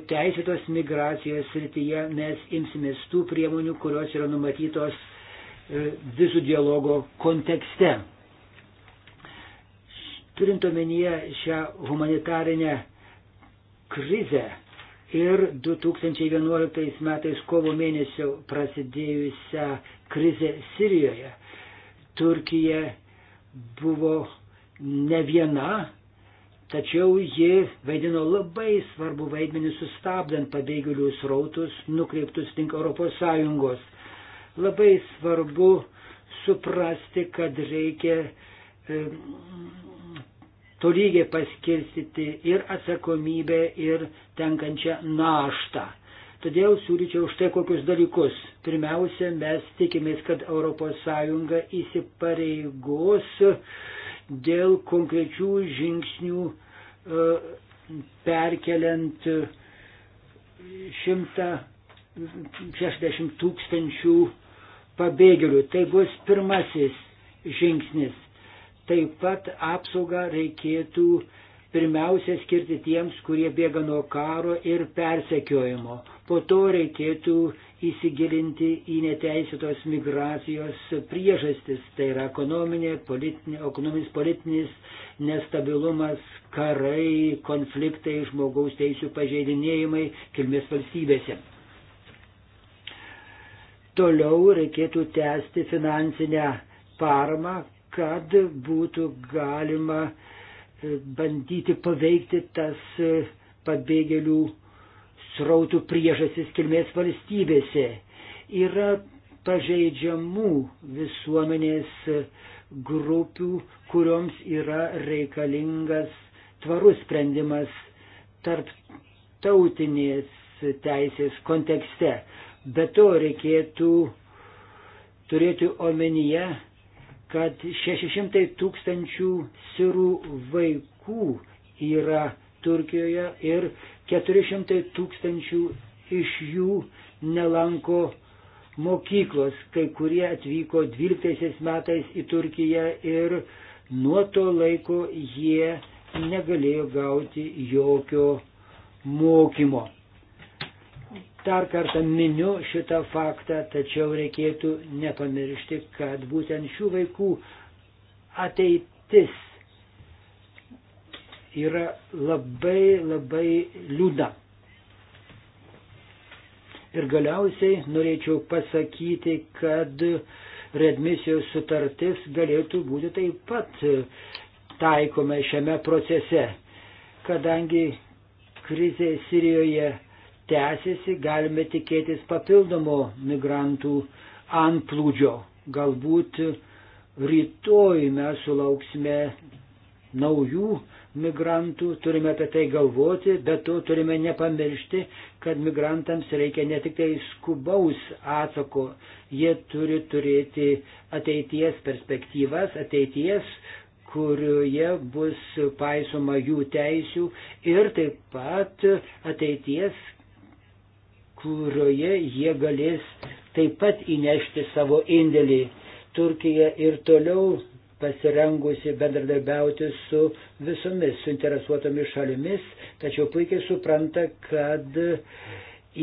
teisėtos migracijos srityje mes imsimės tų priemonių, kurios yra numatytos e, visų dialogo kontekste. Turint omenyje šią humanitarinę krizę ir 2011 metais kovo mėnesio prasidėjusią krizę Sirijoje, Turkija buvo ne viena tačiau ji vaidino labai svarbu vaidmenį sustabdant pabėgėlių srautus nukreiptus link ES. Labai svarbu suprasti, kad reikia e, tolygiai paskirstyti ir atsakomybę, ir tenkančią naštą. Todėl siūlyčiau štai kokius dalykus. Pirmiausia, mes tikimės, kad ES įsipareigos dėl konkrečių žingsnių e, perkeliant 160 tūkstančių pabėgėlių. Tai bus pirmasis žingsnis. Taip pat apsaugą reikėtų pirmiausia skirti tiems, kurie bėga nuo karo ir persekiojimo. Po to reikėtų įsigilinti į neteisėtos migracijos priežastis, tai yra ekonominė, politinė, ekonominis, politinis nestabilumas, karai, konfliktai, žmogaus teisų pažeidinėjimai kilmės valstybėse. Toliau reikėtų tęsti finansinę paramą, kad būtų galima uh, bandyti paveikti tas pabėgėlių srautų priežasis kilmės valstybėse. Yra pažeidžiamų visuomenės grupių, kurioms yra reikalingas tvarus sprendimas tarptautinės teisės kontekste. Be to reikėtų turėti omenyje kad 600 tūkstančių sirų vaikų yra Turkijoje ir 400 tūkstančių iš jų nelanko mokyklos, kai kurie atvyko 12 metais į Turkiją ir nuo to laiko jie negalėjo gauti jokio mokymo. Dar kartą miniu šitą faktą, tačiau reikėtų nepamiršti, kad būtent šių vaikų ateitis yra labai labai liūda. Ir galiausiai norėčiau pasakyti, kad redmisijos sutartis galėtų būti taip pat taikoma šiame procese, kadangi krizė Sirijoje tęsiasi, galime tikėtis papildomo migrantų antplūdžio. Galbūt rytoj mes sulauksime naujų migrantų, turime apie tai galvoti, bet to turime nepamiršti, kad migrantams reikia ne tik tai skubaus atsako, jie turi turėti ateities perspektyvas, ateities, kurioje bus paisoma jų teisių ir taip pat ateities, kurioje jie galės taip pat įnešti savo indėlį. Turkija ir toliau pasirengusi bendradarbiauti su visomis suinteresuotomis šalimis, tačiau puikiai supranta, kad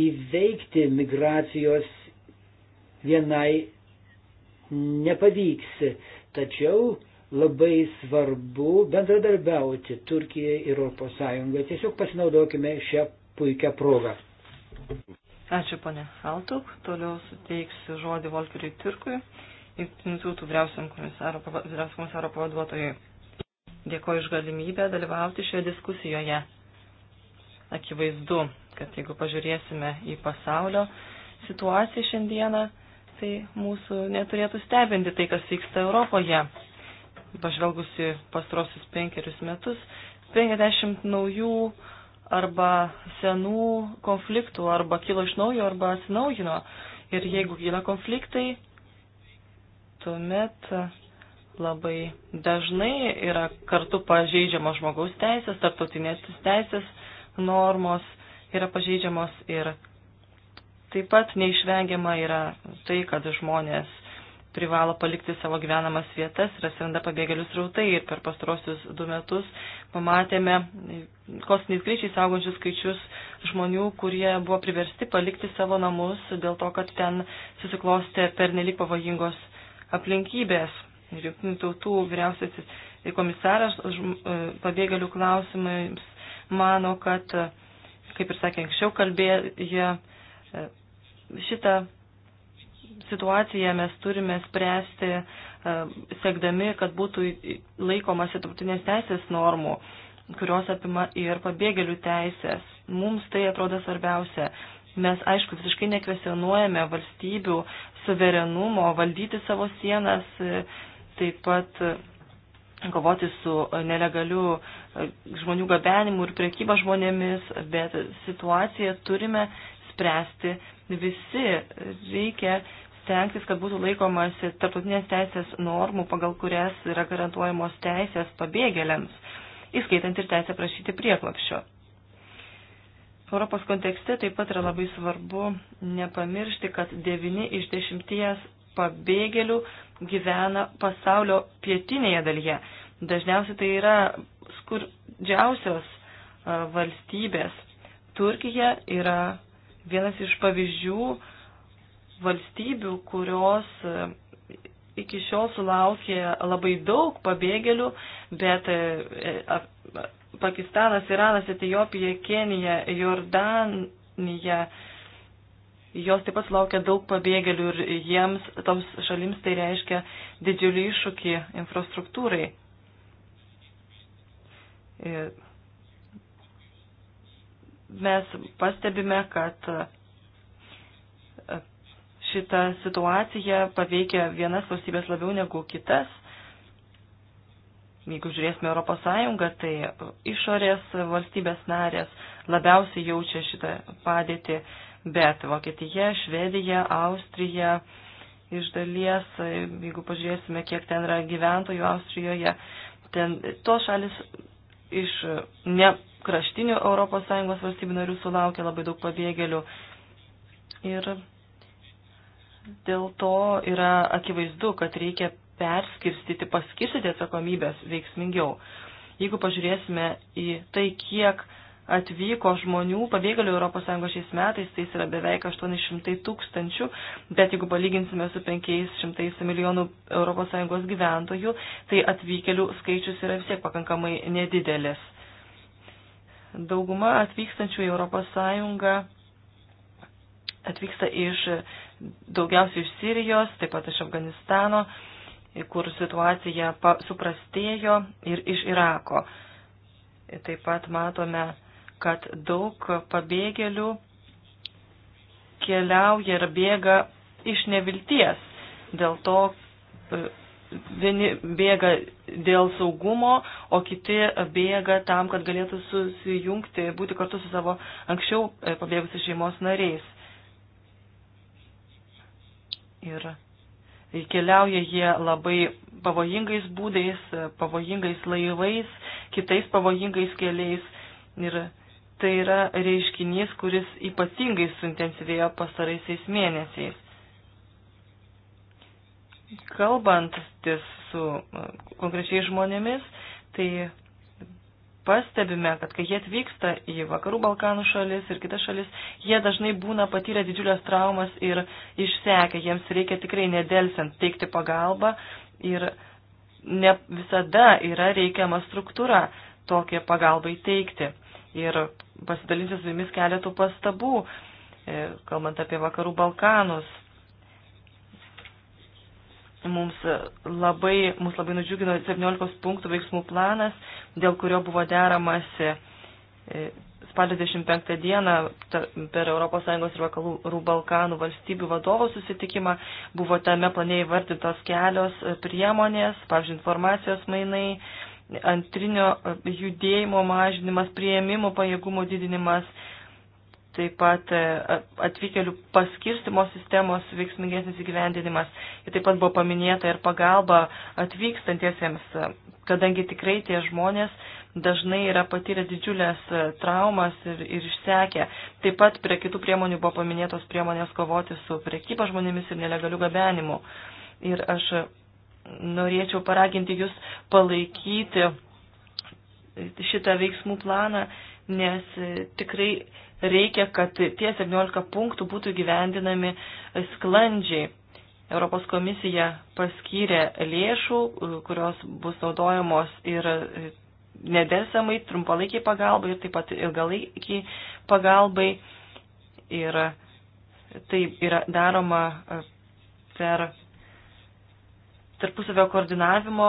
įveikti migracijos vienai nepavyks. Tačiau labai svarbu bendradarbiauti Turkijai ir ES. Tiesiog pasinaudokime šią puikią progą. Ačiū, ponė Haltuk. Toliau suteiksiu žodį Volkeriui Turkui, Junktinių tautų vyriausiam komisaro, komisaro pavaduotojui. Dėkoju iš galimybę dalyvauti šioje diskusijoje. Akivaizdu, kad jeigu pažiūrėsime į pasaulio situaciją šiandieną, tai mūsų neturėtų stebinti tai, kas vyksta Europoje. Pažvelgusi pastrosius penkerius metus, 50 naujų arba senų konfliktų, arba kilo iš naujo, arba atsinaujino. Ir jeigu kyla konfliktai, tuomet labai dažnai yra kartu pažeidžiamos žmogaus teisės, tarptautinės teisės normos yra pažeidžiamos ir taip pat neišvengiama yra tai, kad žmonės privalo palikti savo gyvenamas vietas ir atsiranda pabėgėlių srautai. Ir per pastarosius du metus pamatėme kosminiais greičiais augančius skaičius žmonių, kurie buvo priversti palikti savo namus dėl to, kad ten susiklostė pernelik pavojingos aplinkybės. Ir jungtinių tautų vyriausiasis komisaras e, pabėgėlių klausimais mano, kad, e, kaip ir sakė anksčiau kalbėję, e, šitą situaciją mes turime spręsti, e, sekdami, kad būtų laikomasi tarptautinės teisės normų, kurios apima ir pabėgėlių teisės. Mums tai atrodo svarbiausia. Mes, aišku, visiškai nekvesionuojame valstybių suverenumo valdyti savo sienas, e, taip pat e, kovoti su nelegaliu žmonių gabenimu ir priekyba žmonėmis, bet situaciją turime spręsti visi reikia stengtis, kad būtų laikomasi tarptautinės teisės normų, pagal kurias yra garantuojamos teisės pabėgėliams, įskaitant ir teisę prašyti prieklapščio. Europos kontekste taip pat yra labai svarbu nepamiršti, kad 9 iš 10 pabėgėlių gyvena pasaulio pietinėje dalyje. Dažniausiai tai yra skurdžiausios valstybės. Turkija yra vienas iš pavyzdžių valstybių, kurios e, iki šiol sulaukė labai daug pabėgėlių, bet e, e, Pakistanas, Iranas, Etijopija, Kenija, Jordanija, jos taip pat sulaukia daug pabėgėlių ir jiems, toms šalims tai reiškia didžiulį iššūkį infrastruktūrai. Ir mes pastebime, kad e, šita situacija paveikia vienas valstybės labiau negu kitas. Jeigu žiūrėsime Europos Sąjungą, tai išorės valstybės narės labiausiai jaučia šitą padėtį, bet Vokietija, Švedija, Austrija iš dalies, jeigu pažiūrėsime, kiek ten yra gyventojų Austrijoje, ten tos šalis iš ne kraštinių ES valstybių narių sulaukia labai daug pabėgėlių. Ir dėl to yra akivaizdu, kad reikia perskirstyti, paskirstyti atsakomybės veiksmingiau. Jeigu pažiūrėsime į tai, kiek atvyko žmonių, pabėgėlių ES šiais metais, tai yra beveik 800 tūkstančių, bet jeigu palyginsime su 500 milijonų ES gyventojų, tai atvykėlių skaičius yra vis tiek pakankamai nedidelis. Dauguma atvykstančių į ES atvyksta iš daugiausiai iš Sirijos, taip pat iš Afganistano, kur situacija suprastėjo ir iš Irako. Taip pat matome, kad daug pabėgėlių keliauja ir bėga iš nevilties dėl to, vieni bėga dėl saugumo, o kiti bėga tam, kad galėtų susijungti, būti kartu su savo anksčiau e, pabėgusios šeimos nariais. Ir keliauja jie labai pavojingais būdais, pavojingais laivais, kitais pavojingais keliais. Ir tai yra reiškinys, kuris ypatingai suintensyvėjo pastaraisiais mėnesiais kalbant su konkrečiai žmonėmis, tai pastebime, kad kai jie atvyksta į Vakarų Balkanų šalis ir kitas šalis, jie dažnai būna patyrę didžiulės traumas ir išsekę, jiems reikia tikrai nedelsiant teikti pagalbą ir ne visada yra reikiama struktūra tokie pagalbai teikti. Ir pasidalinsiu su jumis keletų pastabų, e, kalbant apie Vakarų Balkanus, Mums labai, mus labai nudžiugino 17 punktų veiksmų planas, dėl kurio buvo deramasi e, spalio 25 dieną per ES ir vakarų Balkanų valstybių vadovų susitikimą buvo tame plane įvardintos kelios priemonės, pavyzdžiui, informacijos mainai, antrinio judėjimo mažinimas, prieimimo pajėgumo didinimas, taip pat e, atvykėlių paskirstimo sistemos veiksmingesnis įgyvendinimas. Ir taip pat buvo paminėta ir pagalba atvykstantiesiems, e, kadangi tikrai tie žmonės dažnai yra patyrę didžiulės e, traumas ir, ir išsekę. Taip pat prie kitų priemonių buvo paminėtos priemonės kovoti su priekyba žmonėmis ir nelegaliu gabenimu. Ir aš norėčiau paraginti jūs palaikyti šitą veiksmų planą, nes tikrai reikia, kad tie 17 punktų būtų gyvendinami sklandžiai. Europos komisija paskyrė lėšų, kurios bus naudojamos ir nedelsamai, trumpalaikiai pagalbai ir taip pat ilgalaikiai pagalbai. Ir tai yra daroma per tarpusavio koordinavimo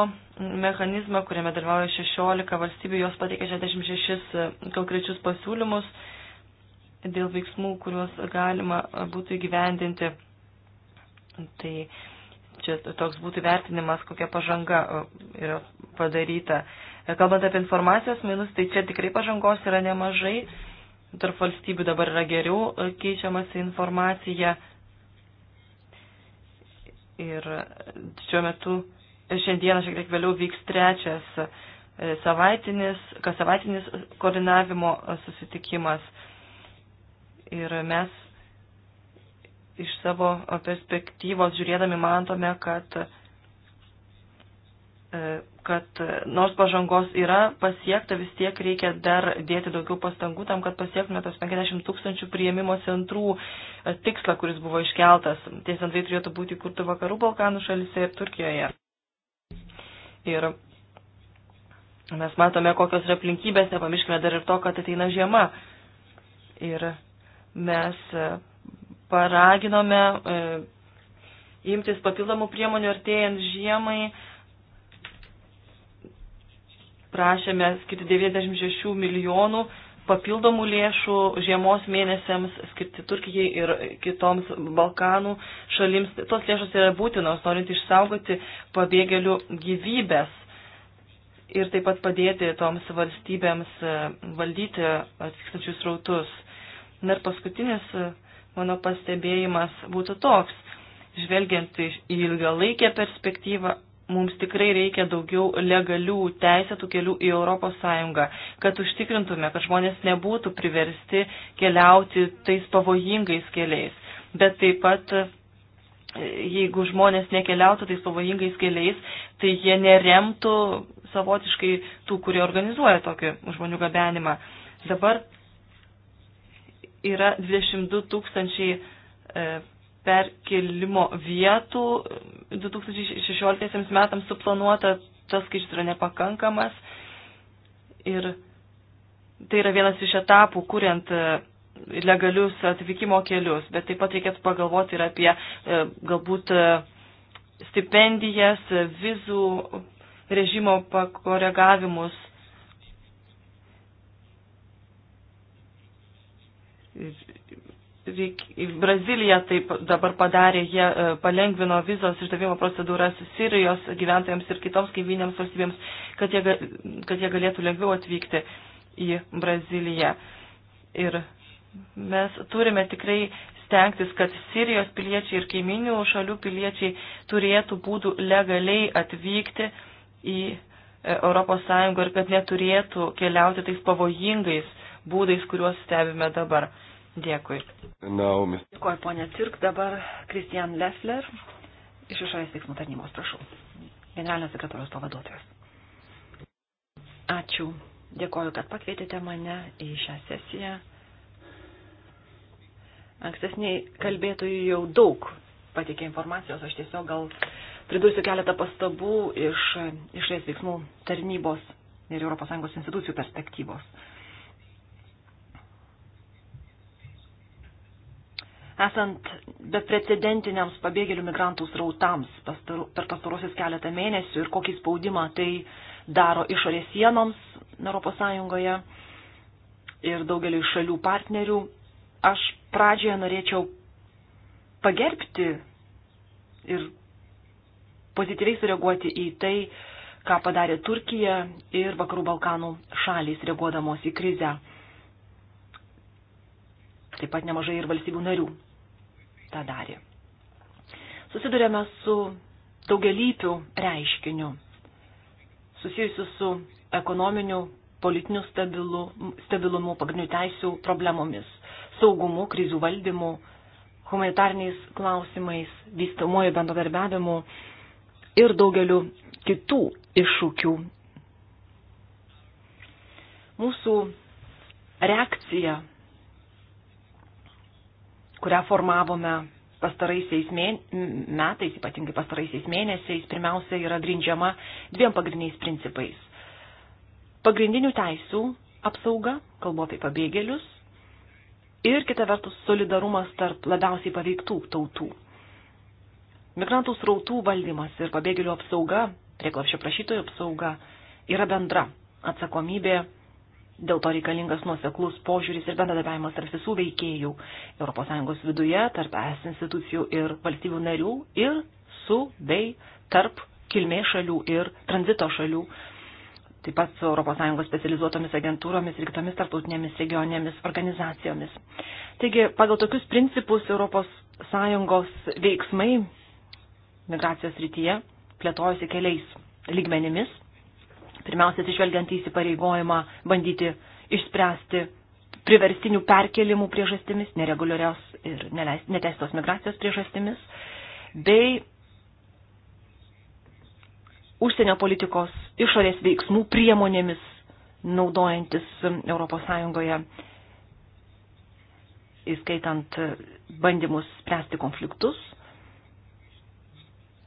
mechanizmą, kuriame dalyvauja 16 valstybių, jos pateikė 66 konkrečius pasiūlymus dėl veiksmų, kuriuos galima būtų įgyvendinti. Tai čia toks būtų vertinimas, kokia pažanga e, yra padaryta. E, kalbant apie informacijos minus, tai čia tikrai pažangos yra nemažai. Tarp valstybių dabar yra geriau e, keičiamasi informacija. Ir šiuo metu, šiandieną šiek tiek vėliau vyks trečias savaitinis, kas savaitinis koordinavimo susitikimas Ir mes iš savo perspektyvos žiūrėdami matome, kad, e, kad nors pažangos yra pasiekta, vis tiek reikia dar dėti daugiau pastangų tam, kad pasiektume tos 50 tūkstančių prieimimo centrų e, tikslą, kuris buvo iškeltas. Tie centrai turėtų būti įkurti vakarų Balkanų šalise ir Turkijoje. Ir mes matome, kokios yra aplinkybės, nepamirškime dar ir to, kad ateina žiema. Ir mes e, paraginome e, imtis papildomų priemonių artėjant žiemai. Prašėme skirti 96 milijonų papildomų lėšų žiemos mėnesiams skirti Turkijai ir kitoms Balkanų šalims. Tos lėšos yra būtinos, norint išsaugoti pabėgėlių gyvybės ir taip pat padėti toms valstybėms e, valdyti atvykstančius rautus. Na ir paskutinis e, mano pastebėjimas būtų toks. Žvelgiant į ilgalaikę perspektyvą, mums tikrai reikia daugiau legalių teisėtų kelių į ES, kad užtikrintume, kad žmonės nebūtų priversti keliauti tais pavojingais keliais. Bet taip pat, e, jeigu žmonės nekeliautų tais pavojingais keliais, tai jie neremtų savotiškai tų, kurie organizuoja tokį žmonių gabenimą. Dabar yra 22 tūkstančiai e, perkelimo vietų 2016 metams suplanuota, tas skaičius yra nepakankamas. Ir tai yra vienas iš etapų, kuriant e, legalius atvykimo kelius, bet taip pat reikėtų pagalvoti ir apie e, galbūt stipendijas, vizų režimo pakoregavimus Reik, Brazilija taip dabar padarė, jie e, palengvino vizos išdavimo procedūras Sirijos gyventojams ir kitoms kaiminėms valstybėms, kad jie, kad jie galėtų lengviau atvykti į Braziliją. Ir mes turime tikrai stengtis, kad Sirijos piliečiai ir kaiminių šalių piliečiai turėtų būdų legaliai atvykti į ES ir kad neturėtų keliauti tais pavojingais būdais, kuriuos stebime dabar. Dėkui. Naomi. Dėkuoju, ponė Cirk. Dabar Kristian Leffler iš išorės veiksmų tarnybos, prašau. Generalinio sekretoriaus pavaduotojas. Ačiū. Dėkuoju, kad pakvietėte mane į šią sesiją. Ankstesniai kalbėtojai jau daug patikė informacijos, aš tiesiog gal pridursiu keletą pastabų iš išorės veiksmų tarnybos ir ES institucijų perspektyvos. Esant beprecedentiniams pabėgėlių migrantų srautams per pastarosius keletą mėnesių ir kokį spaudimą tai daro išorės sienoms ES ir daugeliu šalių partnerių, aš pradžioje norėčiau pagerbti ir pozityviai sureaguoti į tai, ką padarė Turkija ir Vakarų Balkanų šalys reaguodamos į krizę. Taip pat nemažai ir valstybių narių tą darė. Susidurėme su daugelypių reiškiniu, susijusiu su ekonominiu, politiniu stabilu, stabilumu, pagrindinių teisių problemomis, saugumu, krizių valdymu, humanitarniais klausimais, vystamuoju bendradarbiavimu ir daugeliu kitų iššūkių. Mūsų reakcija kurią formavome pastaraisiais metais, ypatingai pastaraisiais mėnesiais, pirmiausia yra grindžiama dviem pagrindiniais principais. Pagrindinių teisų apsauga, kalbu apie pabėgėlius, ir kita vertus solidarumas tarp labiausiai paveiktų tautų. Migrantų srautų valdymas ir pabėgėlių apsauga, prieklapšio prašytojų apsauga yra bendra atsakomybė Dėl to reikalingas nuoseklus požiūris ir bendradarbiavimas tarp visų veikėjų ES viduje, tarp es institucijų ir valstybių narių ir su bei tarp kilmės šalių ir tranzito šalių, taip pat su ES specializuotomis agentūromis ir kitomis tarptautinėmis regioninėmis organizacijomis. Taigi, pagal tokius principus ES veiksmai migracijos rytyje plėtojasi keliais lygmenimis pirmiausia, atsižvelgiant į įsipareigojimą bandyti išspręsti priverstinių perkelimų priežastimis, nereguliarios ir neteistos migracijos priežastimis, bei užsienio politikos išorės veiksmų priemonėmis naudojantis ES, įskaitant bandymus spręsti konfliktus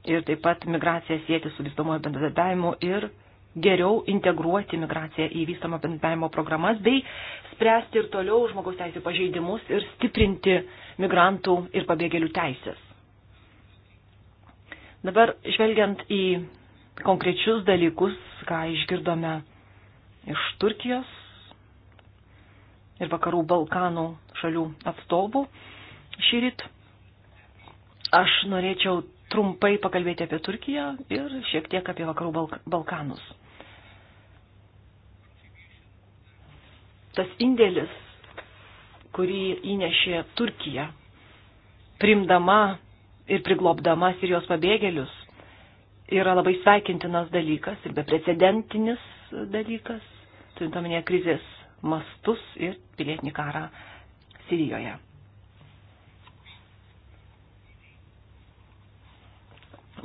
ir taip pat migraciją sieti su vystomojo bendradarbiavimu ir geriau integruoti migraciją į vystamą bendradarbiavimo programas bei spręsti ir toliau žmogaus teisų pažeidimus ir stiprinti migrantų ir pabėgėlių teisės. Dabar žvelgiant į konkrečius dalykus, ką išgirdome iš Turkijos ir vakarų Balkanų šalių atstovų šį ryt, aš norėčiau trumpai pakalbėti apie Turkiją ir šiek tiek apie vakarų Balkanus. tas indėlis, kurį įnešė Turkija, primdama ir priglobdama Sirijos pabėgėlius, yra labai sveikintinas dalykas ir beprecedentinis dalykas, turint omenyje krizės mastus ir pilietinį karą Sirijoje.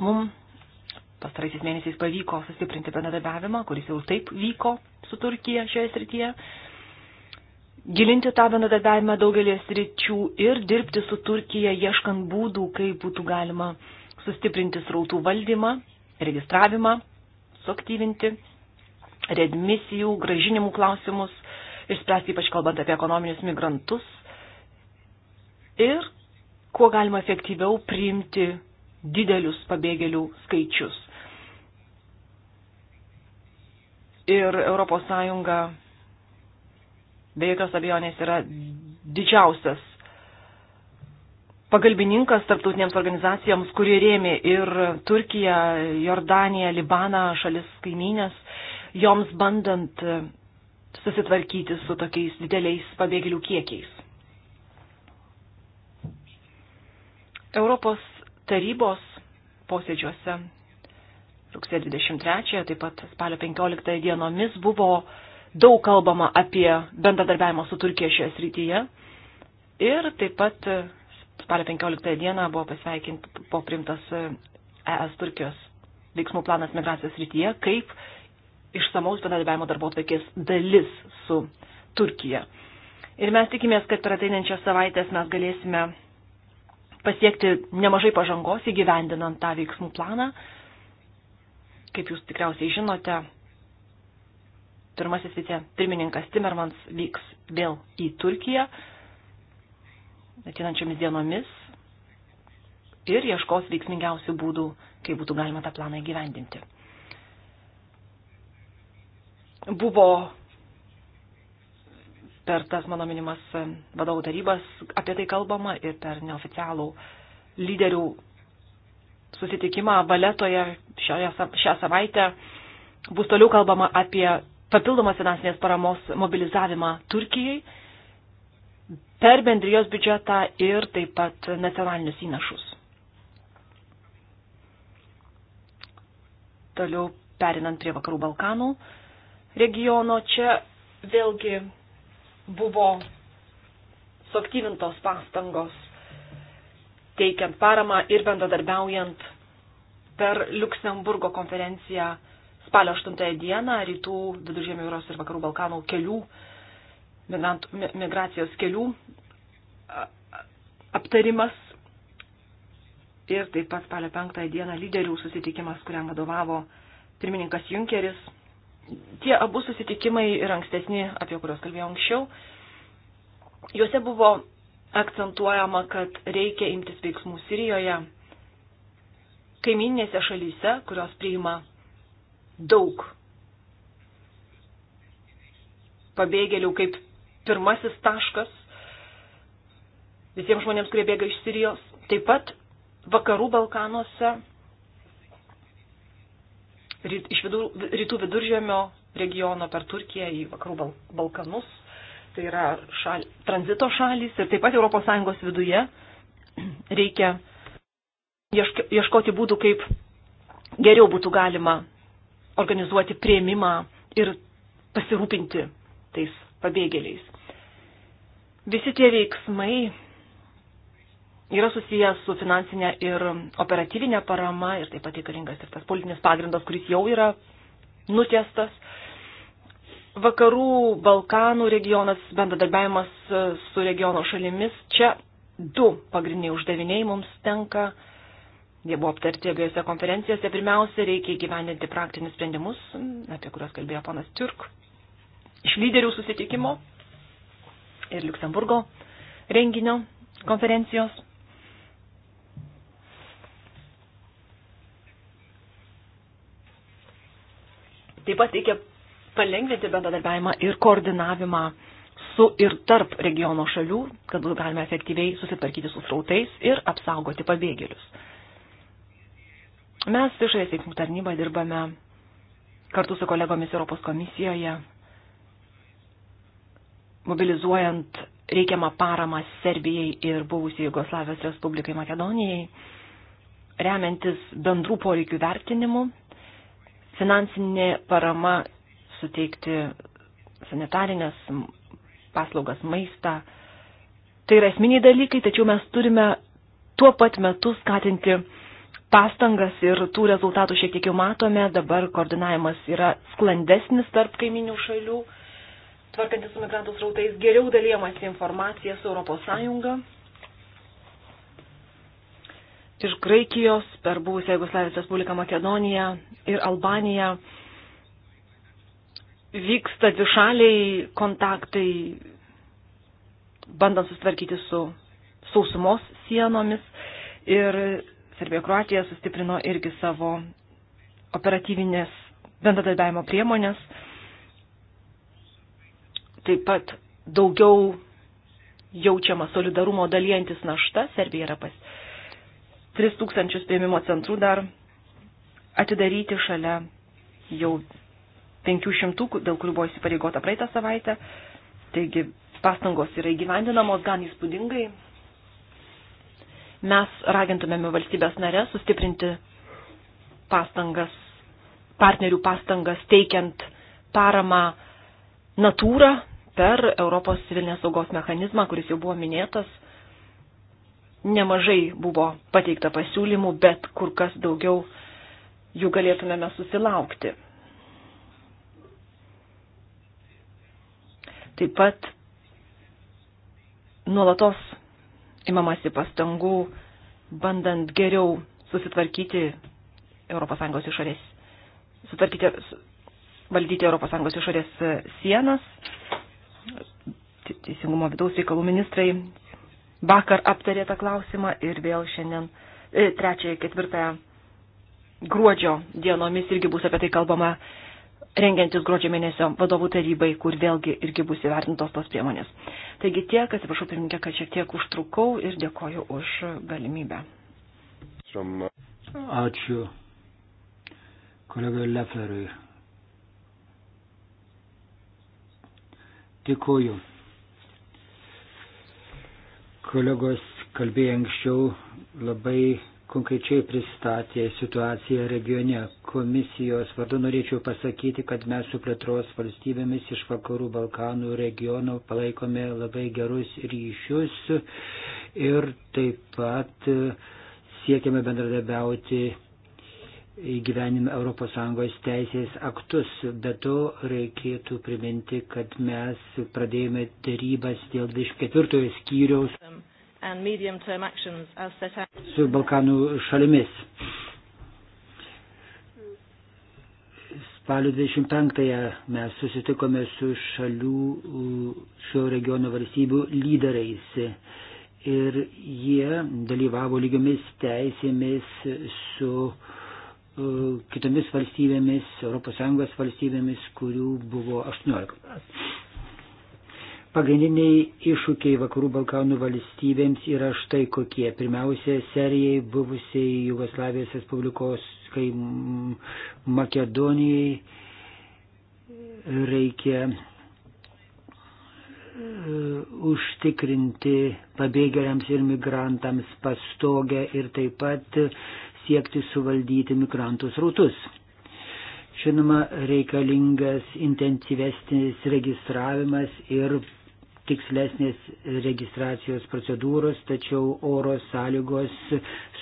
Mums pastaraisiais mėnesiais pavyko sustiprinti bendradarbiavimą, kuris jau taip vyko su Turkija šioje srityje gilinti tą bendradarbiavimą daugelį sričių ir dirbti su Turkija, ieškant būdų, kaip būtų galima sustiprinti srautų valdymą, registravimą, suaktyvinti, redmisijų, gražinimų klausimus, išspręsti ypač kalbant apie ekonominius migrantus ir kuo galima efektyviau priimti didelius pabėgėlių skaičius. Ir ES be jokios abejonės yra didžiausias pagalbininkas tarptautinėms organizacijoms, kurie rėmė ir Turkiją, Jordaniją, Libaną, šalis kaimynės, joms bandant e, susitvarkyti su tokiais dideliais pabėgėlių kiekiais. Europos tarybos posėdžiuose rugsėjo 23, taip pat spalio 15 dienomis buvo daug kalbama apie bendradarbiavimą su Turkija šioje srityje. Ir taip pat e, spalio 15 dieną buvo pasveikint po primtas ES e Turkijos veiksmų planas migracijos srityje, kaip išsamaus bendradarbiavimo darbo atveikės dalis su Turkija. Ir mes tikimės, kad per ateinančias savaitės mes galėsime pasiekti nemažai pažangos įgyvendinant tą veiksmų planą. Kaip jūs tikriausiai žinote, pirmasis vice pirmininkas Timmermans vyks vėl į Turkiją atinančiomis dienomis ir ieškos veiksmingiausių būdų, kaip būtų galima tą planą įgyvendinti. Buvo per tas mano minimas e, vadovų tarybas apie tai kalbama ir per neoficialų lyderių susitikimą Valetoje šioje, šią savaitę bus toliau kalbama apie papildomos finansinės paramos mobilizavimą Turkijai per bendrijos biudžetą ir taip pat nacionalinius įnašus. Toliau perinant prie Vakarų Balkanų regiono, čia vėlgi buvo suaktyvintos pastangos teikiant paramą ir bendradarbiaujant per Luksemburgo konferenciją spalio 8 dieną rytų viduržėmio jūros ir vakarų Balkanų kelių, migrantų, migracijos kelių aptarimas ir taip pat spalio 5 dieną lyderių susitikimas, kuriam vadovavo pirmininkas Junkeris. Tie abu susitikimai ir ankstesni, apie kuriuos kalbėjau anksčiau, juose buvo akcentuojama, kad reikia imtis veiksmų Sirijoje, kaiminėse šalyse, kurios priima daug pabėgėlių kaip pirmasis taškas visiems žmonėms, kurie bėga iš Sirijos. Taip pat vakarų Balkanuose, iš vidur, rytų viduržėmio regiono per Turkiją į vakarų Bal Balkanus, tai yra šal, tranzito šalys ir taip pat ES viduje reikia ieškoti būdų, kaip geriau būtų galima organizuoti prieimimą ir pasirūpinti tais pabėgėliais. Visi tie veiksmai yra susijęs su finansinė ir operatyvinė parama ir taip pat reikalingas ir tas politinis pagrindas, kuris jau yra nutiestas. Vakarų Balkanų regionas, bendradarbiavimas su regiono šalimis, čia du pagrindiniai uždaviniai mums tenka Jie buvo aptarti abiejose konferencijose. Pirmiausia, reikia įgyvendinti praktinius sprendimus, apie kuriuos kalbėjo ponas Turk, iš lyderių susitikimo ir Luksemburgo renginio konferencijos. Taip pat reikia palengvinti bendradarbiavimą ir koordinavimą su ir tarp regiono šalių, kad būtų galima efektyviai susitvarkyti su srautais ir apsaugoti pabėgėlius Mes išorės veiksmų tarnybą dirbame kartu su kolegomis Europos komisijoje, mobilizuojant reikiamą paramą Serbijai ir buvusiai Jugoslavijos Respublikai Makedonijai, remiantis bendrų poreikių vertinimu, finansinė parama suteikti sanitarinės paslaugas, maistą. Tai yra esminiai dalykai, tačiau mes turime tuo pat metu skatinti pastangas ir tų rezultatų šiek tiek jau matome. Dabar koordinavimas yra sklandesnis tarp kaiminių šalių. Tvarkantis su migrantų srautais geriau dalyjamasi informacija su ES. Iš Graikijos per buvusią Jugoslavijos Respubliką Makedoniją ir Albaniją vyksta dvišaliai kontaktai, bandant susitvarkyti su sausumos sienomis ir Serbija ir Kroatija sustiprino irgi savo operatyvinės bendradarbiavimo priemonės. Taip pat daugiau jaučiama solidarumo dalyjantis našta. Serbija yra pas 3000 prieimimo centrų dar atidaryti šalia jau 500, dėl kurių buvo įsipareigota praeitą savaitę. Taigi pastangos yra įgyvendinamos gan įspūdingai mes ragintumėme valstybės narės sustiprinti pastangas, partnerių pastangas teikiant paramą natūrą per Europos civilinės saugos mechanizmą, kuris jau buvo minėtas. Nemažai buvo pateikta pasiūlymų, bet kur kas daugiau jų galėtumėme susilaukti. Taip pat nuolatos imamasi pastangų, bandant geriau susitvarkyti ES išorės, sutvarkyti, valdyti ES išorės e, sienas. Teisingumo vidaus reikalų ministrai vakar aptarė tą klausimą ir vėl šiandien e, trečiąją, ketvirtąją gruodžio dienomis irgi bus apie tai kalbama rengiantis gruodžio mėnesio vadovų tarybai, kur vėlgi irgi bus įvertintos tos priemonės. Taigi tiek, atsiprašau pirmininkė, kad šiek tiek užtrukau ir dėkoju už galimybę. Ačiū kolegai Leferiui. Dėkoju. Kolegos kalbėjo anksčiau labai konkrečiai pristatė situaciją regione. Komisijos vardu norėčiau pasakyti, kad mes su plėtros valstybėmis iš vakarų Balkanų regiono palaikome labai gerus ryšius ir taip pat siekiame bendradarbiauti įgyvenim ES teisės aktus. Be to reikėtų priminti, kad mes pradėjome darybas dėl 24 skyriaus. Um and medium-term actions as set out. Su Balkanų šalimis. Spalio 25-ąją mes susitikome su šalių, šio regiono valstybių lyderais ir jie dalyvavo lygiomis teisėmis su uh, kitomis valstybėmis, ES valstybėmis, kurių buvo 18. Pagrindiniai iššūkiai Vakarų Balkanų valstybėms yra štai kokie. Pirmiausia, serijai buvusiai Jugoslavijos Respublikos, kai Makedonijai reikia e, užtikrinti pabėgėliams ir migrantams pastogę ir taip pat siekti suvaldyti migrantų srautus. Žinoma, reikalingas intensyvesnis registravimas ir tikslesnės registracijos procedūros, tačiau oro sąlygos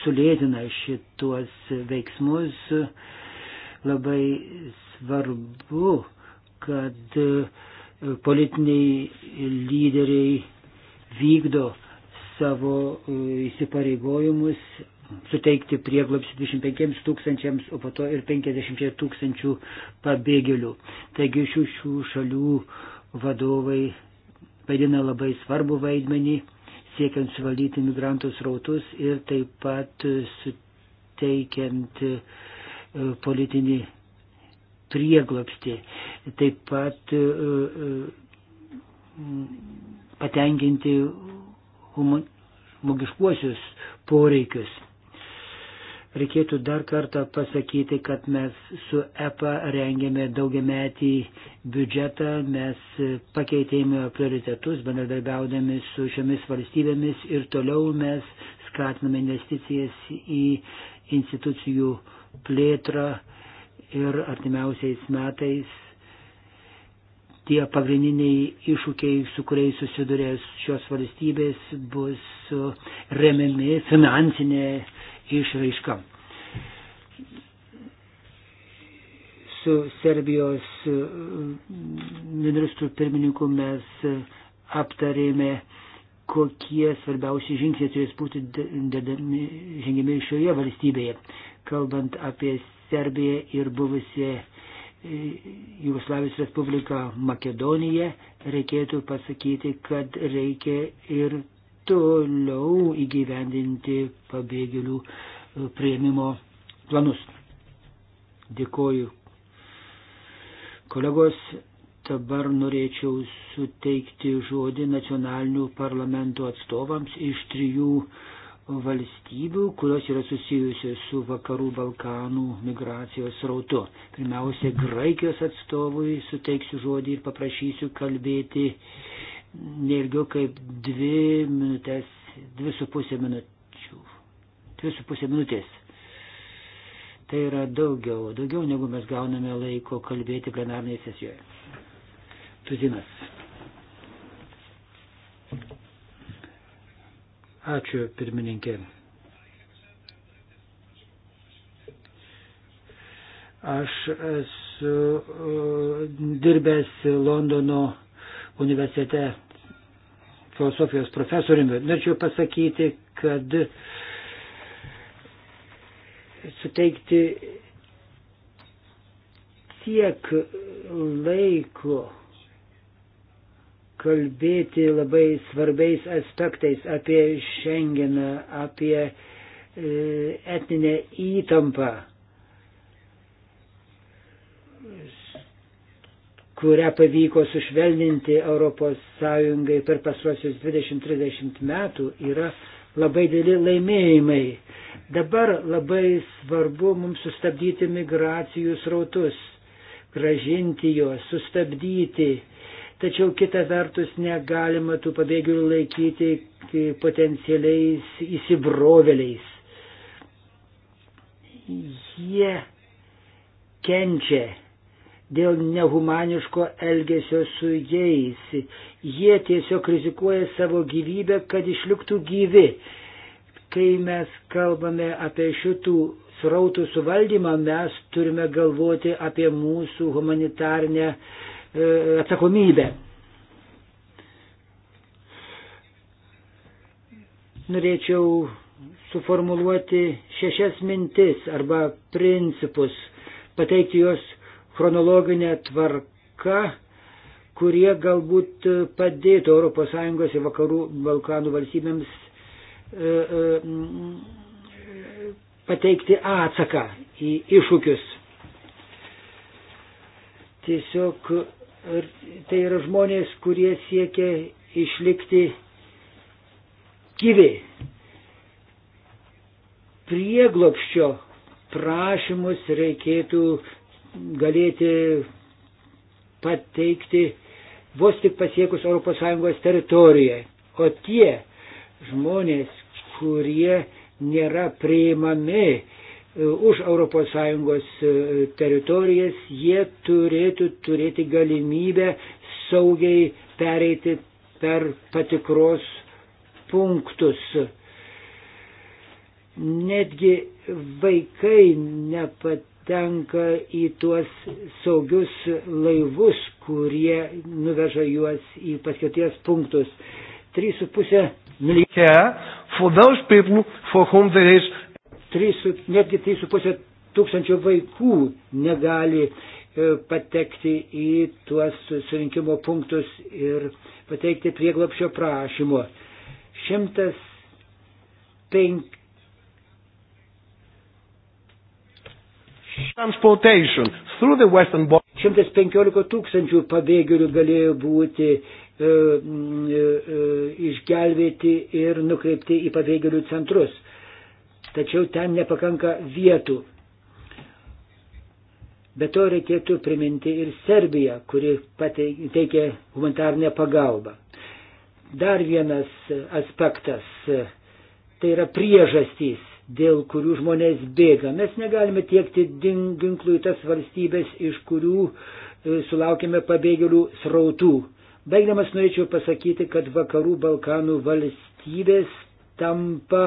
sulėtina šituos veiksmus. Labai svarbu, kad e, politiniai lyderiai vykdo savo e, įsipareigojimus suteikti prieglobstį 25 tūkstančiams, o po to ir 50 tūkstančių pabėgėlių. Taigi šių, šių šalių vadovai vaidina labai svarbu vaidmenį, siekiant suvaldyti migrantų srautus ir taip pat e, suteikiant e, politinį prieglopsti, taip pat e, patenkinti žmogiškuosius poreikius reikėtų dar kartą pasakyti, kad mes su EPA rengėme daugiametį biudžetą, mes pakeitėme prioritetus, bendradarbiaudami su šiomis valstybėmis ir toliau mes skatiname investicijas į institucijų plėtrą ir artimiausiais metais tie pagrindiniai iššūkiai, su kuriais susidurės šios valstybės, bus remiami finansinė išraiška. Su Serbijos mm, ministru pirmininku mes mm, aptarėme, kokie svarbiausi žingsniai turės būti žengiami šioje valstybėje, kalbant apie Serbiją ir buvusią mm, Jugoslavijos Respubliką Makedoniją, reikėtų pasakyti, kad reikia ir toliau įgyvendinti pabėgėlių e, prieimimo planus. Dėkoju. Kolegos, dabar norėčiau suteikti žodį nacionalinių parlamentų atstovams iš trijų valstybių, kurios yra susijusios su vakarų Balkanų migracijos rautu. Pirmiausia, Graikijos atstovui suteiksiu žodį ir paprašysiu kalbėti uh, neilgiau kaip dvi minutės, dvi su pusė minučių. Dvi su pusė minutės. Tai yra daugiau, daugiau negu mes gauname laiko kalbėti plenarnėje sesijoje. Tuzinas. Ačiū, pirmininkė. Aš esu dirbęs Londono universitete filosofijos profesoriumi. Norėčiau pasakyti, kad suteikti tiek laiko kalbėti labai svarbiais aspektais apie Šengeną, apie e, etninę įtampą kurią pavyko sušvelninti ES per pasruosius 20-30 metų, yra labai dėli laimėjimai. Dabar labai svarbu mums sustabdyti migracijų srautus, gražinti juos, sustabdyti. Tačiau kita vertus negalima tų pabėgėlių laikyti potencialiais įsibroveliais. Jie kenčia dėl nehumaniško elgesio su jais. Jie tiesiog rizikuoja savo gyvybę, kad išliktų gyvi. Kai mes kalbame apie šitų srautų suvaldymą, mes turime galvoti apie mūsų humanitarnę e, atsakomybę. Norėčiau suformuluoti šešias mintis arba principus, pateikti juos chronologinė tvarka, kurie galbūt padėtų ES ir vakarų Balkanų valstybėms e, e, pateikti atsaką į iššūkius. Tiesiog tai yra žmonės, kurie siekia išlikti gyvi. Prieglopščio prašymus reikėtų galėti pateikti vos tik pasiekus ES teritorijoje. O tie žmonės, kurie nėra priimami e, už ES e, teritorijas, jie turėtų turėti galimybę saugiai pereiti per patikros punktus. Netgi vaikai nepat patenka į tuos saugius laivus, kurie nuveža juos į paskirties punktus. 3,5 milijonų. Netgi 3,5 tūkstančio vaikų negali e, patekti į tuos surinkimo punktus ir pateikti prieglopšio prašymo. 105 115 tūkstančių pabėgėlių galėjo būti e, e, e, išgelbėti ir nukreipti į pabėgėlių centrus. Tačiau ten nepakanka vietų. Be to reikėtų priminti ir Serbiją, kuri teikia humanitarnę pagalbą. Dar vienas aspektas e, - tai yra priežastys dėl kurių žmonės bėga. Mes negalime tiekti ginklų į tas valstybės, iš kurių e, sulaukime pabėgėlių srautų. Baigdamas norėčiau pasakyti, kad vakarų Balkanų valstybės tampa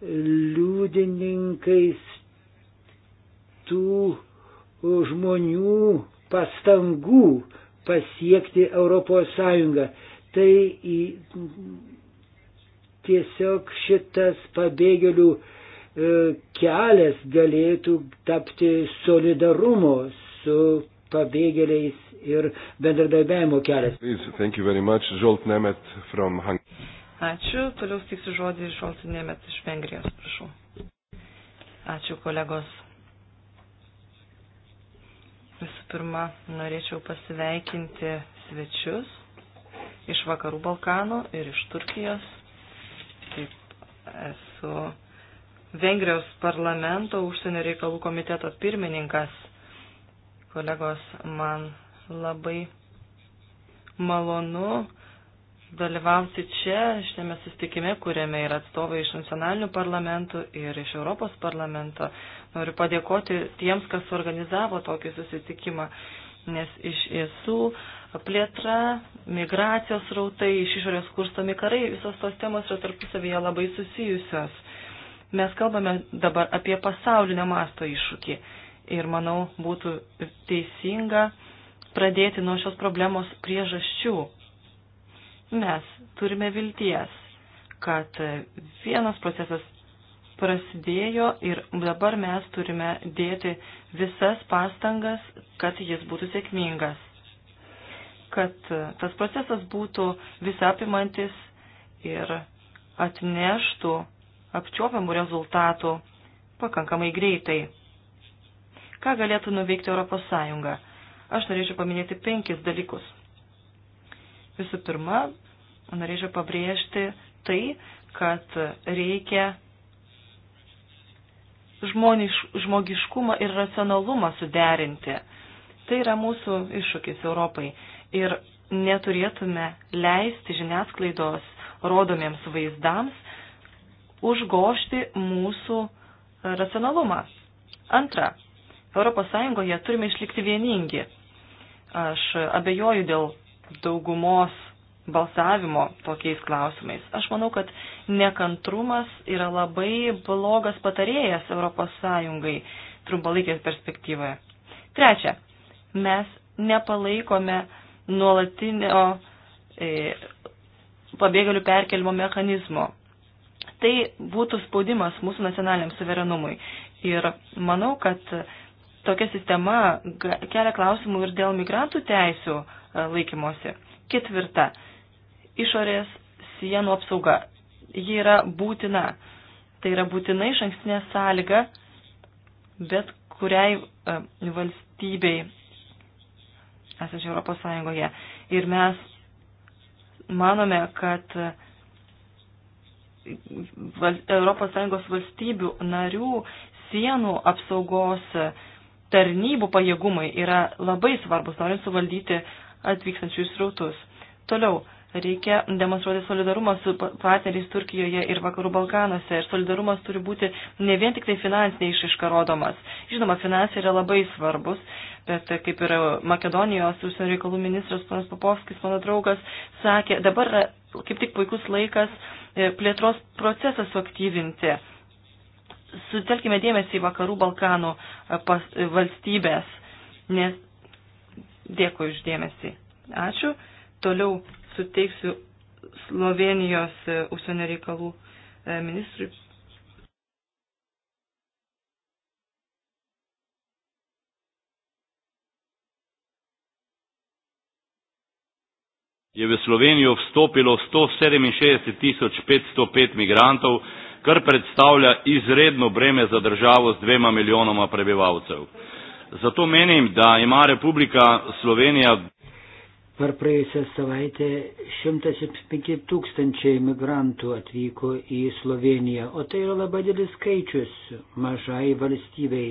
liūdininkais tų žmonių pastangų pasiekti Europos Sąjungą. Tai tiesiog šitas pabėgėlių e, kelias galėtų tapti solidarumo su pabėgėliais ir bendradarbiavimo kelias. Ačiū. Toliau stiksiu žodį Žolti Nemet iš Vengrijos, prašau. Ačiū, kolegos. Visų pirma, norėčiau pasveikinti svečius iš Vakarų Balkanų ir iš Turkijos kaip esu Vengrijos parlamento užsienio reikalų komiteto pirmininkas. Kolegos, man labai malonu dalyvauti čia, šiame sustikime, kuriame yra atstovai iš nacionalinių parlamentų ir iš Europos parlamento. Noriu padėkoti tiems, kas organizavo tokį susitikimą, nes iš tiesų plėtra, migracijos rautai, iš išorės kurstomi karai, visos tos temos yra tarpusavyje labai susijusios. Mes kalbame dabar apie pasaulinio masto iššūkį ir manau būtų teisinga pradėti nuo šios problemos priežasčių. Mes turime vilties, kad vienas procesas prasidėjo ir dabar mes turime dėti visas pastangas, kad jis būtų sėkmingas kad tas procesas būtų visapimantis ir atneštų apčiopiamų rezultatų pakankamai greitai. Ką galėtų nuveikti Europos Sąjunga? Aš norėčiau paminėti penkis dalykus. Visų pirma, norėčiau pabrėžti tai, kad reikia žmoniš, žmogiškumą ir racionalumą suderinti. Tai yra mūsų iššūkis Europai. Ir neturėtume leisti žiniasklaidos rodomiems vaizdams užgošti mūsų racionalumą. Antra, ES turime išlikti vieningi. Aš abejoju dėl daugumos balsavimo tokiais klausimais. Aš manau, kad nekantrumas yra labai blogas patarėjas ES trumpalaikės perspektyvoje. Trečia, Mes nepalaikome nuolatinio e, pabėgėlių perkelimo mechanizmo. Tai būtų spaudimas mūsų nacionaliniam suverenumui. Ir manau, kad tokia sistema kelia klausimų ir dėl migrantų teisių e, laikymosi. Ketvirta. Išorės sienų apsauga. Ji yra būtina. Tai yra būtina iš ankstinė sąlyga bet kuriai e, valstybei esančių Europos Sąjungoje. Ir mes manome, kad Europos Sąjungos valstybių narių sienų apsaugos tarnybų pajėgumai yra labai svarbus, norint suvaldyti atvykstančius srautus. Toliau, Reikia demonstruoti solidarumą su partneriais Turkijoje ir Vakarų Balkanuose. Ir solidarumas turi būti ne vien tik tai finansinė išaiška rodomas. Žinoma, finansai yra labai svarbus, bet kaip ir Makedonijos užsienio reikalų ministras panas Papovskis, mano draugas, sakė, dabar yra kaip tik puikus laikas e, plėtros procesą suaktyvinti. Sutelkime dėmesį į Vakarų Balkanų e, pas, e, valstybės, nes dėkui uždėmesį. Ačiū. Toliau suteiksiu Slovenijos e, užsienio reikalų e, ministrui. Je v Slovenijo vstopilo 167 tisoč 505 migrantov, kar predstavlja izredno breme za državo z dvema milijonoma prebivalcev. Zato menim, da ima Republika Slovenija Per praėjusią savaitę 105 tūkstančiai migrantų atvyko į Sloveniją, o tai yra labai didelis skaičius mažai valstybei.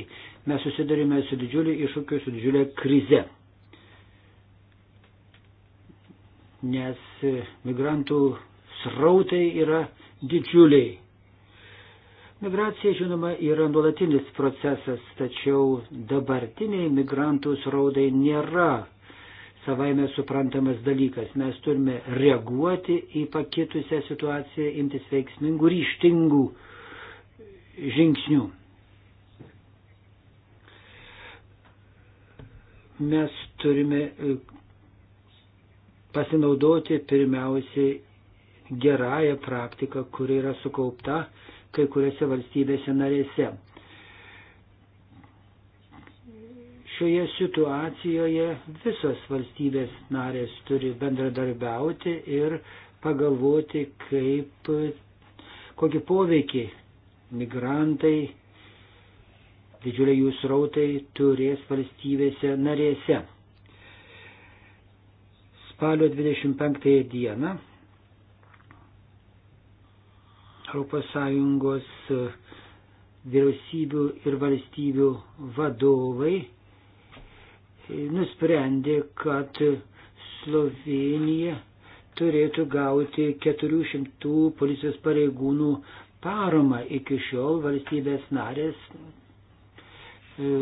Mes susidurime su didžiuliu iššūkiu, su didžiulė krize. Nes migrantų srautai yra didžiuliai. Migracija, žinoma, yra nuolatinis procesas, tačiau dabartiniai migrantų srautai nėra savaime suprantamas dalykas. Mes turime reaguoti į pakitusią situaciją, imtis veiksmingų, ryštingų žingsnių. Mes turime e, pasinaudoti pirmiausiai gerąją praktiką, kuri yra sukaupta kai kuriuose valstybėse narėse. Šioje situacijoje visos valstybės narės turi bendradarbiauti ir pagalvoti, kaip, kokį poveikį migrantai, didžiuliai jų srautai turės valstybėse narėse. Spalio 25 dieną ES vyriausybių ir valstybių vadovai nusprendė, kad Slovenija turėtų gauti 400 policijos pareigūnų paramą. Iki šiol valstybės narės e,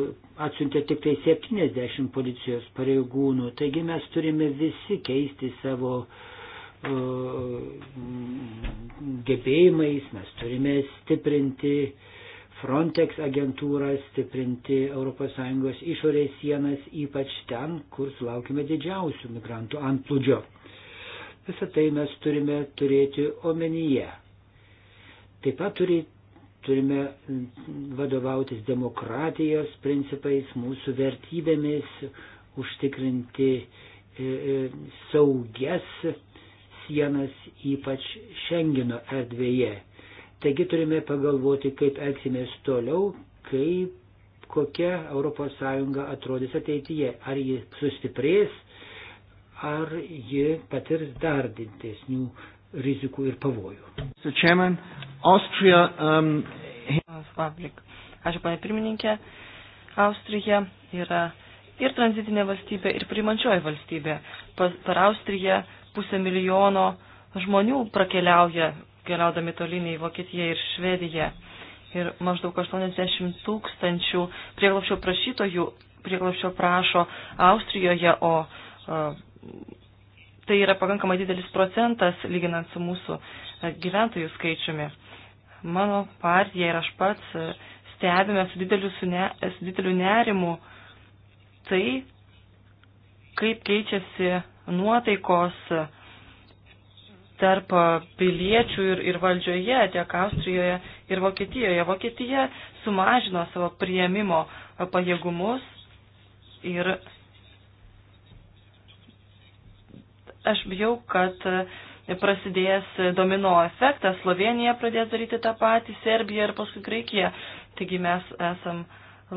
atsiuntė tik tai 70 policijos pareigūnų. Taigi mes turime visi keisti savo uh, gebėjimais, mes turime stiprinti uh, Frontex agentūrą, stiprinti ES išorės sienas, ypač ten, kur sulaukime didžiausių migrantų antplūdžio. Visą tai mes turime turėti omenyje. Taip pat turi, turime vadovautis demokratijos principais, mūsų vertybėmis, užtikrinti e, e, saugias sienas, ypač Šengino erdvėje Taigi turime pagalvoti, kaip elgsimės toliau, kaip, kokia ES atrodys ateityje. Ar ji sustiprės, ar ji patirs dar didesnių rizikų ir pavojų. So, chairman, Austria, um... Ačiū, panė pirmininkė. Austrija yra ir tranzitinė valstybė, ir priimančioji valstybė. Per Austriją pusę milijono žmonių prakeliauja keliaudami tolyn į Vokietiją ir Švediją. Ir maždaug 80 tūkstančių prieglopščio prašytojų prieglopščio prašo Austrijoje, o, o tai yra pakankamai didelis procentas lyginant su mūsų gyventojų skaičiumi. Mano partija ir aš pats stebime su dideliu, su ne, su dideliu nerimu tai, kaip keičiasi nuotaikos tarp piliečių ir, ir valdžioje, tiek Austrijoje ir Vokietijoje. Vokietija sumažino savo prieimimo pajėgumus ir aš bijau, kad prasidėjęs domino efektas, Slovenija pradės daryti tą patį, Serbija ir paskui Graikija. Taigi mes esam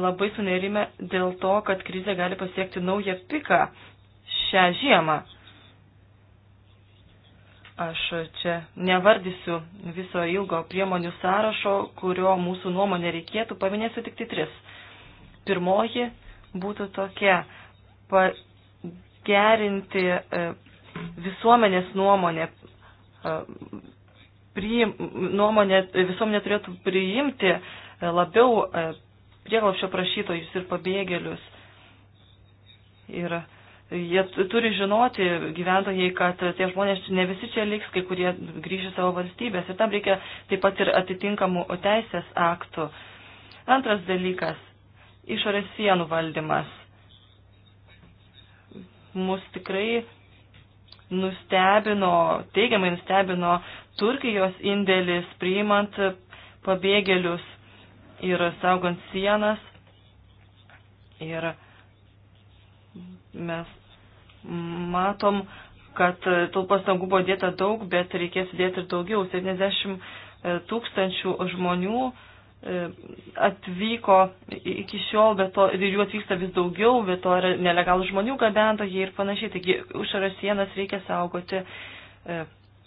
labai sunerime dėl to, kad krizė gali pasiekti naują piką šią žiemą. Aš čia nevardysiu viso ilgo priemonių sąrašo, kurio mūsų nuomonė reikėtų, paminėsiu tik tai tris. Pirmoji būtų tokia pagerinti e, visuomenės nuomonę. E, priim, nuomonė e, visuomenė turėtų priimti labiau prieglapšio prašytojus ir pabėgėlius. Ir Jie turi žinoti gyventojai, kad tie žmonės ne visi čia liks, kai kurie grįžė savo valstybės. Ir tam reikia taip pat ir atitinkamų teisės aktų. Antras dalykas - išorės sienų valdymas. Mus tikrai nustebino, teigiamai nustebino Turkijos indėlis priimant pabėgėlius ir saugant sienas. Ir mes matom, kad tų pastangų buvo dėta daug, bet reikės dėti ir daugiau. 70 e, tūkstančių žmonių e, atvyko iki šiol, bet to, ir jų atvyksta vis daugiau, bet to yra nelegalų žmonių gabentojai ir panašiai. Taigi užsaras sienas reikia saugoti e,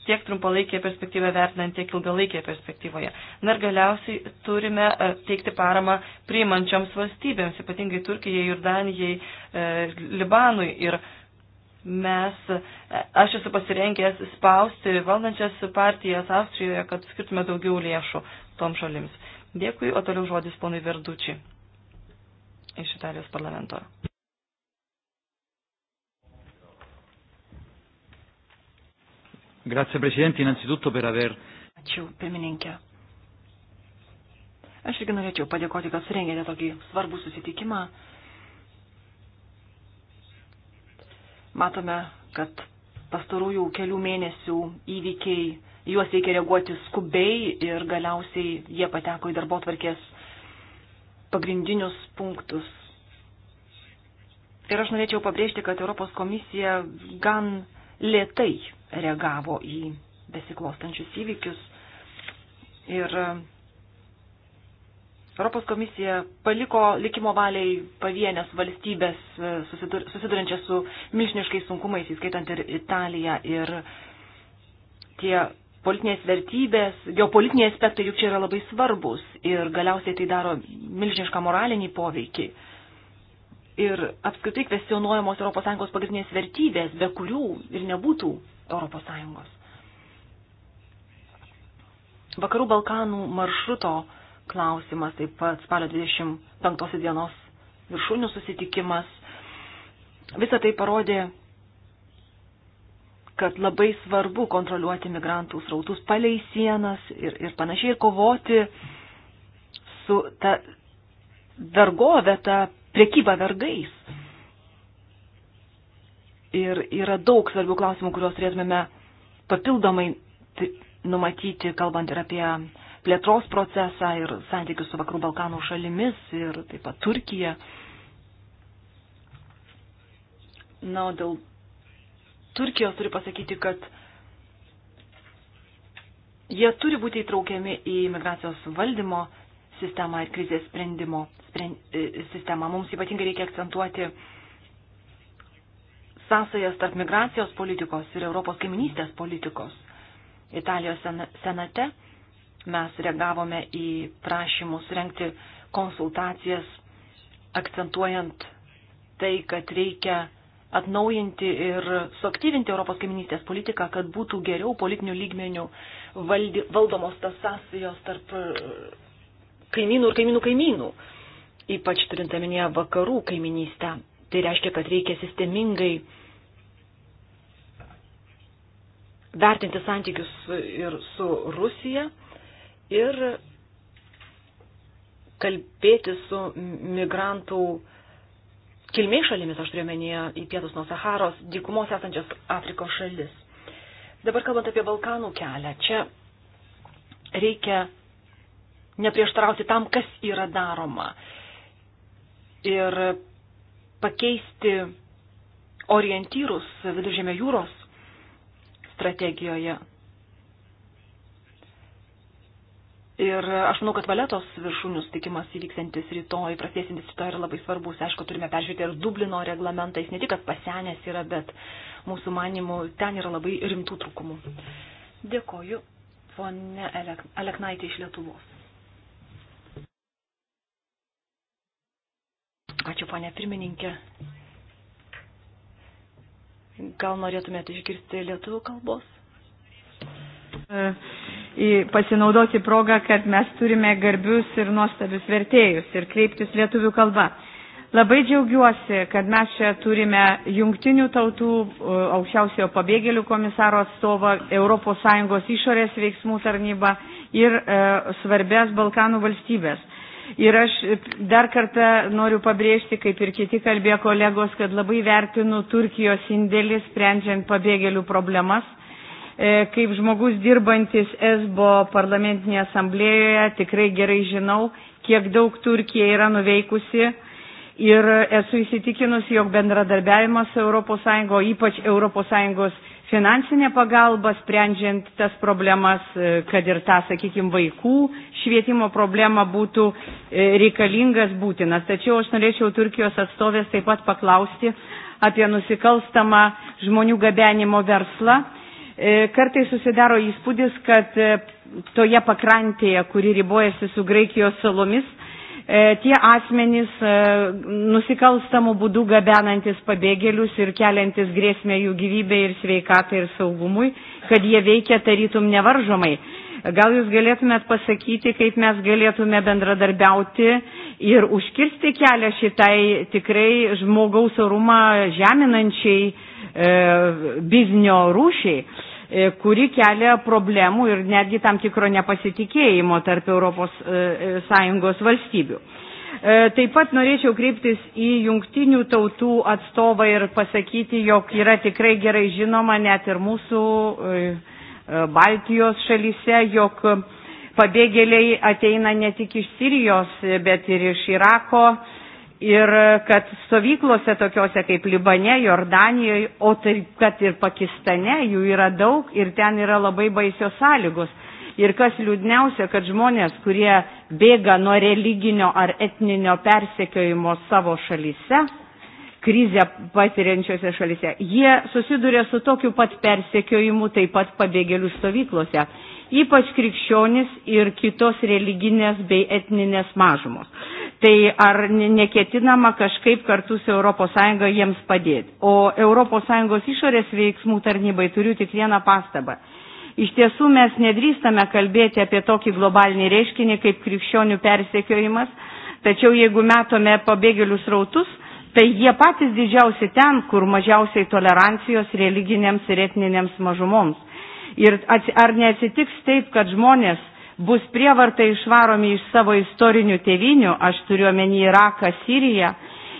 tiek trumpalaikėje perspektyvoje vertinant, tiek ilgalaikėje perspektyvoje. Na ir galiausiai turime teikti paramą priimančioms valstybėms, ypatingai Turkijai, Jordanijai, Libanui. Ir mes, aš esu pasirengęs spausti valdančias partijas Austrijoje, kad skirtume daugiau lėšų tom šalims. Dėkui, o toliau žodis ponui Verdučiui iš Italijos parlamento. Grazie Presidente, innanzitutto per aver. Ačiū, pirmininkė. Aš irgi norėčiau padėkoti, kad surengėte tokį svarbų susitikimą. Matome, kad pastarųjų kelių mėnesių įvykiai, juos reikia reaguoti skubiai ir galiausiai jie pateko į darbo tvarkės pagrindinius punktus. Ir aš norėčiau pabrėžti, kad Europos komisija gan lėtai reagavo į besiklostančius įvykius ir Europos komisija paliko likimo valiai pavienės valstybės e, susidur, susidurinčias su milžiniškais sunkumais, įskaitant ir Italiją. Ir tie politinės vertybės, geopolitiniai aspektai juk čia yra labai svarbus ir galiausiai tai daro milžinišką moralinį poveikį. Ir apskritai kvestionuojamos ES pagrindinės vertybės, be kurių ir nebūtų ES. Vakarų Balkanų maršruto klausimas, taip pat spalio 25 dienos viršūnių susitikimas. Visą tai parodė, kad labai svarbu kontroliuoti migrantų srautus palei sienas ir, ir panašiai ir kovoti su ta vergovė, ta priekyba vergais. Ir yra daug svarbių klausimų, kuriuos turėtumėme papildomai numatyti, kalbant ir apie plėtros procesą ir santykius su Vakarų Balkanų šalimis ir taip pat Turkija. Na, o dėl Turkijos turiu pasakyti, kad jie turi būti įtraukiami į migracijos valdymo sistemą ir krizės sprendimo sprend, e, sistemą. Mums ypatingai reikia akcentuoti sąsajas tarp migracijos politikos ir Europos kaiminystės politikos. Italijos senate Mes reagavome į prašymus renkti konsultacijas, akcentuojant tai, kad reikia atnaujinti ir suaktyvinti Europos kaiminystės politiką, kad būtų geriau politinių lygmenių valdy, valdomos tas sąsajos tarp e, kaimynų ir kaimynų kaimynų, ypač turint omenyje vakarų kaiminystę. Tai reiškia, kad reikia sistemingai vertinti santykius ir su Rusija, ir kalbėti su migrantų kilmės šalimis, aš turiu menyje į pietus nuo Saharos, dykumos esančias Afrikos šalis. Dabar kalbant apie Balkanų kelią, čia reikia neprieštarauti tam, kas yra daroma ir pakeisti orientyrus viduržėmė jūros strategijoje Ir aš manau, kad valetos viršūnių sutikimas įvyksantis rytoj, prasėsintis rytoj yra labai svarbus. Aišku, turime peržiūrėti ir Dublino reglamentais, ne tik, kad pasenęs yra, bet mūsų manimų ten yra labai rimtų trūkumų. Dėkoju, ponė Aleknaitė iš Lietuvos. Ačiū, ponė pirmininkė. Gal norėtumėte išgirsti lietuvių kalbos? Uh. E pasinaudoti progą, kad mes turime garbius ir nuostabius vertėjus ir kreiptis lietuvių kalba. Labai džiaugiuosi, kad mes čia turime jungtinių tautų e, aukščiausiojo pabėgėlių komisaro atstovą, ES išorės veiksmų tarnybą ir e, svarbės Balkanų valstybės. Ir aš dar kartą noriu pabrėžti, kaip ir kiti kalbėjo kolegos, kad labai vertinu Turkijos indėlį sprendžiant pabėgėlių problemas E, kaip žmogus dirbantis ESBO parlamentinėje asamblėjoje, tikrai gerai žinau, kiek daug Turkija yra nuveikusi ir esu įsitikinus, jog bendradarbiavimas su ES, ypač ES finansinė pagalba, sprendžiant tas problemas, e, kad ir tą, sakykime, vaikų švietimo problemą būtų e, reikalingas būtinas. Tačiau aš norėčiau Turkijos atstovės taip pat paklausti apie nusikalstamą žmonių gabenimo verslą E, Kartai susidaro įspūdis, kad e, toje pakrantėje, kuri ribojasi su Graikijos salomis, E, tie asmenys e, nusikalstamų būdų gabenantis pabėgėlius ir keliantis grėsmę jų gyvybei ir sveikatai ir saugumui, kad jie veikia tarytum nevaržomai. Gal jūs galėtumėt pasakyti, kaip mes galėtume bendradarbiauti ir užkirsti kelią šitai tikrai žmogaus orumą žeminančiai e, biznio rūšiai? E, kuri kelia problemų ir netgi tam tikro nepasitikėjimo tarp ES e, e, valstybių. Taip pat norėčiau kreiptis į jungtinių tautų atstovą ir pasakyti, jog yra tikrai gerai žinoma net ir mūsų Baltijos šalyse, jog pabėgėliai ateina ne tik iš Sirijos, bet ir iš Irako, ir e, kad stovyklose tokiose kaip Libane, Jordanijoje, o taip kad ir Pakistane jų yra daug ir ten yra labai baisios sąlygos. Ir kas liūdniausia, kad žmonės, kurie bėga nuo religinio ar etninio persekiojimo savo šalyse, krizę patiriančiose šalyse, jie susiduria su tokiu pat persekiojimu taip pat pabėgėlių stovyklose, ypač krikščionis ir kitos religinės bei etninės mažumos tai ar neketinama kažkaip kartu su ES jiems padėti. O ES išorės veiksmų tarnybai turiu tik vieną pastabą. Iš tiesų mes nedrįstame kalbėti apie tokį globalinį reiškinį kaip krikščionių persekiojimas, tačiau jeigu metome pabėgėlių srautus, tai jie patys didžiausi ten, kur mažiausiai tolerancijos religinėms ir etninėms mažumoms. Ir ar neatsitiks taip, kad žmonės bus prievartai išvaromi iš savo istorinių tėvinių, aš turiu omeny Iraką, Siriją,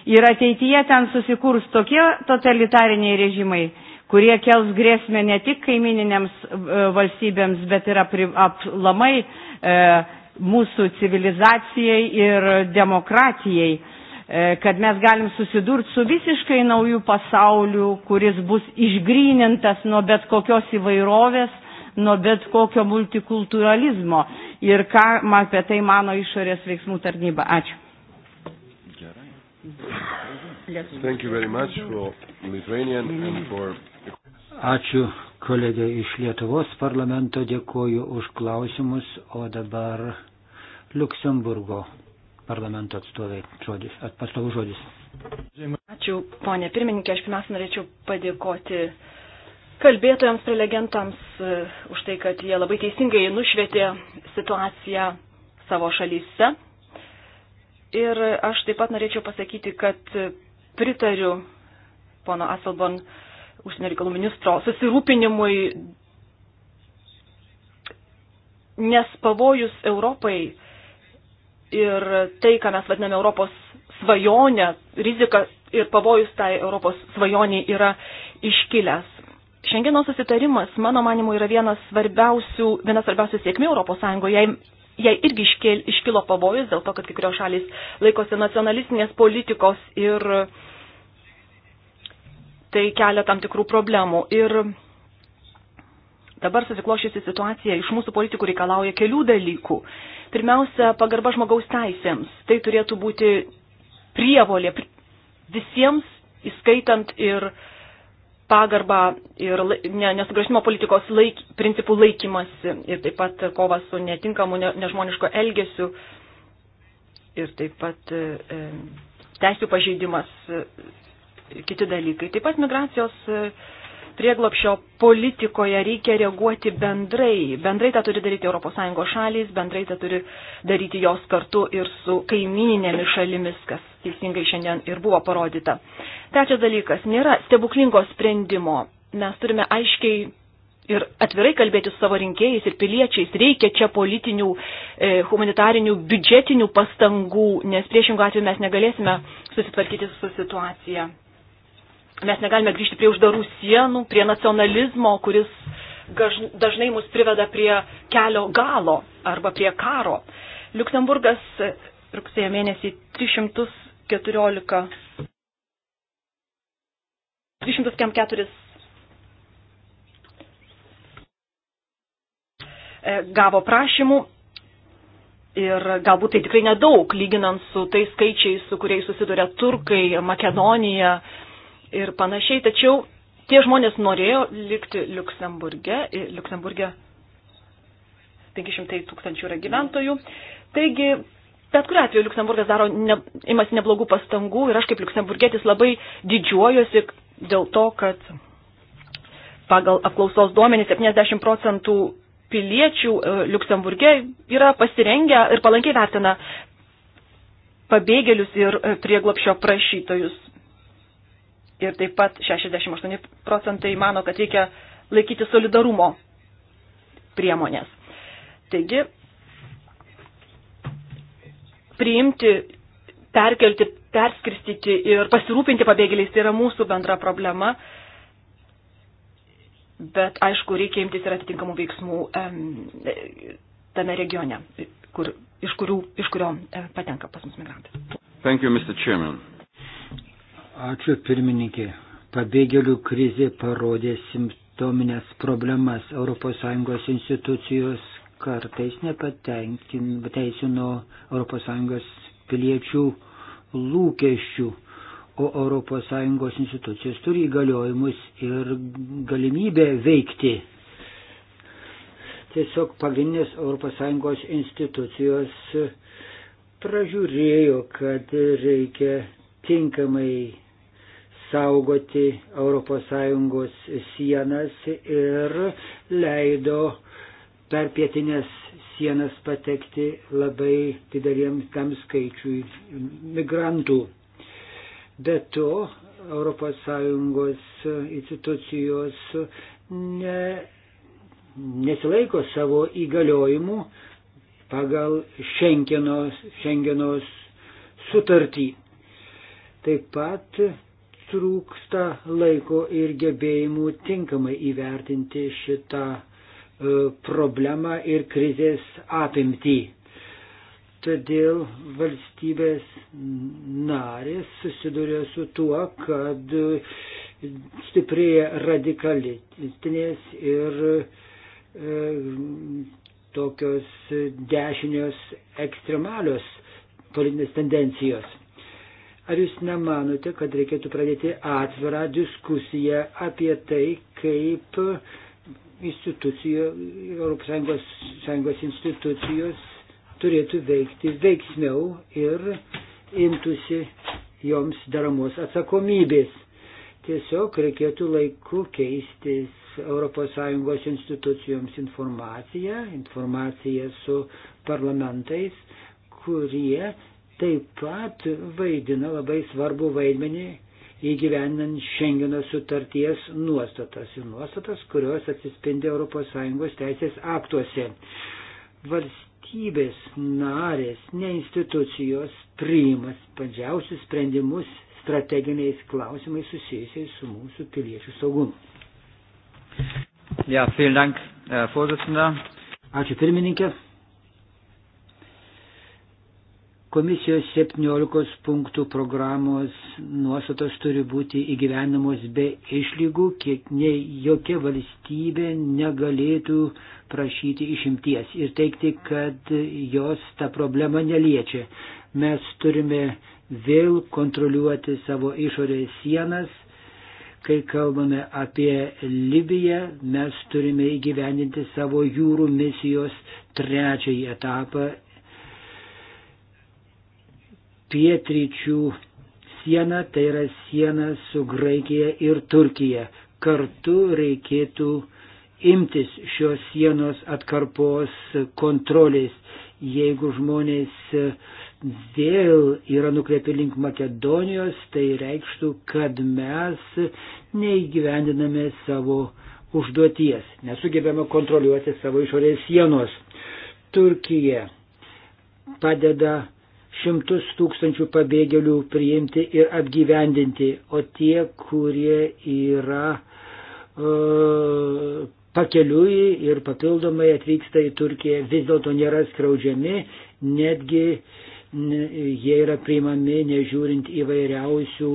ir ateityje ten susikurs tokie totalitariniai režimai, kurie kels grėsmę ne tik kaimininėms e, valstybėms, bet ir aplamai e, mūsų civilizacijai ir demokratijai e, kad mes galim susidurti su visiškai naujų pasauliu, kuris bus išgrynintas nuo bet kokios įvairovės nuo bet kokio multikulturalizmo ir ką man apie tai mano išorės veiksmų tarnyba. Ačiū. Thank you very much for Lithuanian and for... Ačiū kolegė iš Lietuvos parlamento, dėkoju už klausimus, o dabar Luksemburgo parlamento atstovai žodis, pastovų žodis. Ačiū, ponė pirmininkė, aš pirmiausia norėčiau padėkoti uh, kalbėtojams, prelegentams e, už tai, kad jie labai teisingai nušvietė situaciją savo šalyse. Ir aš taip pat norėčiau pasakyti, kad pritariu pono Aselbon užsienio reikalų ministro susirūpinimui, nes pavojus Europai ir tai, ką mes vadiname Europos svajonę, rizika ir pavojus tai Europos svajoniai yra iškilęs. Šengeno susitarimas, mano manimu, yra vienas svarbiausių, vienas svarbiausių sėkmių Europos Sąjungoje. Jei, jei irgi iškėl, iškilo pavojus dėl to, kad kai kurios šalis laikosi nacionalistinės politikos ir tai kelia tam tikrų problemų. Ir dabar susiklošysi situacija iš mūsų politikų reikalauja kelių dalykų. Pirmiausia, pagarba žmogaus teisėms. Tai turėtų būti prievolė visiems, įskaitant ir uh, pagarbą ir nesugražinimo politikos laik, principų laikymasi ir taip pat kova su netinkamu ne, nežmoniško elgesiu ir taip pat e, teisų pažeidimas e, kiti dalykai. Taip pat migracijos e, prieglopšio politikoje reikia reaguoti bendrai. Bendrai tą turi daryti ES šalys, bendrai tą turi daryti jos kartu ir su kaimininėmis šalimis, kas teisingai šiandien ir buvo parodyta. Trečias dalykas - nėra stebuklingo sprendimo. Mes turime aiškiai ir atvirai kalbėti su savo rinkėjais ir piliečiais. Reikia čia politinių, e, humanitarinių, biudžetinių pastangų, nes priešingų atveju mes negalėsime susitvarkyti su situacija. Mes negalime grįžti prie uždarų sienų, prie nacionalizmo, kuris dažnai mus priveda prie kelio galo arba prie karo. Liuksemburgas rugsėjo mėnesį 300 14. 204 e, gavo prašymų ir galbūt tai tikrai nedaug, lyginant su tais skaičiais, su kuriais susiduria turkai, Makedonija ir panašiai, tačiau tie žmonės norėjo likti Luksemburge, Luksemburge 500 tūkstančių yra gyventojų. Taigi Bet kuriu atveju Luksemburgas daro ne, imasi neblogų pastangų ir aš kaip Luksemburgietis labai didžiuojuosi dėl to, kad pagal apklausos duomenį 70 procentų piliečių e, Luksemburgė yra pasirengę ir palankiai vertina pabėgėlius ir e, prieglopšio prašytojus. Ir taip pat 68 procentai mano, kad reikia laikyti solidarumo priemonės. Taigi, priimti, perkelti, perskirstyti ir pasirūpinti pabėgėliais, tai yra mūsų bendra problema. Bet aišku, reikia imtis ir atitinkamų veiksmų tame regione, kur, iš, kurių, iš kurio patenka pas mus migrantai. Thank you, Mr. Chairman. Ačiū pirmininkė. Pabėgėlių krizė parodė simptominės problemas. ES institucijos kartais nepateisino ES piliečių lūkesčių, o ES institucijos turi įgaliojimus ir galimybę veikti. Tiesiog pagrindinės ES institucijos pražiūrėjo, kad reikia tinkamai saugoti ES sienas ir leido per pietinės sienas patekti labai dideliems tam skaičiui migrantų. Be to, ES institucijos ne, nesilaiko savo įgaliojimų pagal Šengenos, Šengenos sutartį. Taip pat trūksta laiko ir gebėjimų tinkamai įvertinti šitą E, problemą ir krizės apimtį. Todėl valstybės narės susiduria su tuo, kad stiprėja radikalistinės ir e, tokios dešinios ekstremalios politinės tendencijos. Ar jūs nemanote, kad reikėtų pradėti atvirą diskusiją apie tai, kaip e, institucijos, ES, ES institucijos turėtų veikti veiksmiau ir imtųsi joms daramos atsakomybės. Tiesiog reikėtų laiku keistis ES institucijoms informaciją, informaciją su parlamentais, kurie taip pat vaidina labai svarbu vaidmenį įgyvendinant Šengino sutarties nuostatas ir nuostatas, kurios atsispindi ES teisės aktuose. Valstybės narės, ne institucijos, priimas padžiausius sprendimus strateginiais klausimais susijusiais su mūsų piliečių saugumu. Ja, vielen Dank, Herr Vorsitzender. Ačiū pirmininkė. Komisijos 17 punktų programos nuostatos turi būti įgyvenamos be išlygų, kiek ne jokia valstybė negalėtų prašyti išimties ir teikti, kad jos tą problemą neliečia. Mes turime vėl kontroliuoti savo išorės sienas. Kai kalbame apie Libiją, mes turime įgyvendinti savo jūrų misijos trečiąjį etapą pietryčių sieną, tai yra siena su Graikija ir Turkija. Kartu reikėtų imtis šios sienos atkarpos kontrolės. Jeigu žmonės vėl yra nukreipi link Makedonijos, tai reikštų, kad mes neįgyvendiname savo užduoties, nesugebėme kontroliuoti savo išorės sienos. Turkija padeda šimtus tūkstančių pabėgėlių priimti ir apgyvendinti, o tie, kurie yra e, pakeliui ir papildomai atvyksta į Turkiją, vis dėlto nėra skriaudžiami, netgi ne, jie yra priimami nežiūrint įvairiausių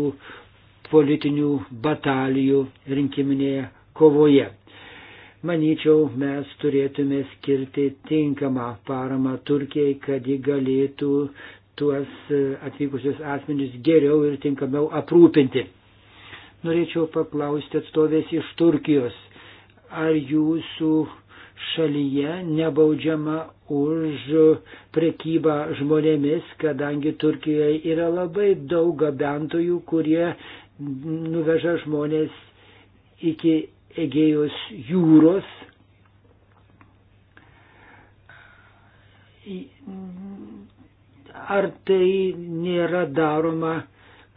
politinių batalijų rinkiminėje kovoje. Manyčiau, mes turėtume skirti tinkamą paramą Turkijai, kad ji galėtų tuos e, atvykusius asmenys geriau ir tinkamiau aprūpinti. Norėčiau paklausti atstovės iš Turkijos, ar jūsų šalyje nebaudžiama už prekybą žmonėmis, kadangi Turkijoje yra labai daug gabentojų, kurie nuveža žmonės iki Egejos jūros. Ar tai nėra daroma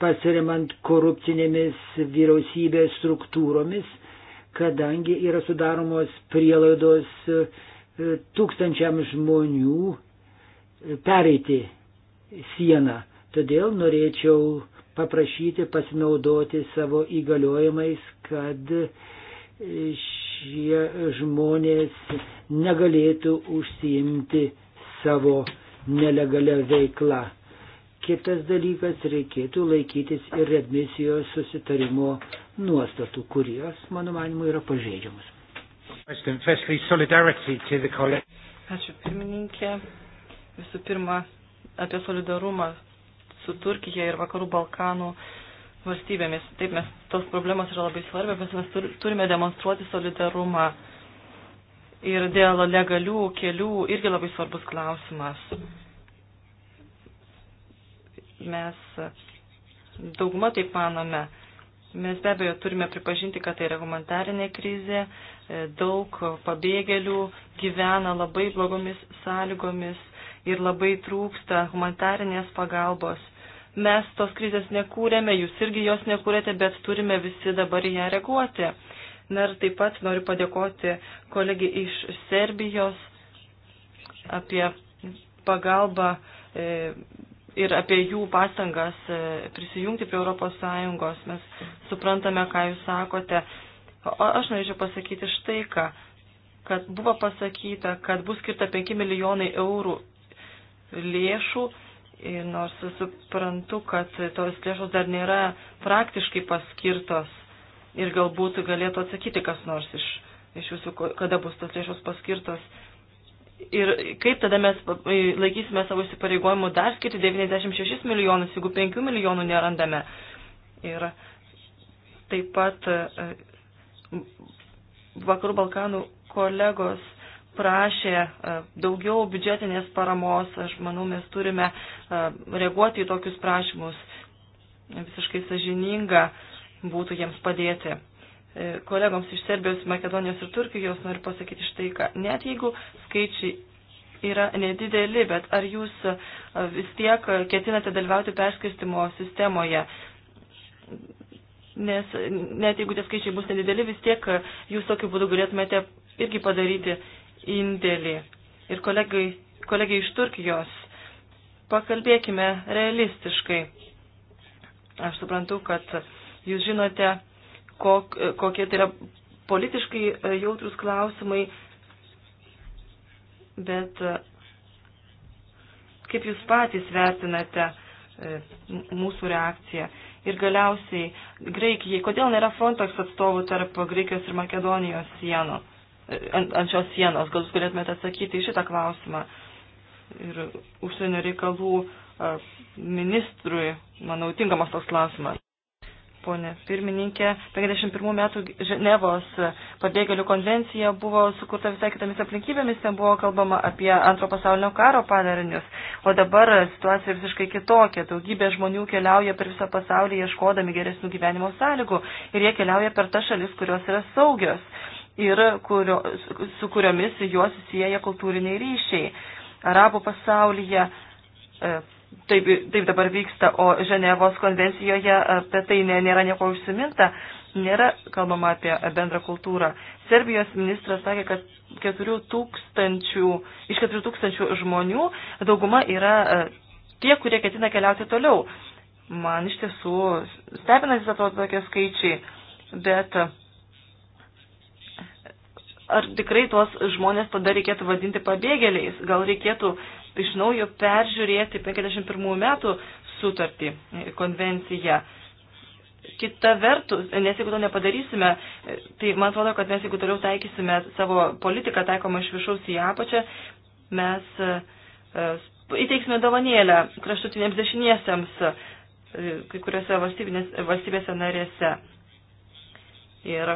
pasirimant korupcinėmis vyriausybės struktūromis, kadangi yra sudaromos prielaidos e, tūkstančiam žmonių e, pereiti sieną. Todėl norėčiau paprašyti pasinaudoti savo įgaliojimais, kad e, šie žmonės negalėtų užsiimti savo nelegalia veikla. Kitas dalykas, reikėtų laikytis ir redmisijos susitarimo nuostatų, kurios, mano manimu, yra pažeidžiamas. Ačiū pirmininkė. Visų pirma, apie solidarumą su Turkija ir Vakarų Balkanų valstybėmis. Taip, mes tos problemos yra labai svarbios, bet mes turime demonstruoti solidarumą ir dėl legalių kelių irgi labai svarbus klausimas. Mes dauguma taip manome. Mes be abejo turime pripažinti, kad tai yra humanitarinė krizė, e, daug pabėgėlių gyvena labai blogomis sąlygomis ir labai trūksta humanitarinės pagalbos. Mes tos krizės nekūrėme, jūs irgi jos nekūrėte, bet turime visi dabar į ją reaguoti. Na ir taip pat noriu padėkoti kolegi iš Serbijos apie pagalbą e, ir apie jų pastangas e, prisijungti prie ES. Mes suprantame, ką jūs sakote. O aš norėčiau pasakyti štai ką, kad buvo pasakyta, kad bus skirta 5 milijonai eurų lėšų, nors suprantu, kad tos lėšos dar nėra praktiškai paskirtos ir galbūt galėtų atsakyti kas nors iš, iš jūsų, kada bus tos lėšos paskirtos. Ir kaip tada mes e, laikysime savo įsipareigojimų dar skirti 96 milijonus, jeigu 5 milijonų nerandame. Ir taip pat e, Vakarų Balkanų kolegos prašė e, daugiau biudžetinės paramos. Aš manau, mes turime reaguoti į tokius prašymus visiškai sažininga būtų jiems padėti. E, kolegoms iš Serbijos, Makedonijos ir Turkijos noriu pasakyti štai ką. Net jeigu skaičiai yra nedideli, bet ar jūs e, vis tiek ketinate dalyvauti perskirstimo sistemoje? Nes net jeigu tie skaičiai bus nedideli, vis tiek jūs tokiu būdu galėtumėte irgi padaryti indėlį. Ir kolegai, kolegai iš Turkijos, pakalbėkime realistiškai. Aš suprantu, kad Jūs žinote, kok, kokie tai yra politiškai jautrus klausimai, bet kaip jūs patys vertinate e, mūsų reakciją. Ir galiausiai Graikijai, kodėl nėra Frontex atstovų tarp Graikijos ir Makedonijos sienų, e, ant, ant šios sienos, gal jūs galėtumėte atsakyti į šitą klausimą. Ir užsienio reikalų e, ministrui, manau, tinkamas toks klausimas ponė pirmininkė. 51 metų Ženevos pabėgėlių konvencija buvo sukurta visai kitomis aplinkybėmis, ten buvo kalbama apie antro pasaulinio karo padarinius, o dabar situacija visiškai kitokia. Daugybė žmonių keliauja per visą pasaulį ieškodami geresnių gyvenimo sąlygų ir jie keliauja per tas šalis, kurios yra saugios ir kurio, su kuriomis juos sieja kultūriniai ryšiai. Arabų pasaulyje, e, taip, taip dabar vyksta, o Ženevos konvencijoje apie tai nėra nieko užsiminta, nėra kalbama apie bendrą kultūrą. Serbijos ministras sakė, kad 4 tūkstančių, iš 4 tūkstančių žmonių dauguma yra e, tie, kurie ketina keliauti toliau. Man iš tiesų stebina vis atrodo tokie skaičiai, bet e, ar tikrai tuos žmonės tada reikėtų vadinti pabėgėliais? Gal reikėtų uh, iš naujo peržiūrėti 51 metų sutartį, e, konvenciją. Kita vertus, nes jeigu to nepadarysime, e, tai man atrodo, kad mes jeigu toliau taikysime savo politiką taikomą iš viršaus į apačią, mes e, įteiksime dovanėlę kraštutiniams dešiniesiems kai kuriuose valstybėse narėse. Ir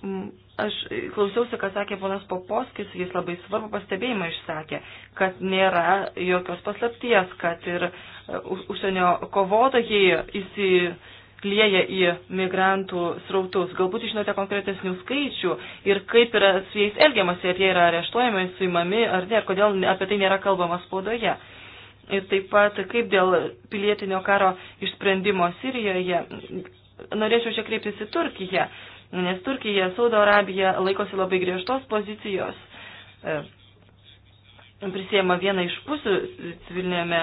mm, Aš klausiausi, ką sakė ponas Poposkis, jis labai svarbu pastebėjimą išsakė, kad nėra jokios paslapties, kad ir e, užsienio kovotojai įsilieja į migrantų srautus. Galbūt žinote konkretesnių skaičių ir kaip yra su jais elgiamasi, ar jie yra areštuojami, suimami, ar ne, ir kodėl apie tai nėra kalbama spaudoje. Ir taip pat kaip dėl pilietinio karo išsprendimo Sirijoje. Norėčiau čia kreiptis į Turkiją. Nu, nes Turkija, Saudo Arabija laikosi labai griežtos pozicijos, e, prisėma vieną iš pusių civilinėme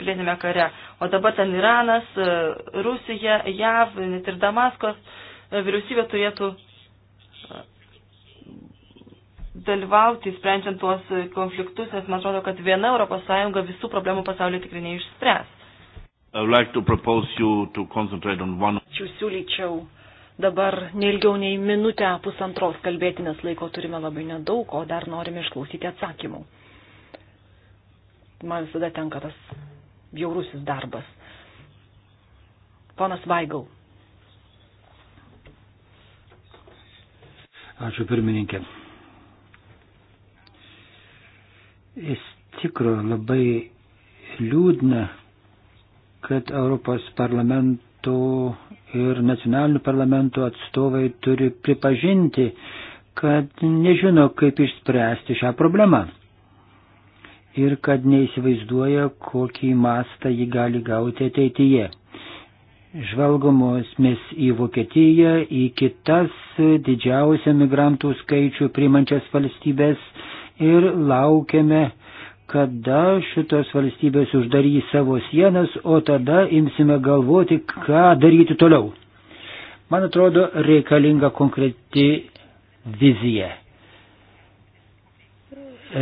pilietinėme kare, o dabar ten Iranas, e, Rusija, JAV, net ir Damaskos e, vyriausybė turėtų dalyvauti, sprendžiant tuos konfliktus, nes man atrodo, kad viena ES visų problemų pasaulyje tikrai neišspręs. Like to to one... Ačiū siūlyčiau dabar neilgiau nei minutę pusantros kalbėti, nes laiko turime labai nedaug, o dar norime išklausyti atsakymų. Man visada tenka tas bjaurusis darbas. Ponas Vaigal. Ačiū pirmininkė. Iš tikro labai liūdna, kad Europos parlamento ir nacionalinių parlamentų atstovai turi pripažinti, kad nežino, kaip išspręsti šią problemą ir kad neįsivaizduoja, kokį mastą ji gali gauti ateityje. Žvalgomos mes į Vokietiją, į kitas didžiausią migrantų skaičių primančias valstybės ir laukiame kada šitos valstybės uždarys savo sienas, o tada imsime galvoti, ką daryti toliau. Man atrodo, reikalinga konkreti vizija.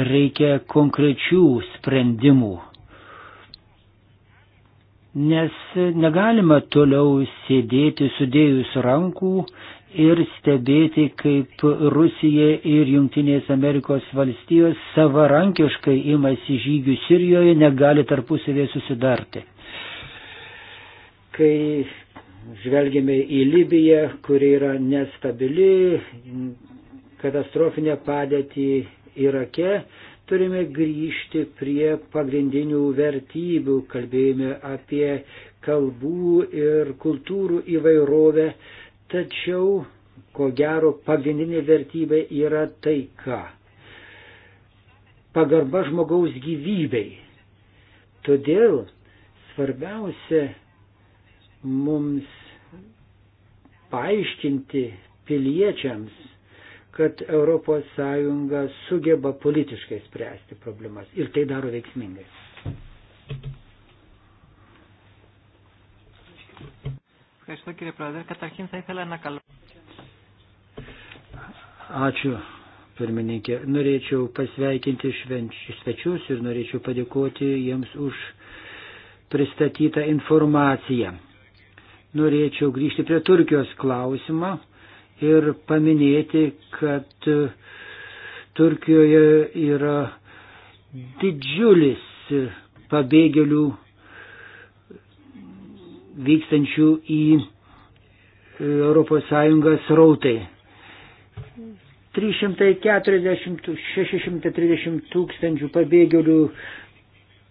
Reikia konkrečių sprendimų. Nes negalima toliau sėdėti sudėjus rankų, ir stebėti, kaip Rusija ir Junktinės Amerikos valstijos savarankiškai imasi žygių Sirijoje, negali tarpusavėje susidarti. Kai žvelgėme į Libiją, kuri yra nestabili, katastrofinę padėtį Irake, turime grįžti prie pagrindinių vertybių, kalbėjome apie kalbų ir kultūrų įvairovę, Tačiau, ko gero, pagrindinė vertybė yra taika. Pagarba žmogaus gyvybei. Todėl svarbiausia mums paaiškinti piliečiams, kad ES sugeba politiškai spręsti problemas ir tai daro veiksmingai. Ευχαριστώ κύριε Πρόεδρε. Καταρχήν θα ήθελα να καλώ. Ačiū, pirmininkė. Norėčiau pasveikinti svečius ir norėčiau padėkoti jiems už pristatytą informaciją. Norėčiau grįžti prie Turkijos klausimą ir paminėti, kad e, Turkijoje yra didžiulis pabėgėlių vykstančių į ES srautai. 340-630 tūkstančių pabėgėlių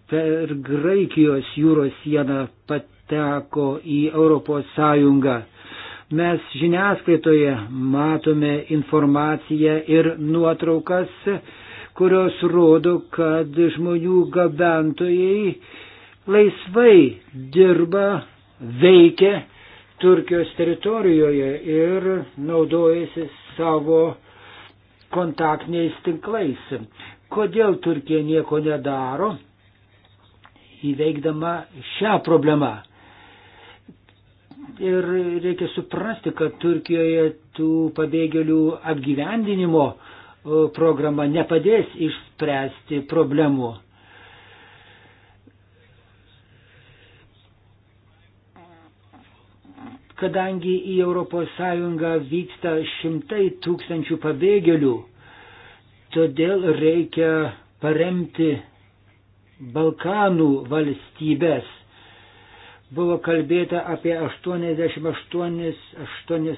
per Graikijos jūros sieną pateko į ES. Mes žiniasklaidoje matome informaciją ir nuotraukas, kurios rodo, kad žmonių gabentojai laisvai dirba veikia Turkijos teritorijoje ir naudojasi savo kontaktiniais tinklais. Kodėl Turkija nieko nedaro įveikdama šią problemą? Ir reikia suprasti, kad Turkijoje tų pabėgėlių apgyvendinimo programa nepadės išspręsti problemų. kadangi į ES vyksta šimtai tūkstančių pabėgėlių, todėl reikia paremti Balkanų valstybės. Buvo kalbėta apie 88, 8,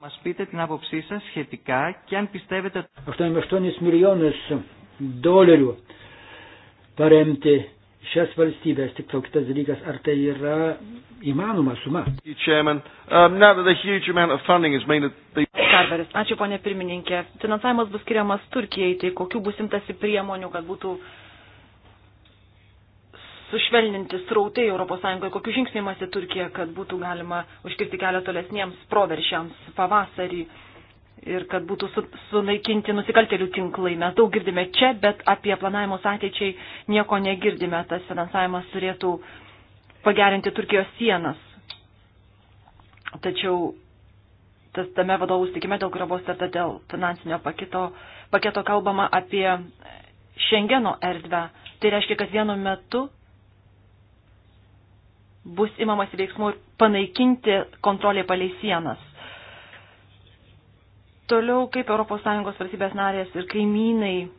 Μας πείτε την άποψή σας σχετικά και αν πιστεύετε... 88 milijonus dolerių paremti šias valstybės. Tik toks kitas dalykas, ar tai yra įmanoma suma? Um, Karveris, ačiū ponė pirmininkė. Finansavimas bus skiriamas Turkijai, tai kokiu bus imtasi priemonių, kad būtų sušvelninti srautai ES, kokiu žingsnėmasi Turkija, kad būtų galima užkirti kelią tolesniems proveršiams pavasarį ir kad būtų sunaikinti nusikaltelių tinklai. Mes daug girdime čia, bet apie planavimus ateičiai nieko negirdime. Tas finansavimas turėtų pagerinti Turkijos sienas. Tačiau tas tame vadovų stikime, dėl kurio buvo starta dėl finansinio pakito, paketo kalbama apie Šengeno erdvę. Tai reiškia, kad vienu metu bus imamas veiksmų panaikinti kontrolė palei sienas Toliau, kaip ES valstybės narės ir kaimynai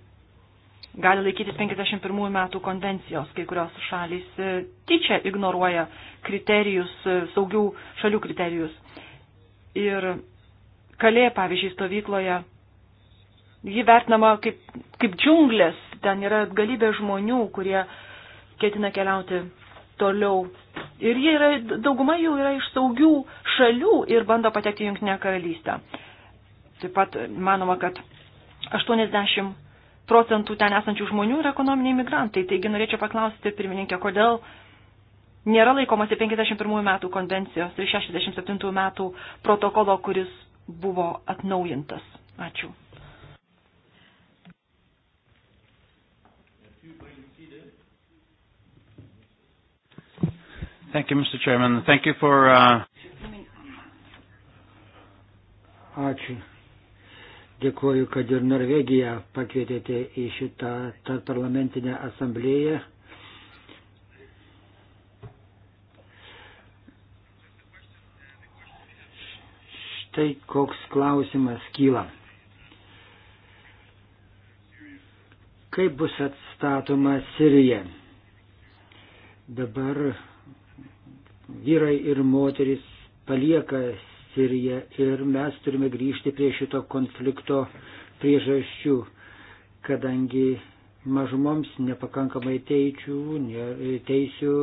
gali laikytis 51 metų konvencijos, kai kurios šalys e, tyčia ignoruoja kriterijus, e, saugių šalių kriterijus. Ir kalė, pavyzdžiui, stovykloje, ji vertinama kaip, kaip džiunglės, ten yra galybė žmonių, kurie ketina keliauti toliau. Ir jie yra, dauguma jų yra iš saugių šalių ir bando patekti į Junktinę karalystę. Taip pat manoma, kad 80 procentų ten esančių žmonių yra ekonominiai migrantai. Taigi norėčiau paklausti pirmininkę, kodėl nėra laikomasi 51 metų konvencijos ir 67 metų protokolo, kuris buvo atnaujintas. Ačiū. Thank you, Mr. Chairman. Thank you for. Uh... Ačiū. Dėkuoju, kad ir Norvegiją pakvietėte į šitą parlamentinę asamblėją. Štai koks klausimas kyla. Kaip bus atstatoma Sirija? Dabar vyrai ir moteris palieka Siriją ir mes turime grįžti prie šito konflikto priežasčių, kadangi mažumoms nepakankamai teičių, nėra, teisių,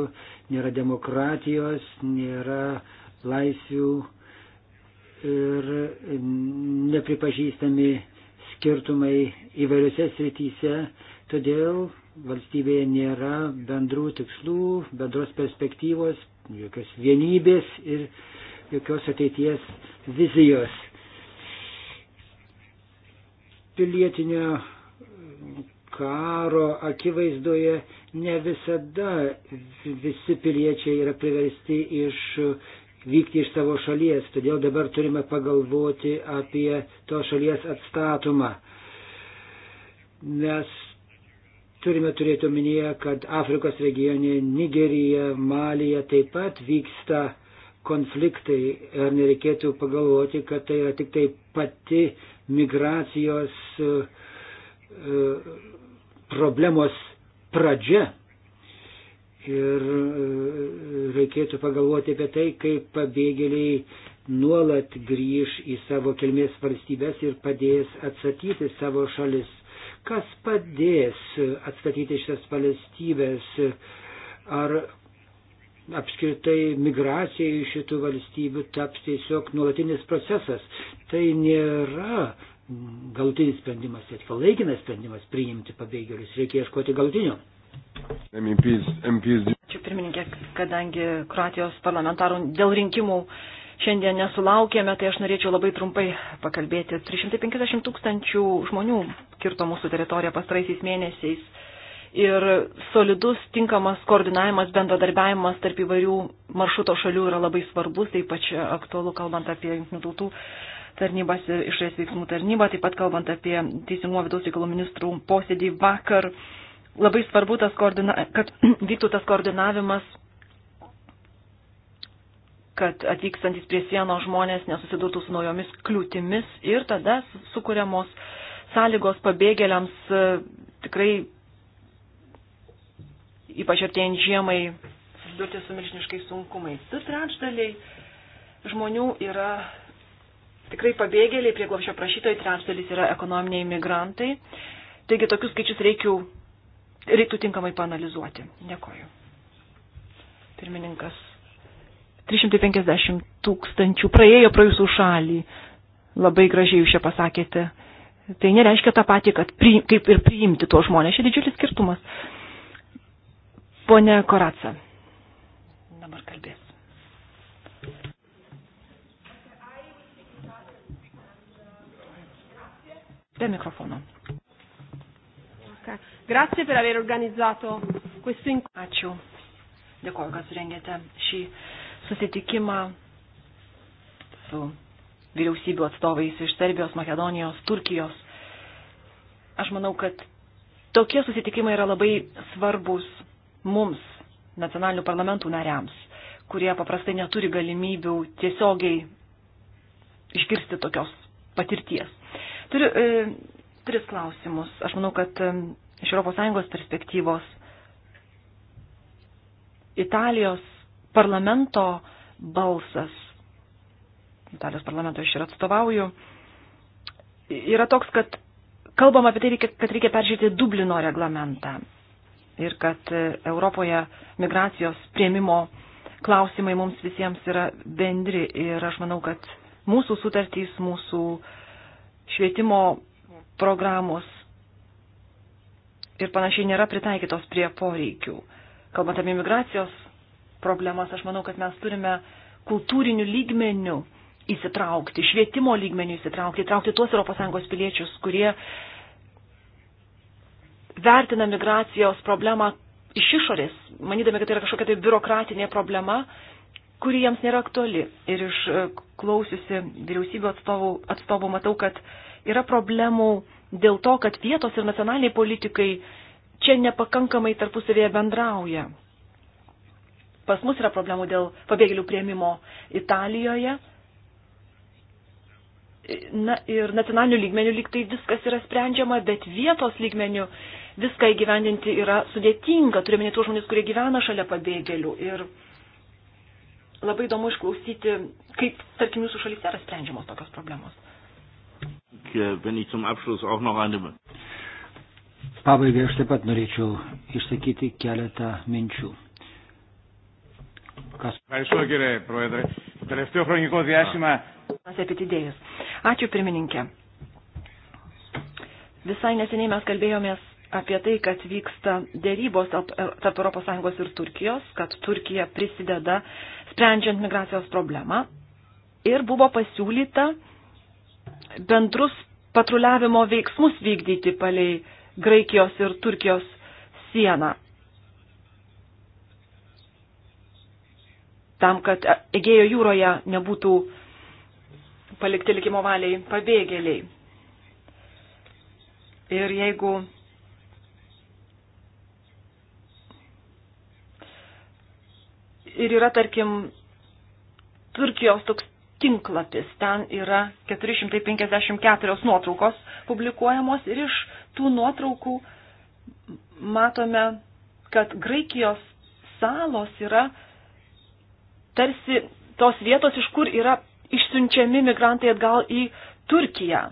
nėra demokratijos, nėra laisvių ir nepripažįstami skirtumai įvairiose srityse, todėl valstybėje nėra bendrų tikslų, bendros perspektyvos, jokios vienybės ir jokios ateities vizijos. Pilietinio karo akivaizdoje ne visada visi piliečiai yra priversti iš vykti iš savo šalies, todėl dabar turime pagalvoti apie to šalies atstatumą. Mes turime turėti omenyje, kad Afrikos regione Nigerija, Malija taip pat vyksta uh, konfliktai, ar nereikėtų pagalvoti, kad tai yra tik tai pati migracijos e, e, problemos pradžia. Ir e, reikėtų pagalvoti apie tai, kaip pabėgėliai nuolat grįž į savo kilmės valstybės ir padės atsakyti savo šalis. Kas padės atstatyti šias valstybės? Ar apskritai migracija iš šitų valstybių taps tiesiog nuolatinis procesas. Tai nėra galutinis sprendimas, tiesiog laikinas sprendimas priimti pabėgėlius, reikia ieškoti galutinio. Ačiū pirmininkė, kadangi Kroatijos parlamentarų dėl rinkimų šiandien nesulaukėme, tai aš norėčiau labai trumpai pakalbėti. 350 tūkstančių žmonių kirto mūsų teritoriją pastaraisiais mėnesiais ir solidus, tinkamas koordinavimas, bendradarbiavimas tarp įvairių maršruto šalių yra labai svarbus, tai ypač aktualu kalbant apie jungtinių tautų tarnybas ir išorės veiksmų tarnybą, taip pat kalbant apie teisingumo vidaus reikalų ministrų posėdį vakar. Labai svarbu, tas koordina... kad vyktų tas koordinavimas, kad atvykstantis prie sienos žmonės nesusidurtų su naujomis kliūtimis ir tada sukūriamos sąlygos pabėgėliams e, tikrai ypač artėjant žiemai, susidurti su milžiniškais sunkumais. Du trečdaliai žmonių yra tikrai pabėgėliai, prieglobšio prašytojai, trečdalis yra ekonominiai migrantai. Taigi tokius skaičius reikių, reiktų tinkamai panalizuoti. Dėkoju. Pirmininkas. 350 tūkstančių praėjo pro jūsų šalį. Labai gražiai jūs čia pasakėte. Tai nereiškia tą patį, kad pri, kaip ir priimti tuos žmonės. Čia didžiulis skirtumas. Pone Koraca. Dabar kalbės. Prie mikrofono. Grazie per aver organizzato questo incontro. Ačiū. Dėkuoju, kad surengėte šį susitikimą su vyriausybių atstovais iš Serbijos, Makedonijos, Turkijos. Aš manau, kad tokie susitikimai yra labai svarbus mums, nacionalinių parlamentų nariams, kurie paprastai neturi galimybių tiesiogiai išgirsti tokios patirties. Turiu e, tris klausimus. Aš manau, kad e, iš ES perspektyvos Italijos parlamento balsas, Italijos parlamento aš ir atstovauju, yra toks, kad kalbam apie tai, kad reikia peržiūrėti Dublino reglamentą ir kad e, Europoje migracijos prieimimo klausimai mums visiems yra bendri ir aš manau, kad mūsų sutartys, mūsų švietimo programos ir panašiai nėra pritaikytos prie poreikių. Kalbant apie migracijos problemas, aš manau, kad mes turime kultūrinių lygmenių įsitraukti, švietimo lygmenių įsitraukti, įtraukti tuos ES piliečius, kurie vertina migracijos problemą iš išorės, manydami, kad tai yra kažkokia tai biurokratinė problema, kuri jiems nėra aktuali. Ir iš e, klausiusi vyriausybių atstovų, atstovų matau, kad yra problemų dėl to, kad vietos ir nacionaliniai politikai čia nepakankamai tarpusavėje bendrauja. Pas mus yra problemų dėl pabėgėlių prieimimo Italijoje. Na ir nacionalinių lygmenių lyg tai viskas yra sprendžiama, bet vietos lygmenių viską įgyvendinti yra sudėtinga, turime ne tuos žmonės, kurie gyvena šalia pabėgėlių. Ir labai įdomu išklausyti, kaip, tarkim, jūsų šalyse yra sprendžiamos tokios problemos. Pabaigai aš taip pat norėčiau išsakyti keletą minčių. Kas... Ačiū, gerė, proedrė. Τελευταίο χρονικό διάστημα. Μα επιτιδėjus. Ačiū, pirmininkė. Visai neseniai mes kalbėjomės apie tai, kad vyksta dėrybos tarp ES ir Turkijos, kad Turkija prisideda sprendžiant migracijos problemą. Ir buvo pasiūlyta bendrus patruliavimo veiksmus vykdyti palei Graikijos ir Turkijos sieną. Tam, kad Egėjo jūroje nebūtų palikti likimo valiai pabėgėliai. Ir jeigu ir yra, tarkim, Turkijos toks tinklapis, ten yra 454 nuotraukos publikuojamos ir iš tų nuotraukų matome, kad Graikijos salos yra tarsi tos vietos, iš kur yra išsiunčiami migrantai atgal į Turkiją.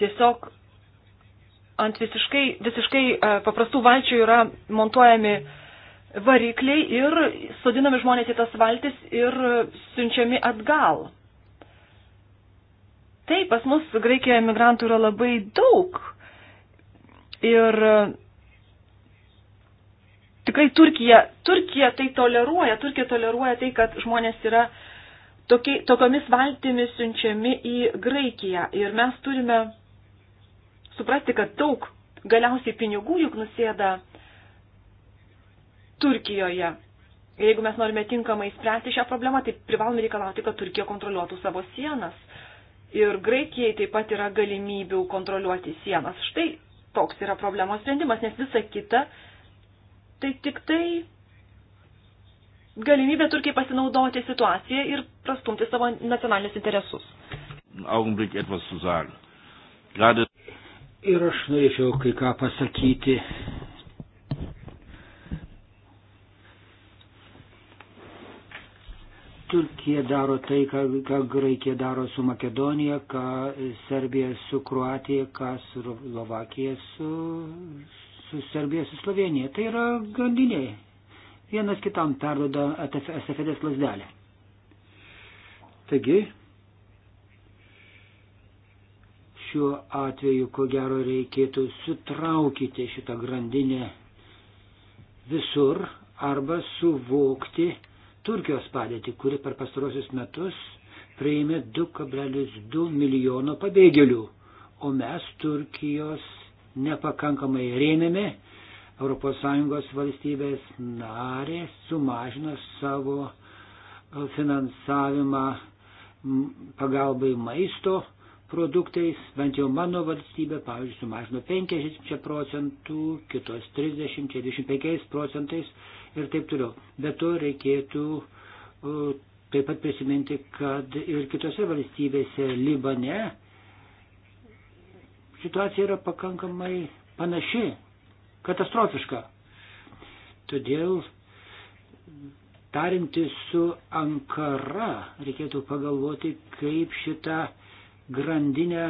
Tiesiog ant visiškai, visiškai e, paprastų valčių yra montuojami varikliai ir sodinami žmonės į tas valtis ir siunčiami atgal. Taip, pas mus Graikijoje migrantų yra labai daug. Ir e, tikrai Turkija, Turkija tai toleruoja, Turkija toleruoja tai, kad žmonės yra tokiai, tokiomis valtimis siunčiami į Graikiją. Ir mes turime suprasti, kad daug galiausiai pinigų juk nusėda Turkijoje. Ir jeigu mes norime tinkamai spręsti šią problemą, tai privalome reikalauti, kad Turkija kontroliuotų savo sienas. Ir Graikijai taip pat yra galimybių kontroliuoti sienas. Štai toks yra problemos sprendimas, nes visa kita tai tik tai galimybė Turkijai pasinaudoti situaciją ir prastumti savo nacionalinius interesus. Augenblick etwas zu sagen. Gerade Ir aš norėčiau kai ką pasakyti. Turkija daro tai, ką, ką Graikija daro su Makedonija, ką Serbija su Kroatija, ką Slovakija su, su Serbija su Slovenija. Tai yra grandiniai. Vienas kitam perdoda estafetės lasdelę. Taigi, Šiuo atveju, ko gero, reikėtų sutraukyti šitą grandinę visur arba suvokti Turkijos padėtį, kuri per pastarosius metus priėmė 2,2 milijono pabėgėlių, o mes Turkijos nepakankamai rėmėme, ES valstybės narė sumažino savo finansavimą pagalbai maisto produktais, bent jau mano valstybė, pavyzdžiui, sumažino 50 procentų, kitos 30-25 procentais ir taip toliau. Be to reikėtų taip pat prisiminti, kad ir kitose valstybėse Libane situacija yra pakankamai panaši, katastrofiška. Todėl tarinti su Ankara reikėtų pagalvoti, kaip šitą grandinę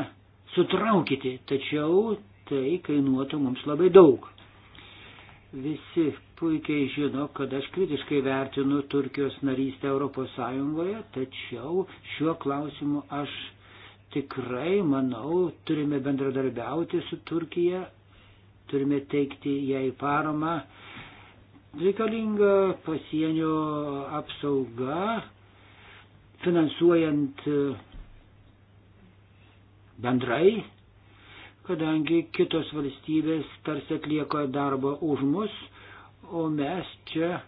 sutraukyti, tačiau tai kainuotų mums labai daug. Visi puikiai žino, kad aš kritiškai vertinu Turkijos narystę Europos Sąjungoje, tačiau šiuo klausimu aš tikrai manau, turime bendradarbiauti su Turkija, turime teikti jai paramą. Reikalinga pasienio apsauga, finansuojant bendrai, kadangi kitos valstybės tarsi atlieka darbą už mus, o mes čia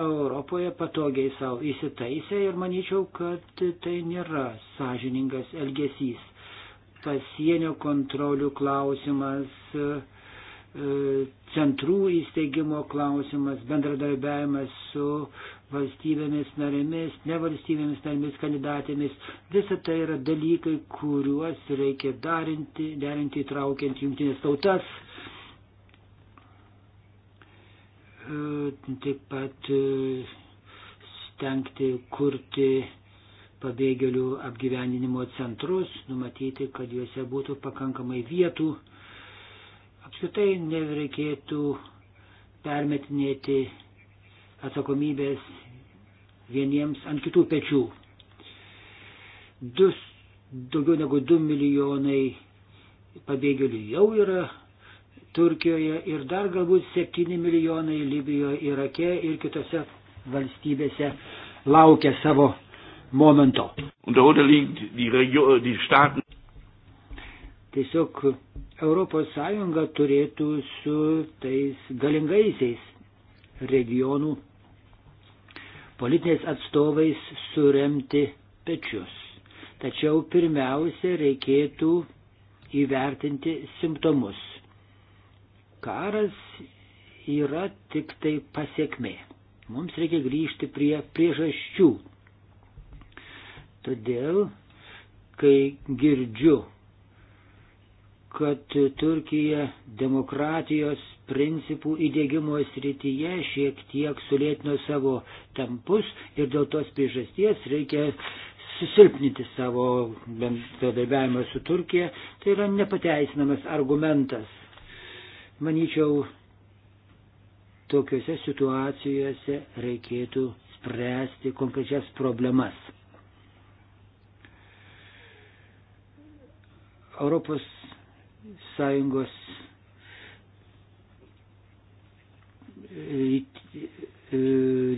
Europoje patogiai savo įsitaisę ir manyčiau, kad tai nėra sąžiningas elgesys. Pasienio kontrolių klausimas, e, centrų įsteigimo klausimas, bendradarbiavimas su valstybėmis narėmis, nevalstybėmis narėmis kandidatėmis. Visa tai yra dalykai, kuriuos reikia darinti, derinti įtraukiant jungtinės tautas. E, taip pat e, stengti kurti pabėgėlių apgyvendinimo centrus, numatyti, kad juose būtų pakankamai vietų. Apskritai nereikėtų permetinėti atsakomybės vieniems ant kitų pečių. Dus, daugiau negu 2 milijonai pabėgėlių jau yra Turkijoje ir dar galbūt 7 milijonai Libijoje, Irake ir kitose valstybėse laukia savo momento. Äh, Tiesiog ES turėtų su tais galingaisiais regionų politiniais atstovais suremti pečius. Tačiau pirmiausia reikėtų įvertinti simptomus. Karas yra tik tai pasiekmė. Mums reikia grįžti prie priežasčių. Todėl, kai girdžiu kad Turkija demokratijos principų įdėgymo srityje šiek tiek sulėtino savo tempus ir dėl tos priežasties reikia susilpninti savo bendradarbiavimą su Turkija. Tai yra nepateisinamas argumentas. Manyčiau, tokiuose situacijose reikėtų spręsti konkrečias problemas. Europos Sąjungos ryt, e,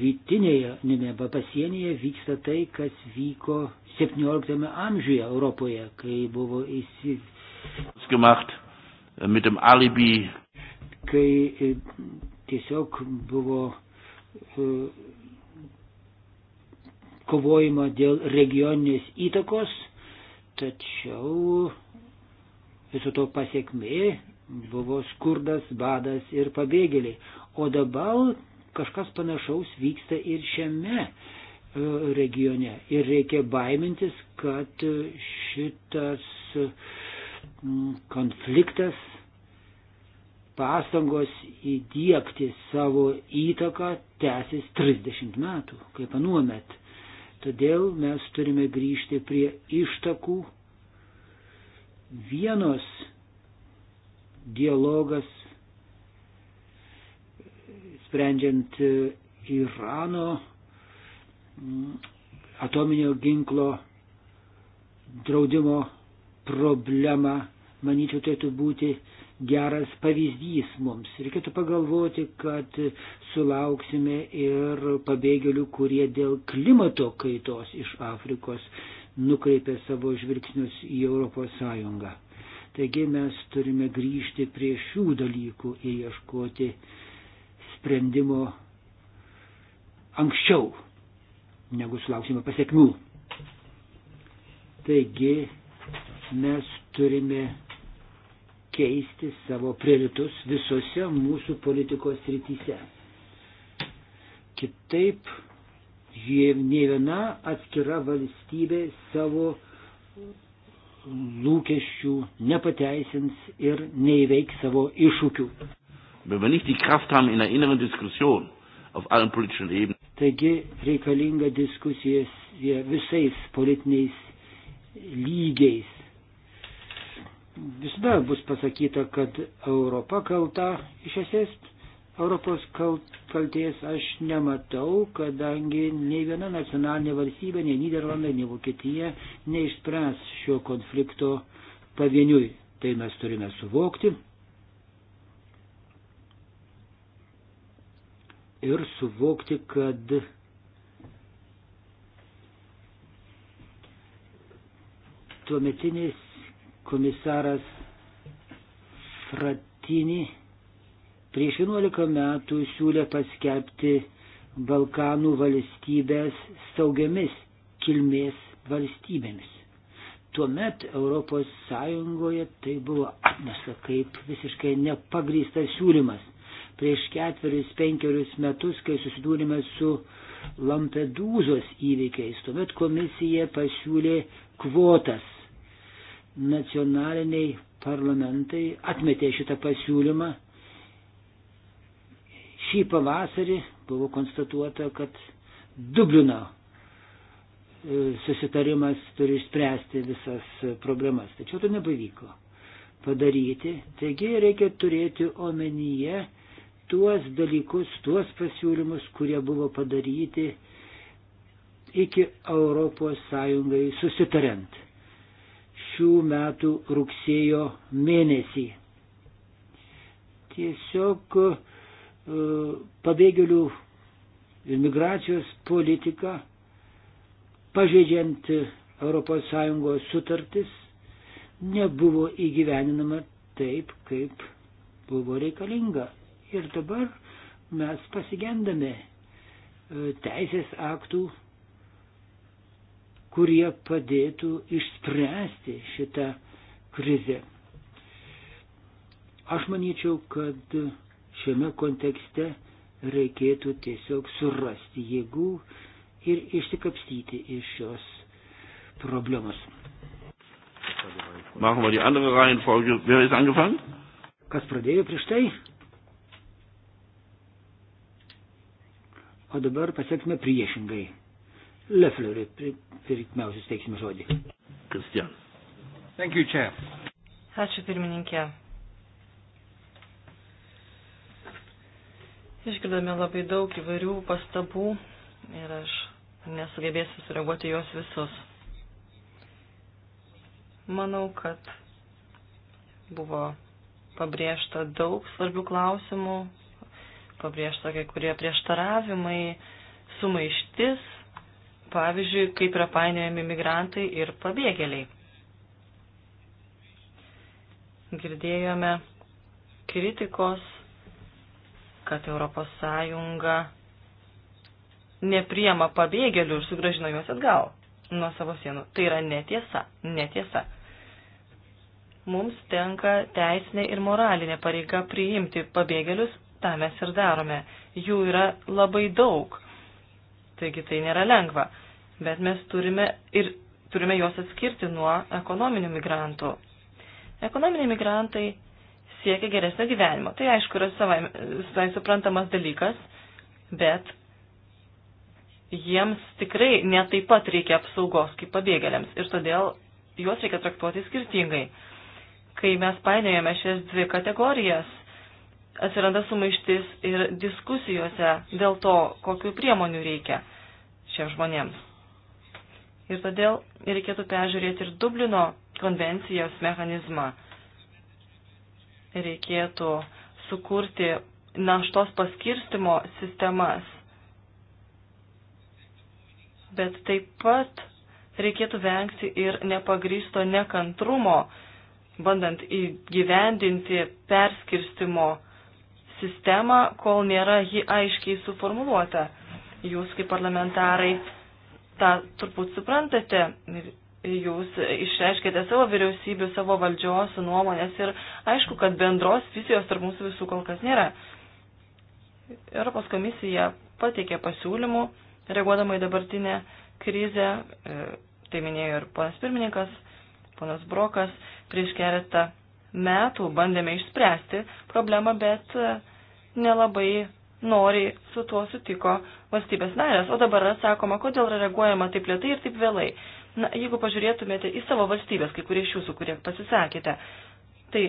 rytinėje, ne, ne, pasienyje vyksta tai, kas vyko 17 amžiuje Europoje, kai buvo įsi... Gemacht, e, mit dem alibi. Kai e, tiesiog buvo kovojama dėl regioninės įtakos, tačiau Viso to pasiekmė buvo skurdas, badas ir pabėgėliai. O dabar kažkas panašaus vyksta ir šiame e, regione. Ir reikia baimintis, kad šitas konfliktas, pastangos įdėkti savo įtaką tęsis 30 metų, kaip anuomet. Todėl mes turime grįžti prie ištakų vienos dialogas sprendžiant e, Irano atominio ginklo draudimo problemą, manyčiau, turėtų būti geras pavyzdys mums. Reikėtų pagalvoti, kad sulauksime ir pabėgėlių, kurie dėl klimato kaitos iš Afrikos nukreipia savo žvilgsnius į Europos Sąjungą. Taigi mes turime grįžti prie šių dalykų ir ieškoti sprendimo anksčiau, negu sulauksime pasiekmių. Taigi mes turime keisti savo prioritus visose mūsų politikos rytise. Kitaip ne viena atskira valstybė savo lūkesčių nepateisins ir neįveiks savo iššūkių. Taigi reikalinga diskusijas visais politiniais lygiais. Visada bus pasakyta, kad Europa kalta iš esės Europos kalties aš nematau, kadangi nei viena nacionalinė valstybė, nei Niderlandai, nei Vokietija neišspręs šio konflikto pavieniui. Tai mes turime suvokti ir suvokti, kad tuometinis komisaras Fratini Prieš 11 metų siūlė paskelbti Balkanų valstybės saugiamis kilmės valstybėmis. Tuomet ES tai buvo atmesta kaip visiškai nepagrystas siūlymas. Prieš ketverius, penkerius metus, kai susidūrėme su Lampedūzos įvykiais, tuomet komisija pasiūlė kvotas. Nacionaliniai parlamentai atmetė šitą pasiūlymą Šį pavasarį buvo konstatuota, kad Dublino e, susitarimas turi išspręsti visas problemas. Tačiau to nepavyko padaryti. Taigi reikia turėti omenyje tuos dalykus, tuos pasiūlymus, kurie buvo padaryti iki Europos Sąjungai susitarent šių metų rugsėjo mėnesį. Tiesiog E, pabėgėlių ir migracijos politika, pažeidžiant ES sutartis, nebuvo įgyveninama taip, kaip buvo reikalinga. Ir dabar mes pasigendame e, teisės aktų, kurie padėtų išspręsti šitą krizę. Aš manyčiau, kad Šiame kontekste reikėtų tiesiog surasti jėgų ir išsikapstyti iš šios problemos. Machen wir die andere Reihenfolge. Wer ist angefangen? Kas pradėjo prieš tai? O dabar pasieksime priešingai. Lefleriui pirmiausia steiksime žodį. Kristian. Thank you, Chair. Ačiū pirmininkė. Išgirdome labai daug įvairių pastabų ir aš nesugebėsiu sureaguoti juos visus. Manau, kad buvo pabrėžta daug svarbių klausimų, pabrėžta kai kurie prieštaravimai, sumaištis, pavyzdžiui, kaip yra painiojami migrantai ir pabėgėliai. Girdėjome kritikos kad Europos Sąjunga nepriema pabėgėlių ir sugražina juos atgal nuo savo sienų. Tai yra netiesa, netiesa. Mums tenka teisinė ir moralinė pareiga priimti pabėgėlius, tą mes ir darome. Jų yra labai daug, taigi tai nėra lengva, bet mes turime ir turime juos atskirti nuo ekonominių migrantų. Ekonominiai migrantai siekia geresnio gyvenimo. Tai aišku yra savai, savai suprantamas dalykas, bet jiems tikrai netaip pat reikia apsaugos kaip pabėgėliams ir todėl juos reikia traktuoti skirtingai. Kai mes painiojame šias dvi kategorijas, atsiranda sumaištis ir diskusijose dėl to, kokiu priemonių reikia šiems žmonėms. Ir todėl reikėtų peržiūrėti ir Dublino konvencijos mechanizmą reikėtų sukurti naštos paskirstimo sistemas. Bet taip pat reikėtų vengti ir nepagrysto nekantrumo, bandant įgyvendinti perskirstimo sistemą, kol nėra ji aiškiai suformuoluota. Jūs kaip parlamentarai tą turbūt suprantate ir jūs išreiškėte savo vyriausybių, savo valdžios nuomonės ir aišku, kad bendros vizijos tarp mūsų visų kol kas nėra. Europos komisija pateikė pasiūlymų, reaguodama į dabartinę krizę, e, tai minėjo ir ponas pirmininkas, ponas Brokas, prieš keletą metų bandėme išspręsti problemą, bet e, nelabai noriai su tuo sutiko valstybės narės, o dabar yra sakoma, kodėl yra reaguojama taip lietai ir taip vėlai. Na, jeigu pažiūrėtumėte į savo valstybės, kai kurie iš jūsų, kurie pasisakėte, tai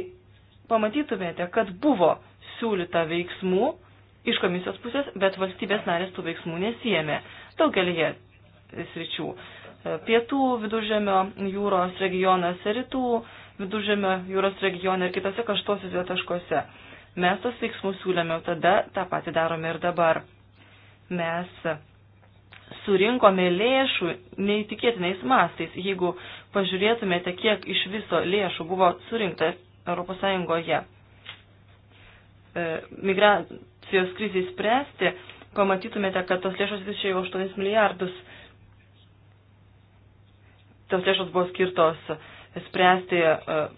pamatytumėte, kad buvo siūlyta veiksmų iš komisijos pusės, bet valstybės narės tų veiksmų nesijėmė daugelį sričių. Pietų viduržėmio jūros regionas, rytų viduržėmio jūros regione ir kitose kaštuosiuose taškuose. Mes tos veiksmus siūlėme tada, tą patį darome ir dabar. Mes surinkome lėšų neįtikėtinais mastais. Jeigu pažiūrėtumėte, kiek iš viso lėšų buvo surinkta ES e, migracijos krizai spręsti, pamatytumėte, kad tos lėšos visiškai 8 milijardus. Tos lėšos buvo skirtos spręsti e,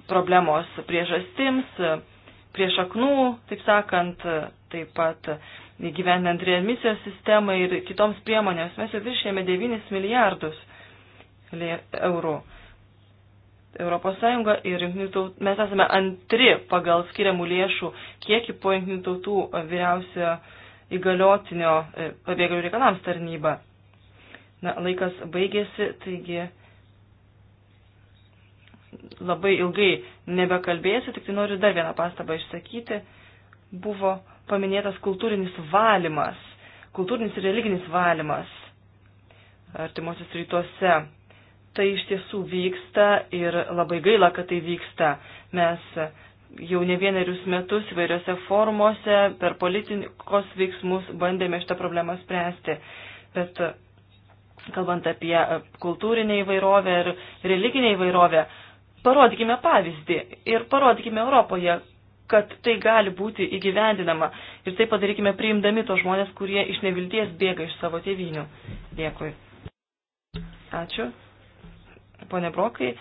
problemos priežastims, e, prie šaknų, taip sakant, taip pat gyvenant remisijos sistemą ir kitoms priemonėms, mes jau viršėjame 9 milijardus eurų. Europos Sąjunga ir jungtinių tautų, mes esame antri pagal skiriamų lėšų kiekį po jungtinių tautų vyriausio įgaliotinio e, pabėgėlių reikalams tarnyba. Na, laikas baigėsi, taigi labai ilgai nebekalbėsiu, tik tai noriu dar vieną pastabą išsakyti. Buvo paminėtas kultūrinis valymas, kultūrinis ir religinis valymas artimuosius rytuose. Tai iš tiesų vyksta ir labai gaila, kad tai vyksta. Mes jau ne vienerius metus įvairiose formuose per politikos veiksmus bandėme šitą problemą spręsti. Bet kalbant apie kultūrinę įvairovę ir religinę įvairovę, parodykime pavyzdį ir parodykime Europoje, kad tai gali būti įgyvendinama. Ir tai padarykime priimdami tos žmonės, kurie iš nevilties bėga iš savo tėvinių. Dėkui. Ačiū. Pone Brokai,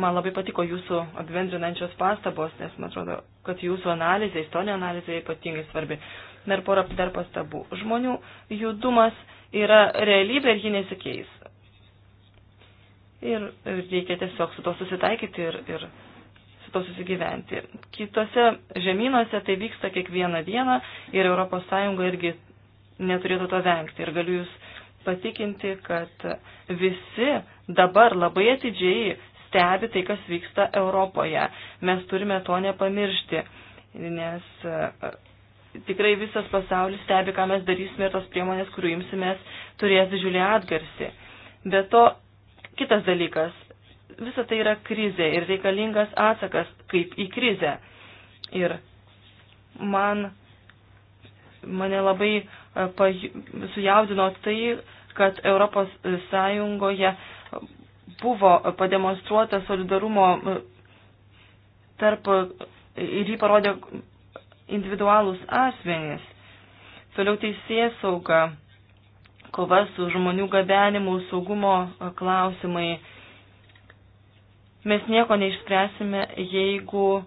man labai patiko jūsų apibendrinančios pastabos, nes man atrodo, kad jūsų analizė, istorinė analizė ypatingai svarbi. Dar porą dar pastabų. Žmonių judumas yra realybė ir ji nesikeis. Ir reikia tiesiog su to susitaikyti ir, ir su to susigyventi. Kitose žemynuose tai vyksta kiekvieną dieną ir ES irgi neturėtų to vengti. Ir galiu Jūs patikinti, kad visi dabar labai atidžiai stebi tai, kas vyksta Europoje. Mes turime to nepamiršti, nes e, tikrai visas pasaulis stebi, ką mes darysime ir tos priemonės, kurių imsimės, turės didžiulį atgarsį. Be to, kitas dalykas visa tai yra krizė ir reikalingas atsakas kaip į krizę. Ir man, mane labai e, paju, sujaudino tai, kad Europos Sąjungoje buvo pademonstruota solidarumo e, tarp e, ir jį parodė individualūs asmenys. Toliau teisės sauga, kova su žmonių gabenimu, saugumo klausimai Mes nieko neišspręsime, jeigu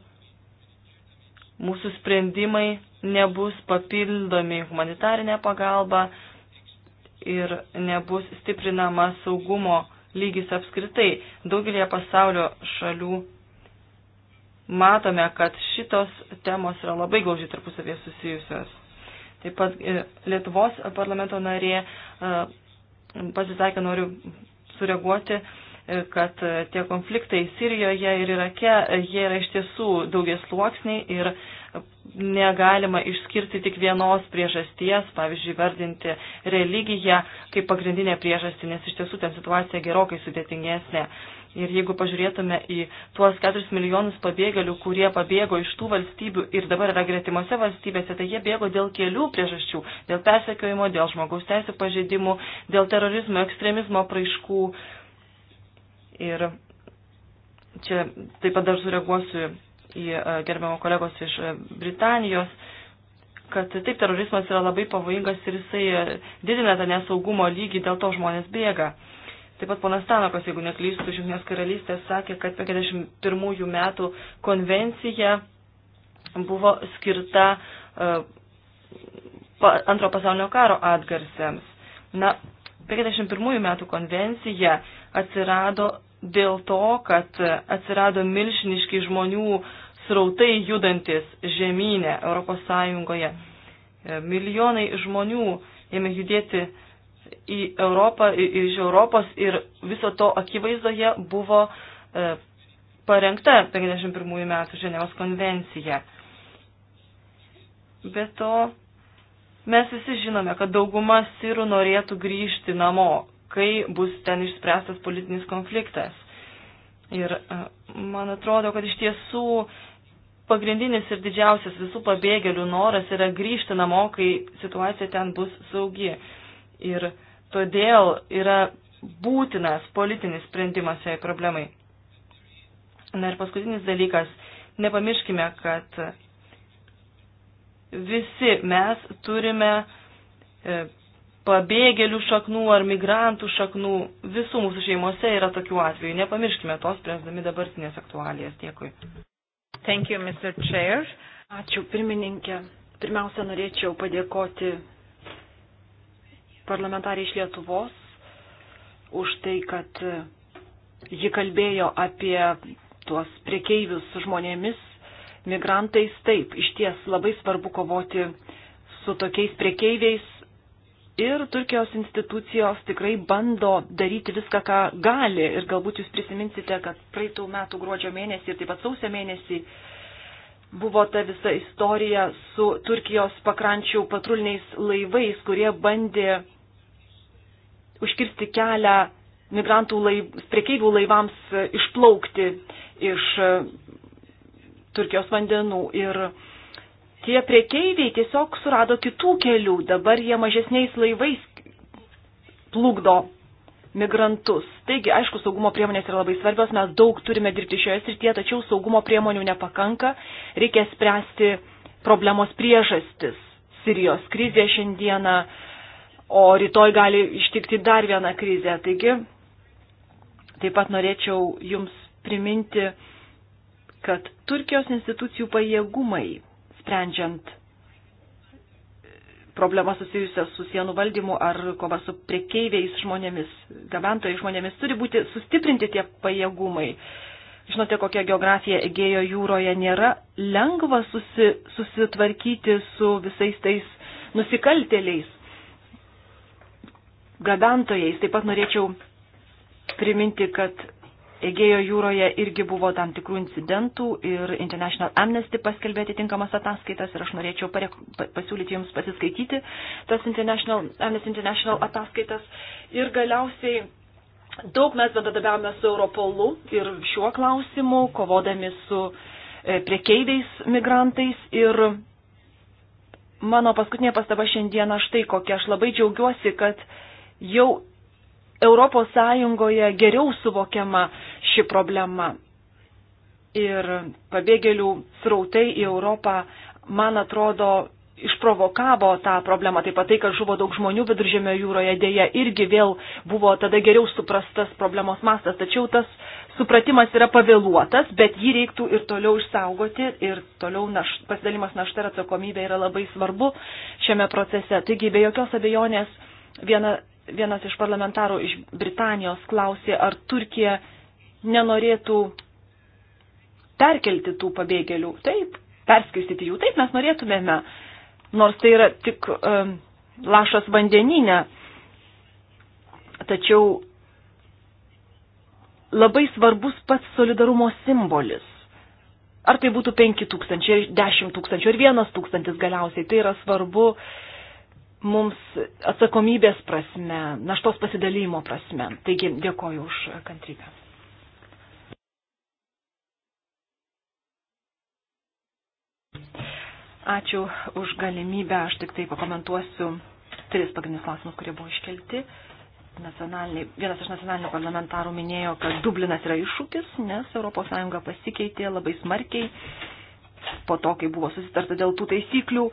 mūsų sprendimai nebus papildomi humanitarinė pagalba ir nebus stiprinama saugumo lygis apskritai. Daugelie pasaulio šalių matome, kad šitos temos yra labai glaužiai tarpusavėje susijusios. Taip pat e, Lietuvos parlamento narė e, pasisakė, noriu sureaguoti kad tie konfliktai Sirijoje ir Irake, jie yra iš tiesų daugies sluoksniai ir negalima išskirti tik vienos priežasties, pavyzdžiui, vardinti religiją kaip pagrindinę priežastį, nes iš tiesų ten situacija gerokai sudėtingesnė. Ir jeigu pažiūrėtume į tuos 4 milijonus pabėgėlių, kurie pabėgo iš tų valstybių ir dabar yra gretimose valstybėse, tai jie bėgo dėl kelių priežasčių - dėl persekiojimo, dėl žmogaus teisų pažeidimų, dėl terorizmo, ekstremizmo praiškų. Uh, Ir čia taip pat dar sureaguosiu į e, gerbiamo kolegos iš e, Britanijos, kad taip terorizmas yra labai pavojingas ir jisai e, didina tą nesaugumo lygį, dėl to žmonės bėga. Taip pat ponas Tanakas, jeigu neklystu, iš Junktinės karalystės sakė, kad 51 metų konvencija buvo skirta uh, pa, antro pasaulinio karo atgarsiams. Na, 51 metų konvencija atsirado dėl to, kad atsirado milžiniški žmonių srautai judantis žemynė Europos Sąjungoje. E, milijonai žmonių ėmė judėti į Europą, iš Europos ir viso to akivaizdoje buvo e, parengta 51 metų Ženevos konvencija. Be to, mes visi žinome, kad dauguma sirų norėtų grįžti namo, kai bus ten išspręstas politinis konfliktas. Ir e, man atrodo, kad iš tiesų pagrindinis ir didžiausias visų pabėgėlių noras yra grįžti namo, kai situacija ten bus saugi. Ir todėl yra būtinas politinis sprendimas šiai problemai. Na ir paskutinis dalykas, nepamirškime, kad visi mes turime e, pabėgėlių šaknų ar migrantų šaknų. Visų mūsų šeimose yra tokių atvejų. Nepamirškime tos, spręsdami dabartinės aktualijas. Dėkui. Thank you, Mr. Chair. Ačiū, pirmininkė. Pirmiausia, norėčiau padėkoti parlamentariai iš Lietuvos už tai, kad ji kalbėjo apie tuos priekeivius žmonėmis, migrantais. Taip, iš ties labai svarbu kovoti su tokiais priekeiviais, ir Turkijos institucijos tikrai bando daryti viską, ką gali. Ir galbūt jūs prisiminsite, kad praeitų metų gruodžio mėnesį ir taip pat sausio mėnesį buvo ta visa istorija su Turkijos pakrančių patruliniais laivais, kurie bandė užkirsti kelią migrantų laiv, priekeivių laivams išplaukti iš Turkijos vandenų. Ir tie priekeiviai tiesiog surado kitų kelių, dabar jie mažesniais laivais plukdo migrantus. Taigi, aišku, saugumo priemonės yra labai svarbios, mes daug turime dirbti šioje srityje, tačiau saugumo priemonių nepakanka, reikia spręsti problemos priežastis. Sirijos krizė šiandieną, o rytoj gali ištikti dar vieną krizę. Taigi, taip pat norėčiau Jums priminti, kad Turkijos institucijų pajėgumai sprendžiant problemas susijusias su sienų valdymu ar kova su prekeiviais žmonėmis, gabentojais žmonėmis, turi būti sustiprinti tie pajėgumai. Žinote, kokia geografija Egėjo jūroje nėra lengva susi, susitvarkyti su visais tais nusikaltėliais, gabentojais. Taip pat norėčiau priminti, kad Egėjo jūroje irgi buvo tam tikrų incidentų ir International Amnesty paskelbė atitinkamas ataskaitas ir aš norėčiau parek, pasiūlyti jums pasiskaityti tas International, Amnesty International ataskaitas. Ir galiausiai daug mes bendradabiavome su Europolu ir šiuo klausimu, kovodami su e, priekeiviais migrantais ir mano paskutinė pastaba šiandieną štai kokia. Aš labai džiaugiuosi, kad jau ES geriau suvokiama ši problema. Ir pabėgėlių srautai į Europą, man atrodo, išprovokavo tą problemą. Taip pat tai, kad žuvo daug žmonių viduržėmio jūroje, dėja irgi vėl buvo tada geriau suprastas problemos mastas. Tačiau tas supratimas yra pavėluotas, bet jį reiktų ir toliau išsaugoti ir toliau naš, pasidalimas našta ir atsakomybė yra labai svarbu šiame procese. Taigi, be jokios abejonės, viena vienas iš parlamentarų iš Britanijos klausė, ar Turkija nenorėtų perkelti tų pabėgėlių. Taip, perskirstyti jų. Taip, mes norėtumėme. Nors tai yra tik um, lašas vandeninė. Tačiau labai svarbus pats solidarumo simbolis. Ar tai būtų 5 tūkstančiai, 10 tūkstančių ar 1 tūkstantis galiausiai. Tai yra svarbu uh, mums atsakomybės prasme, naštos pasidalymo prasme. Taigi dėkoju už kantrybę. Ačiū už galimybę. Aš tik tai pakomentuosiu tris pagrindinius klausimus, kurie buvo iškelti. Vienas iš nacionalinių parlamentarų minėjo, kad Dublinas yra iššūkis, nes ES pasikeitė labai smarkiai po to, kai buvo susitarta dėl tų taisyklių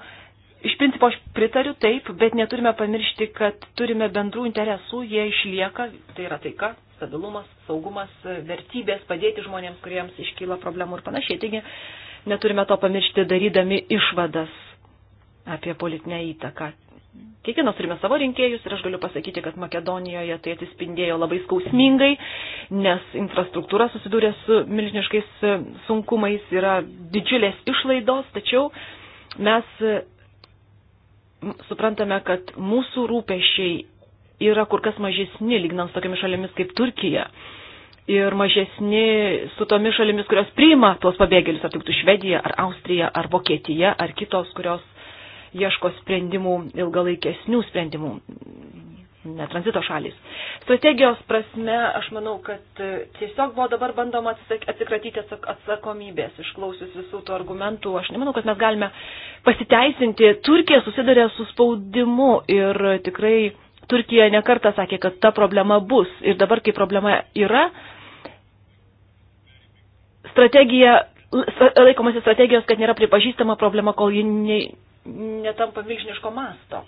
Iš principo aš pritariu taip, bet neturime pamiršti, kad turime bendrų interesų, jie išlieka, tai yra taika, stabilumas, saugumas, vertybės, padėti žmonėms, kuriems iškyla problemų ir panašiai. Taigi neturime to pamiršti darydami išvadas apie politinę įtaką. Kiekvienas turime savo rinkėjus ir aš galiu pasakyti, kad Makedonijoje tai atsispindėjo labai skausmingai, nes infrastruktūra susidūrė su milžiniškais sunkumais, yra didžiulės išlaidos, tačiau mes suprantame, kad mūsų rūpešiai yra kur kas mažesni, lygnant su tokiamis šalimis kaip Turkija. Ir mažesni su tomis šalimis, kurios priima tuos pabėgėlius, ar tik Švedija, ar Austrija, ar Vokietija, ar kitos, kurios ieško sprendimų, ilgalaikesnių sprendimų ne tranzito šalis. Strategijos prasme, aš manau, kad e, tiesiog buvo dabar bandoma atsikratyti atsakomybės, išklausius visų tų argumentų. Aš nemanau, kad mes galime pasiteisinti. Turkija susidarė su spaudimu ir tikrai Turkija nekarta sakė, kad ta problema bus. Ir dabar, kai problema yra, strategija, laikomasi strategijos, kad nėra pripažįstama problema, kol ji ne, netampa milžiniško masto.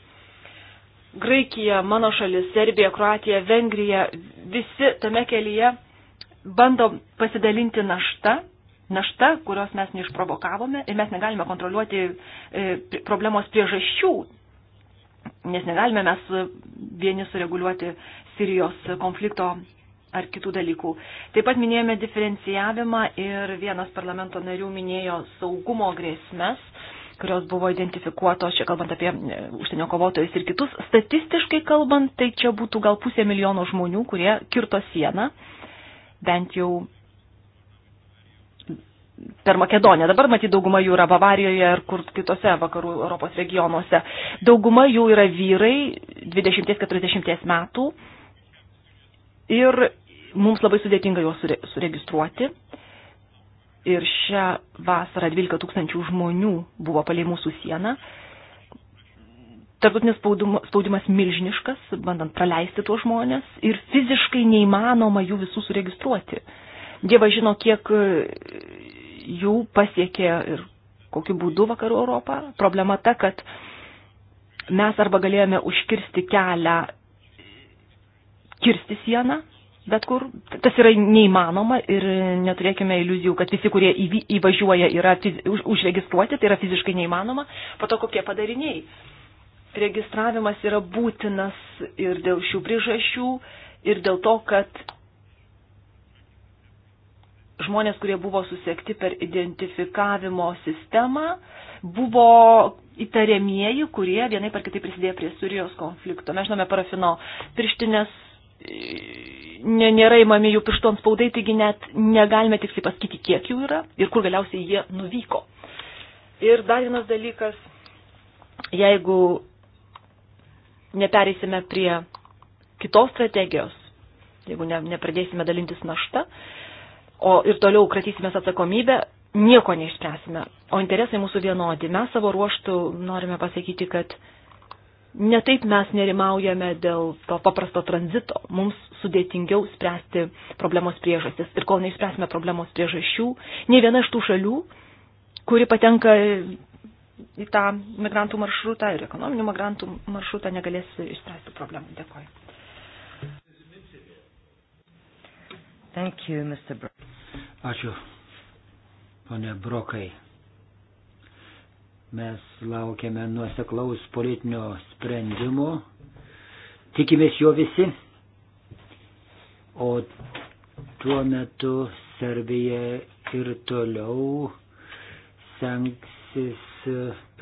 Graikija, mano šalis, Serbija, Kroatija, Vengrija, visi tame kelyje bando pasidalinti naštą, naštą, kurios mes neišprovokavome ir mes negalime kontroliuoti e, problemos priežasčių, nes negalime mes vieni sureguliuoti Sirijos konflikto ar kitų dalykų. Taip pat minėjome diferencijavimą ir vienas parlamento narių minėjo saugumo grėsmes kurios buvo identifikuotos, čia kalbant apie e, užsienio kovotojus ir kitus, statistiškai kalbant, tai čia būtų gal pusė milijono žmonių, kurie kirto sieną, bent jau per Makedoniją. Dabar matyti dauguma jų yra Bavarijoje ir kur kitose vakarų Europos regionuose. Dauguma jų yra vyrai 20-40 metų ir mums labai sudėtinga juos suregistruoti. Ir šią vasarą 12 tūkstančių žmonių buvo palei mūsų sieną. Tarptautinis spaudimas milžiniškas, bandant praleisti tuos žmonės ir fiziškai neįmanoma jų visų suregistruoti. Dieva žino, kiek e, jų pasiekė ir kokiu būdu vakarų Europą. Problema ta, kad mes arba galėjome užkirsti kelią kirsti sieną bet kur tas yra neįmanoma ir neturėkime iliuzijų, kad visi, kurie įvažiuoja, yra užregistruoti, tai yra fiziškai neįmanoma. Po to kokie padariniai? Registravimas yra būtinas ir dėl šių priežasčių, ir dėl to, kad žmonės, kurie buvo susiekti per identifikavimo sistemą, buvo įtariamieji, kurie vienai par kitai prisidėjo prie Surijos konflikto. Mes žinome parafino pirštinės ne, nėra įmami jų pirštų spaudai, taigi net negalime tiksliai pasakyti, kiek jų yra ir kur galiausiai jie nuvyko. Ir dar vienas dalykas, jeigu nepereisime prie kitos strategijos, jeigu ne, nepradėsime dalintis naštą, o ir toliau kratysimės atsakomybę, nieko neišspręsime, o interesai mūsų vienodi. Mes savo ruoštų norime pasakyti, kad Netaip mes nerimaujame dėl to paprasto tranzito. Mums sudėtingiau spręsti problemos priežastis. Ir kol neišspręsime problemos priežasčių, nei viena iš tų šalių, kuri patenka į tą migrantų maršrutą ir ekonominių migrantų maršrutą, negalės išspręsti problemų. Dėkoju. Thank you, Mr. Brock. Ačiū, pane Brokai. Mes laukiame nuoseklaus politinio sprendimo, tikimės jo visi, o tuo metu Serbija ir toliau stengsis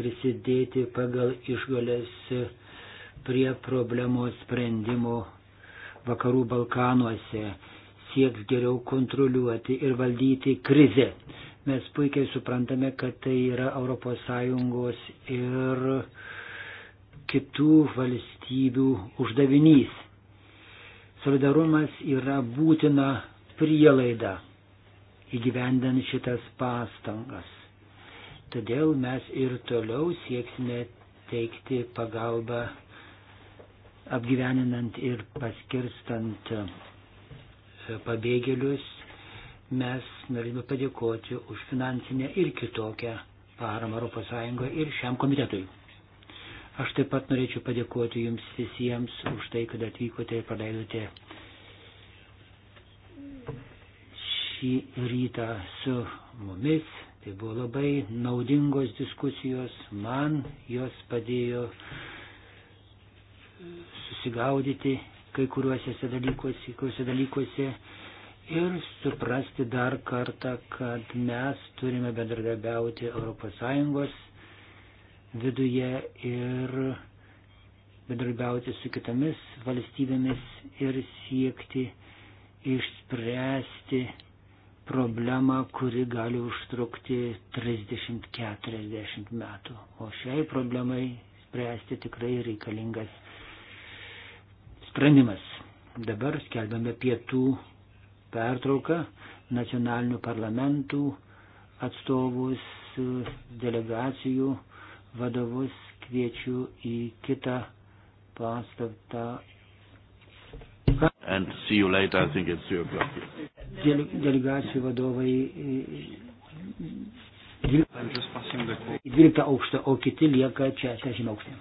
prisidėti pagal išgalės prie problemos sprendimo vakarų Balkanuose, sieks geriau kontroliuoti ir valdyti krizę. Mes puikiai suprantame, kad tai yra ES ir kitų valstybių uždavinys. Solidarumas yra būtina prielaida įgyvendant šitas pastangas. Todėl mes ir toliau sieksime teikti pagalbą apgyveninant ir paskirstant pabėgėlius mes norime padėkoti už finansinę ir kitokią paramą ES ir šiam komitetui. Aš taip pat norėčiau padėkoti jums visiems už tai, kad atvykote ir praleidote šį rytą su mumis. Tai buvo labai naudingos diskusijos, man jos padėjo susigaudyti kai kuriuose dalykuose, kai kuriuose dalykuose ir suprasti dar kartą, kad mes turime bendradarbiauti ES viduje ir bendradarbiauti su kitomis valstybėmis ir siekti išspręsti problemą, kuri gali užtrukti 30-40 metų. O šiai problemai spręsti tikrai reikalingas sprendimas. Dabar skelbiame pietų pertrauką nacionalinių parlamentų atstovus, delegacijų vadovus kviečiu į kitą pastatą. And see you later, I think it's 3 o'clock. Dele delegacijų vadovai e, e, e, į 12 aukštą, o kiti lieka čia 60 aukštą.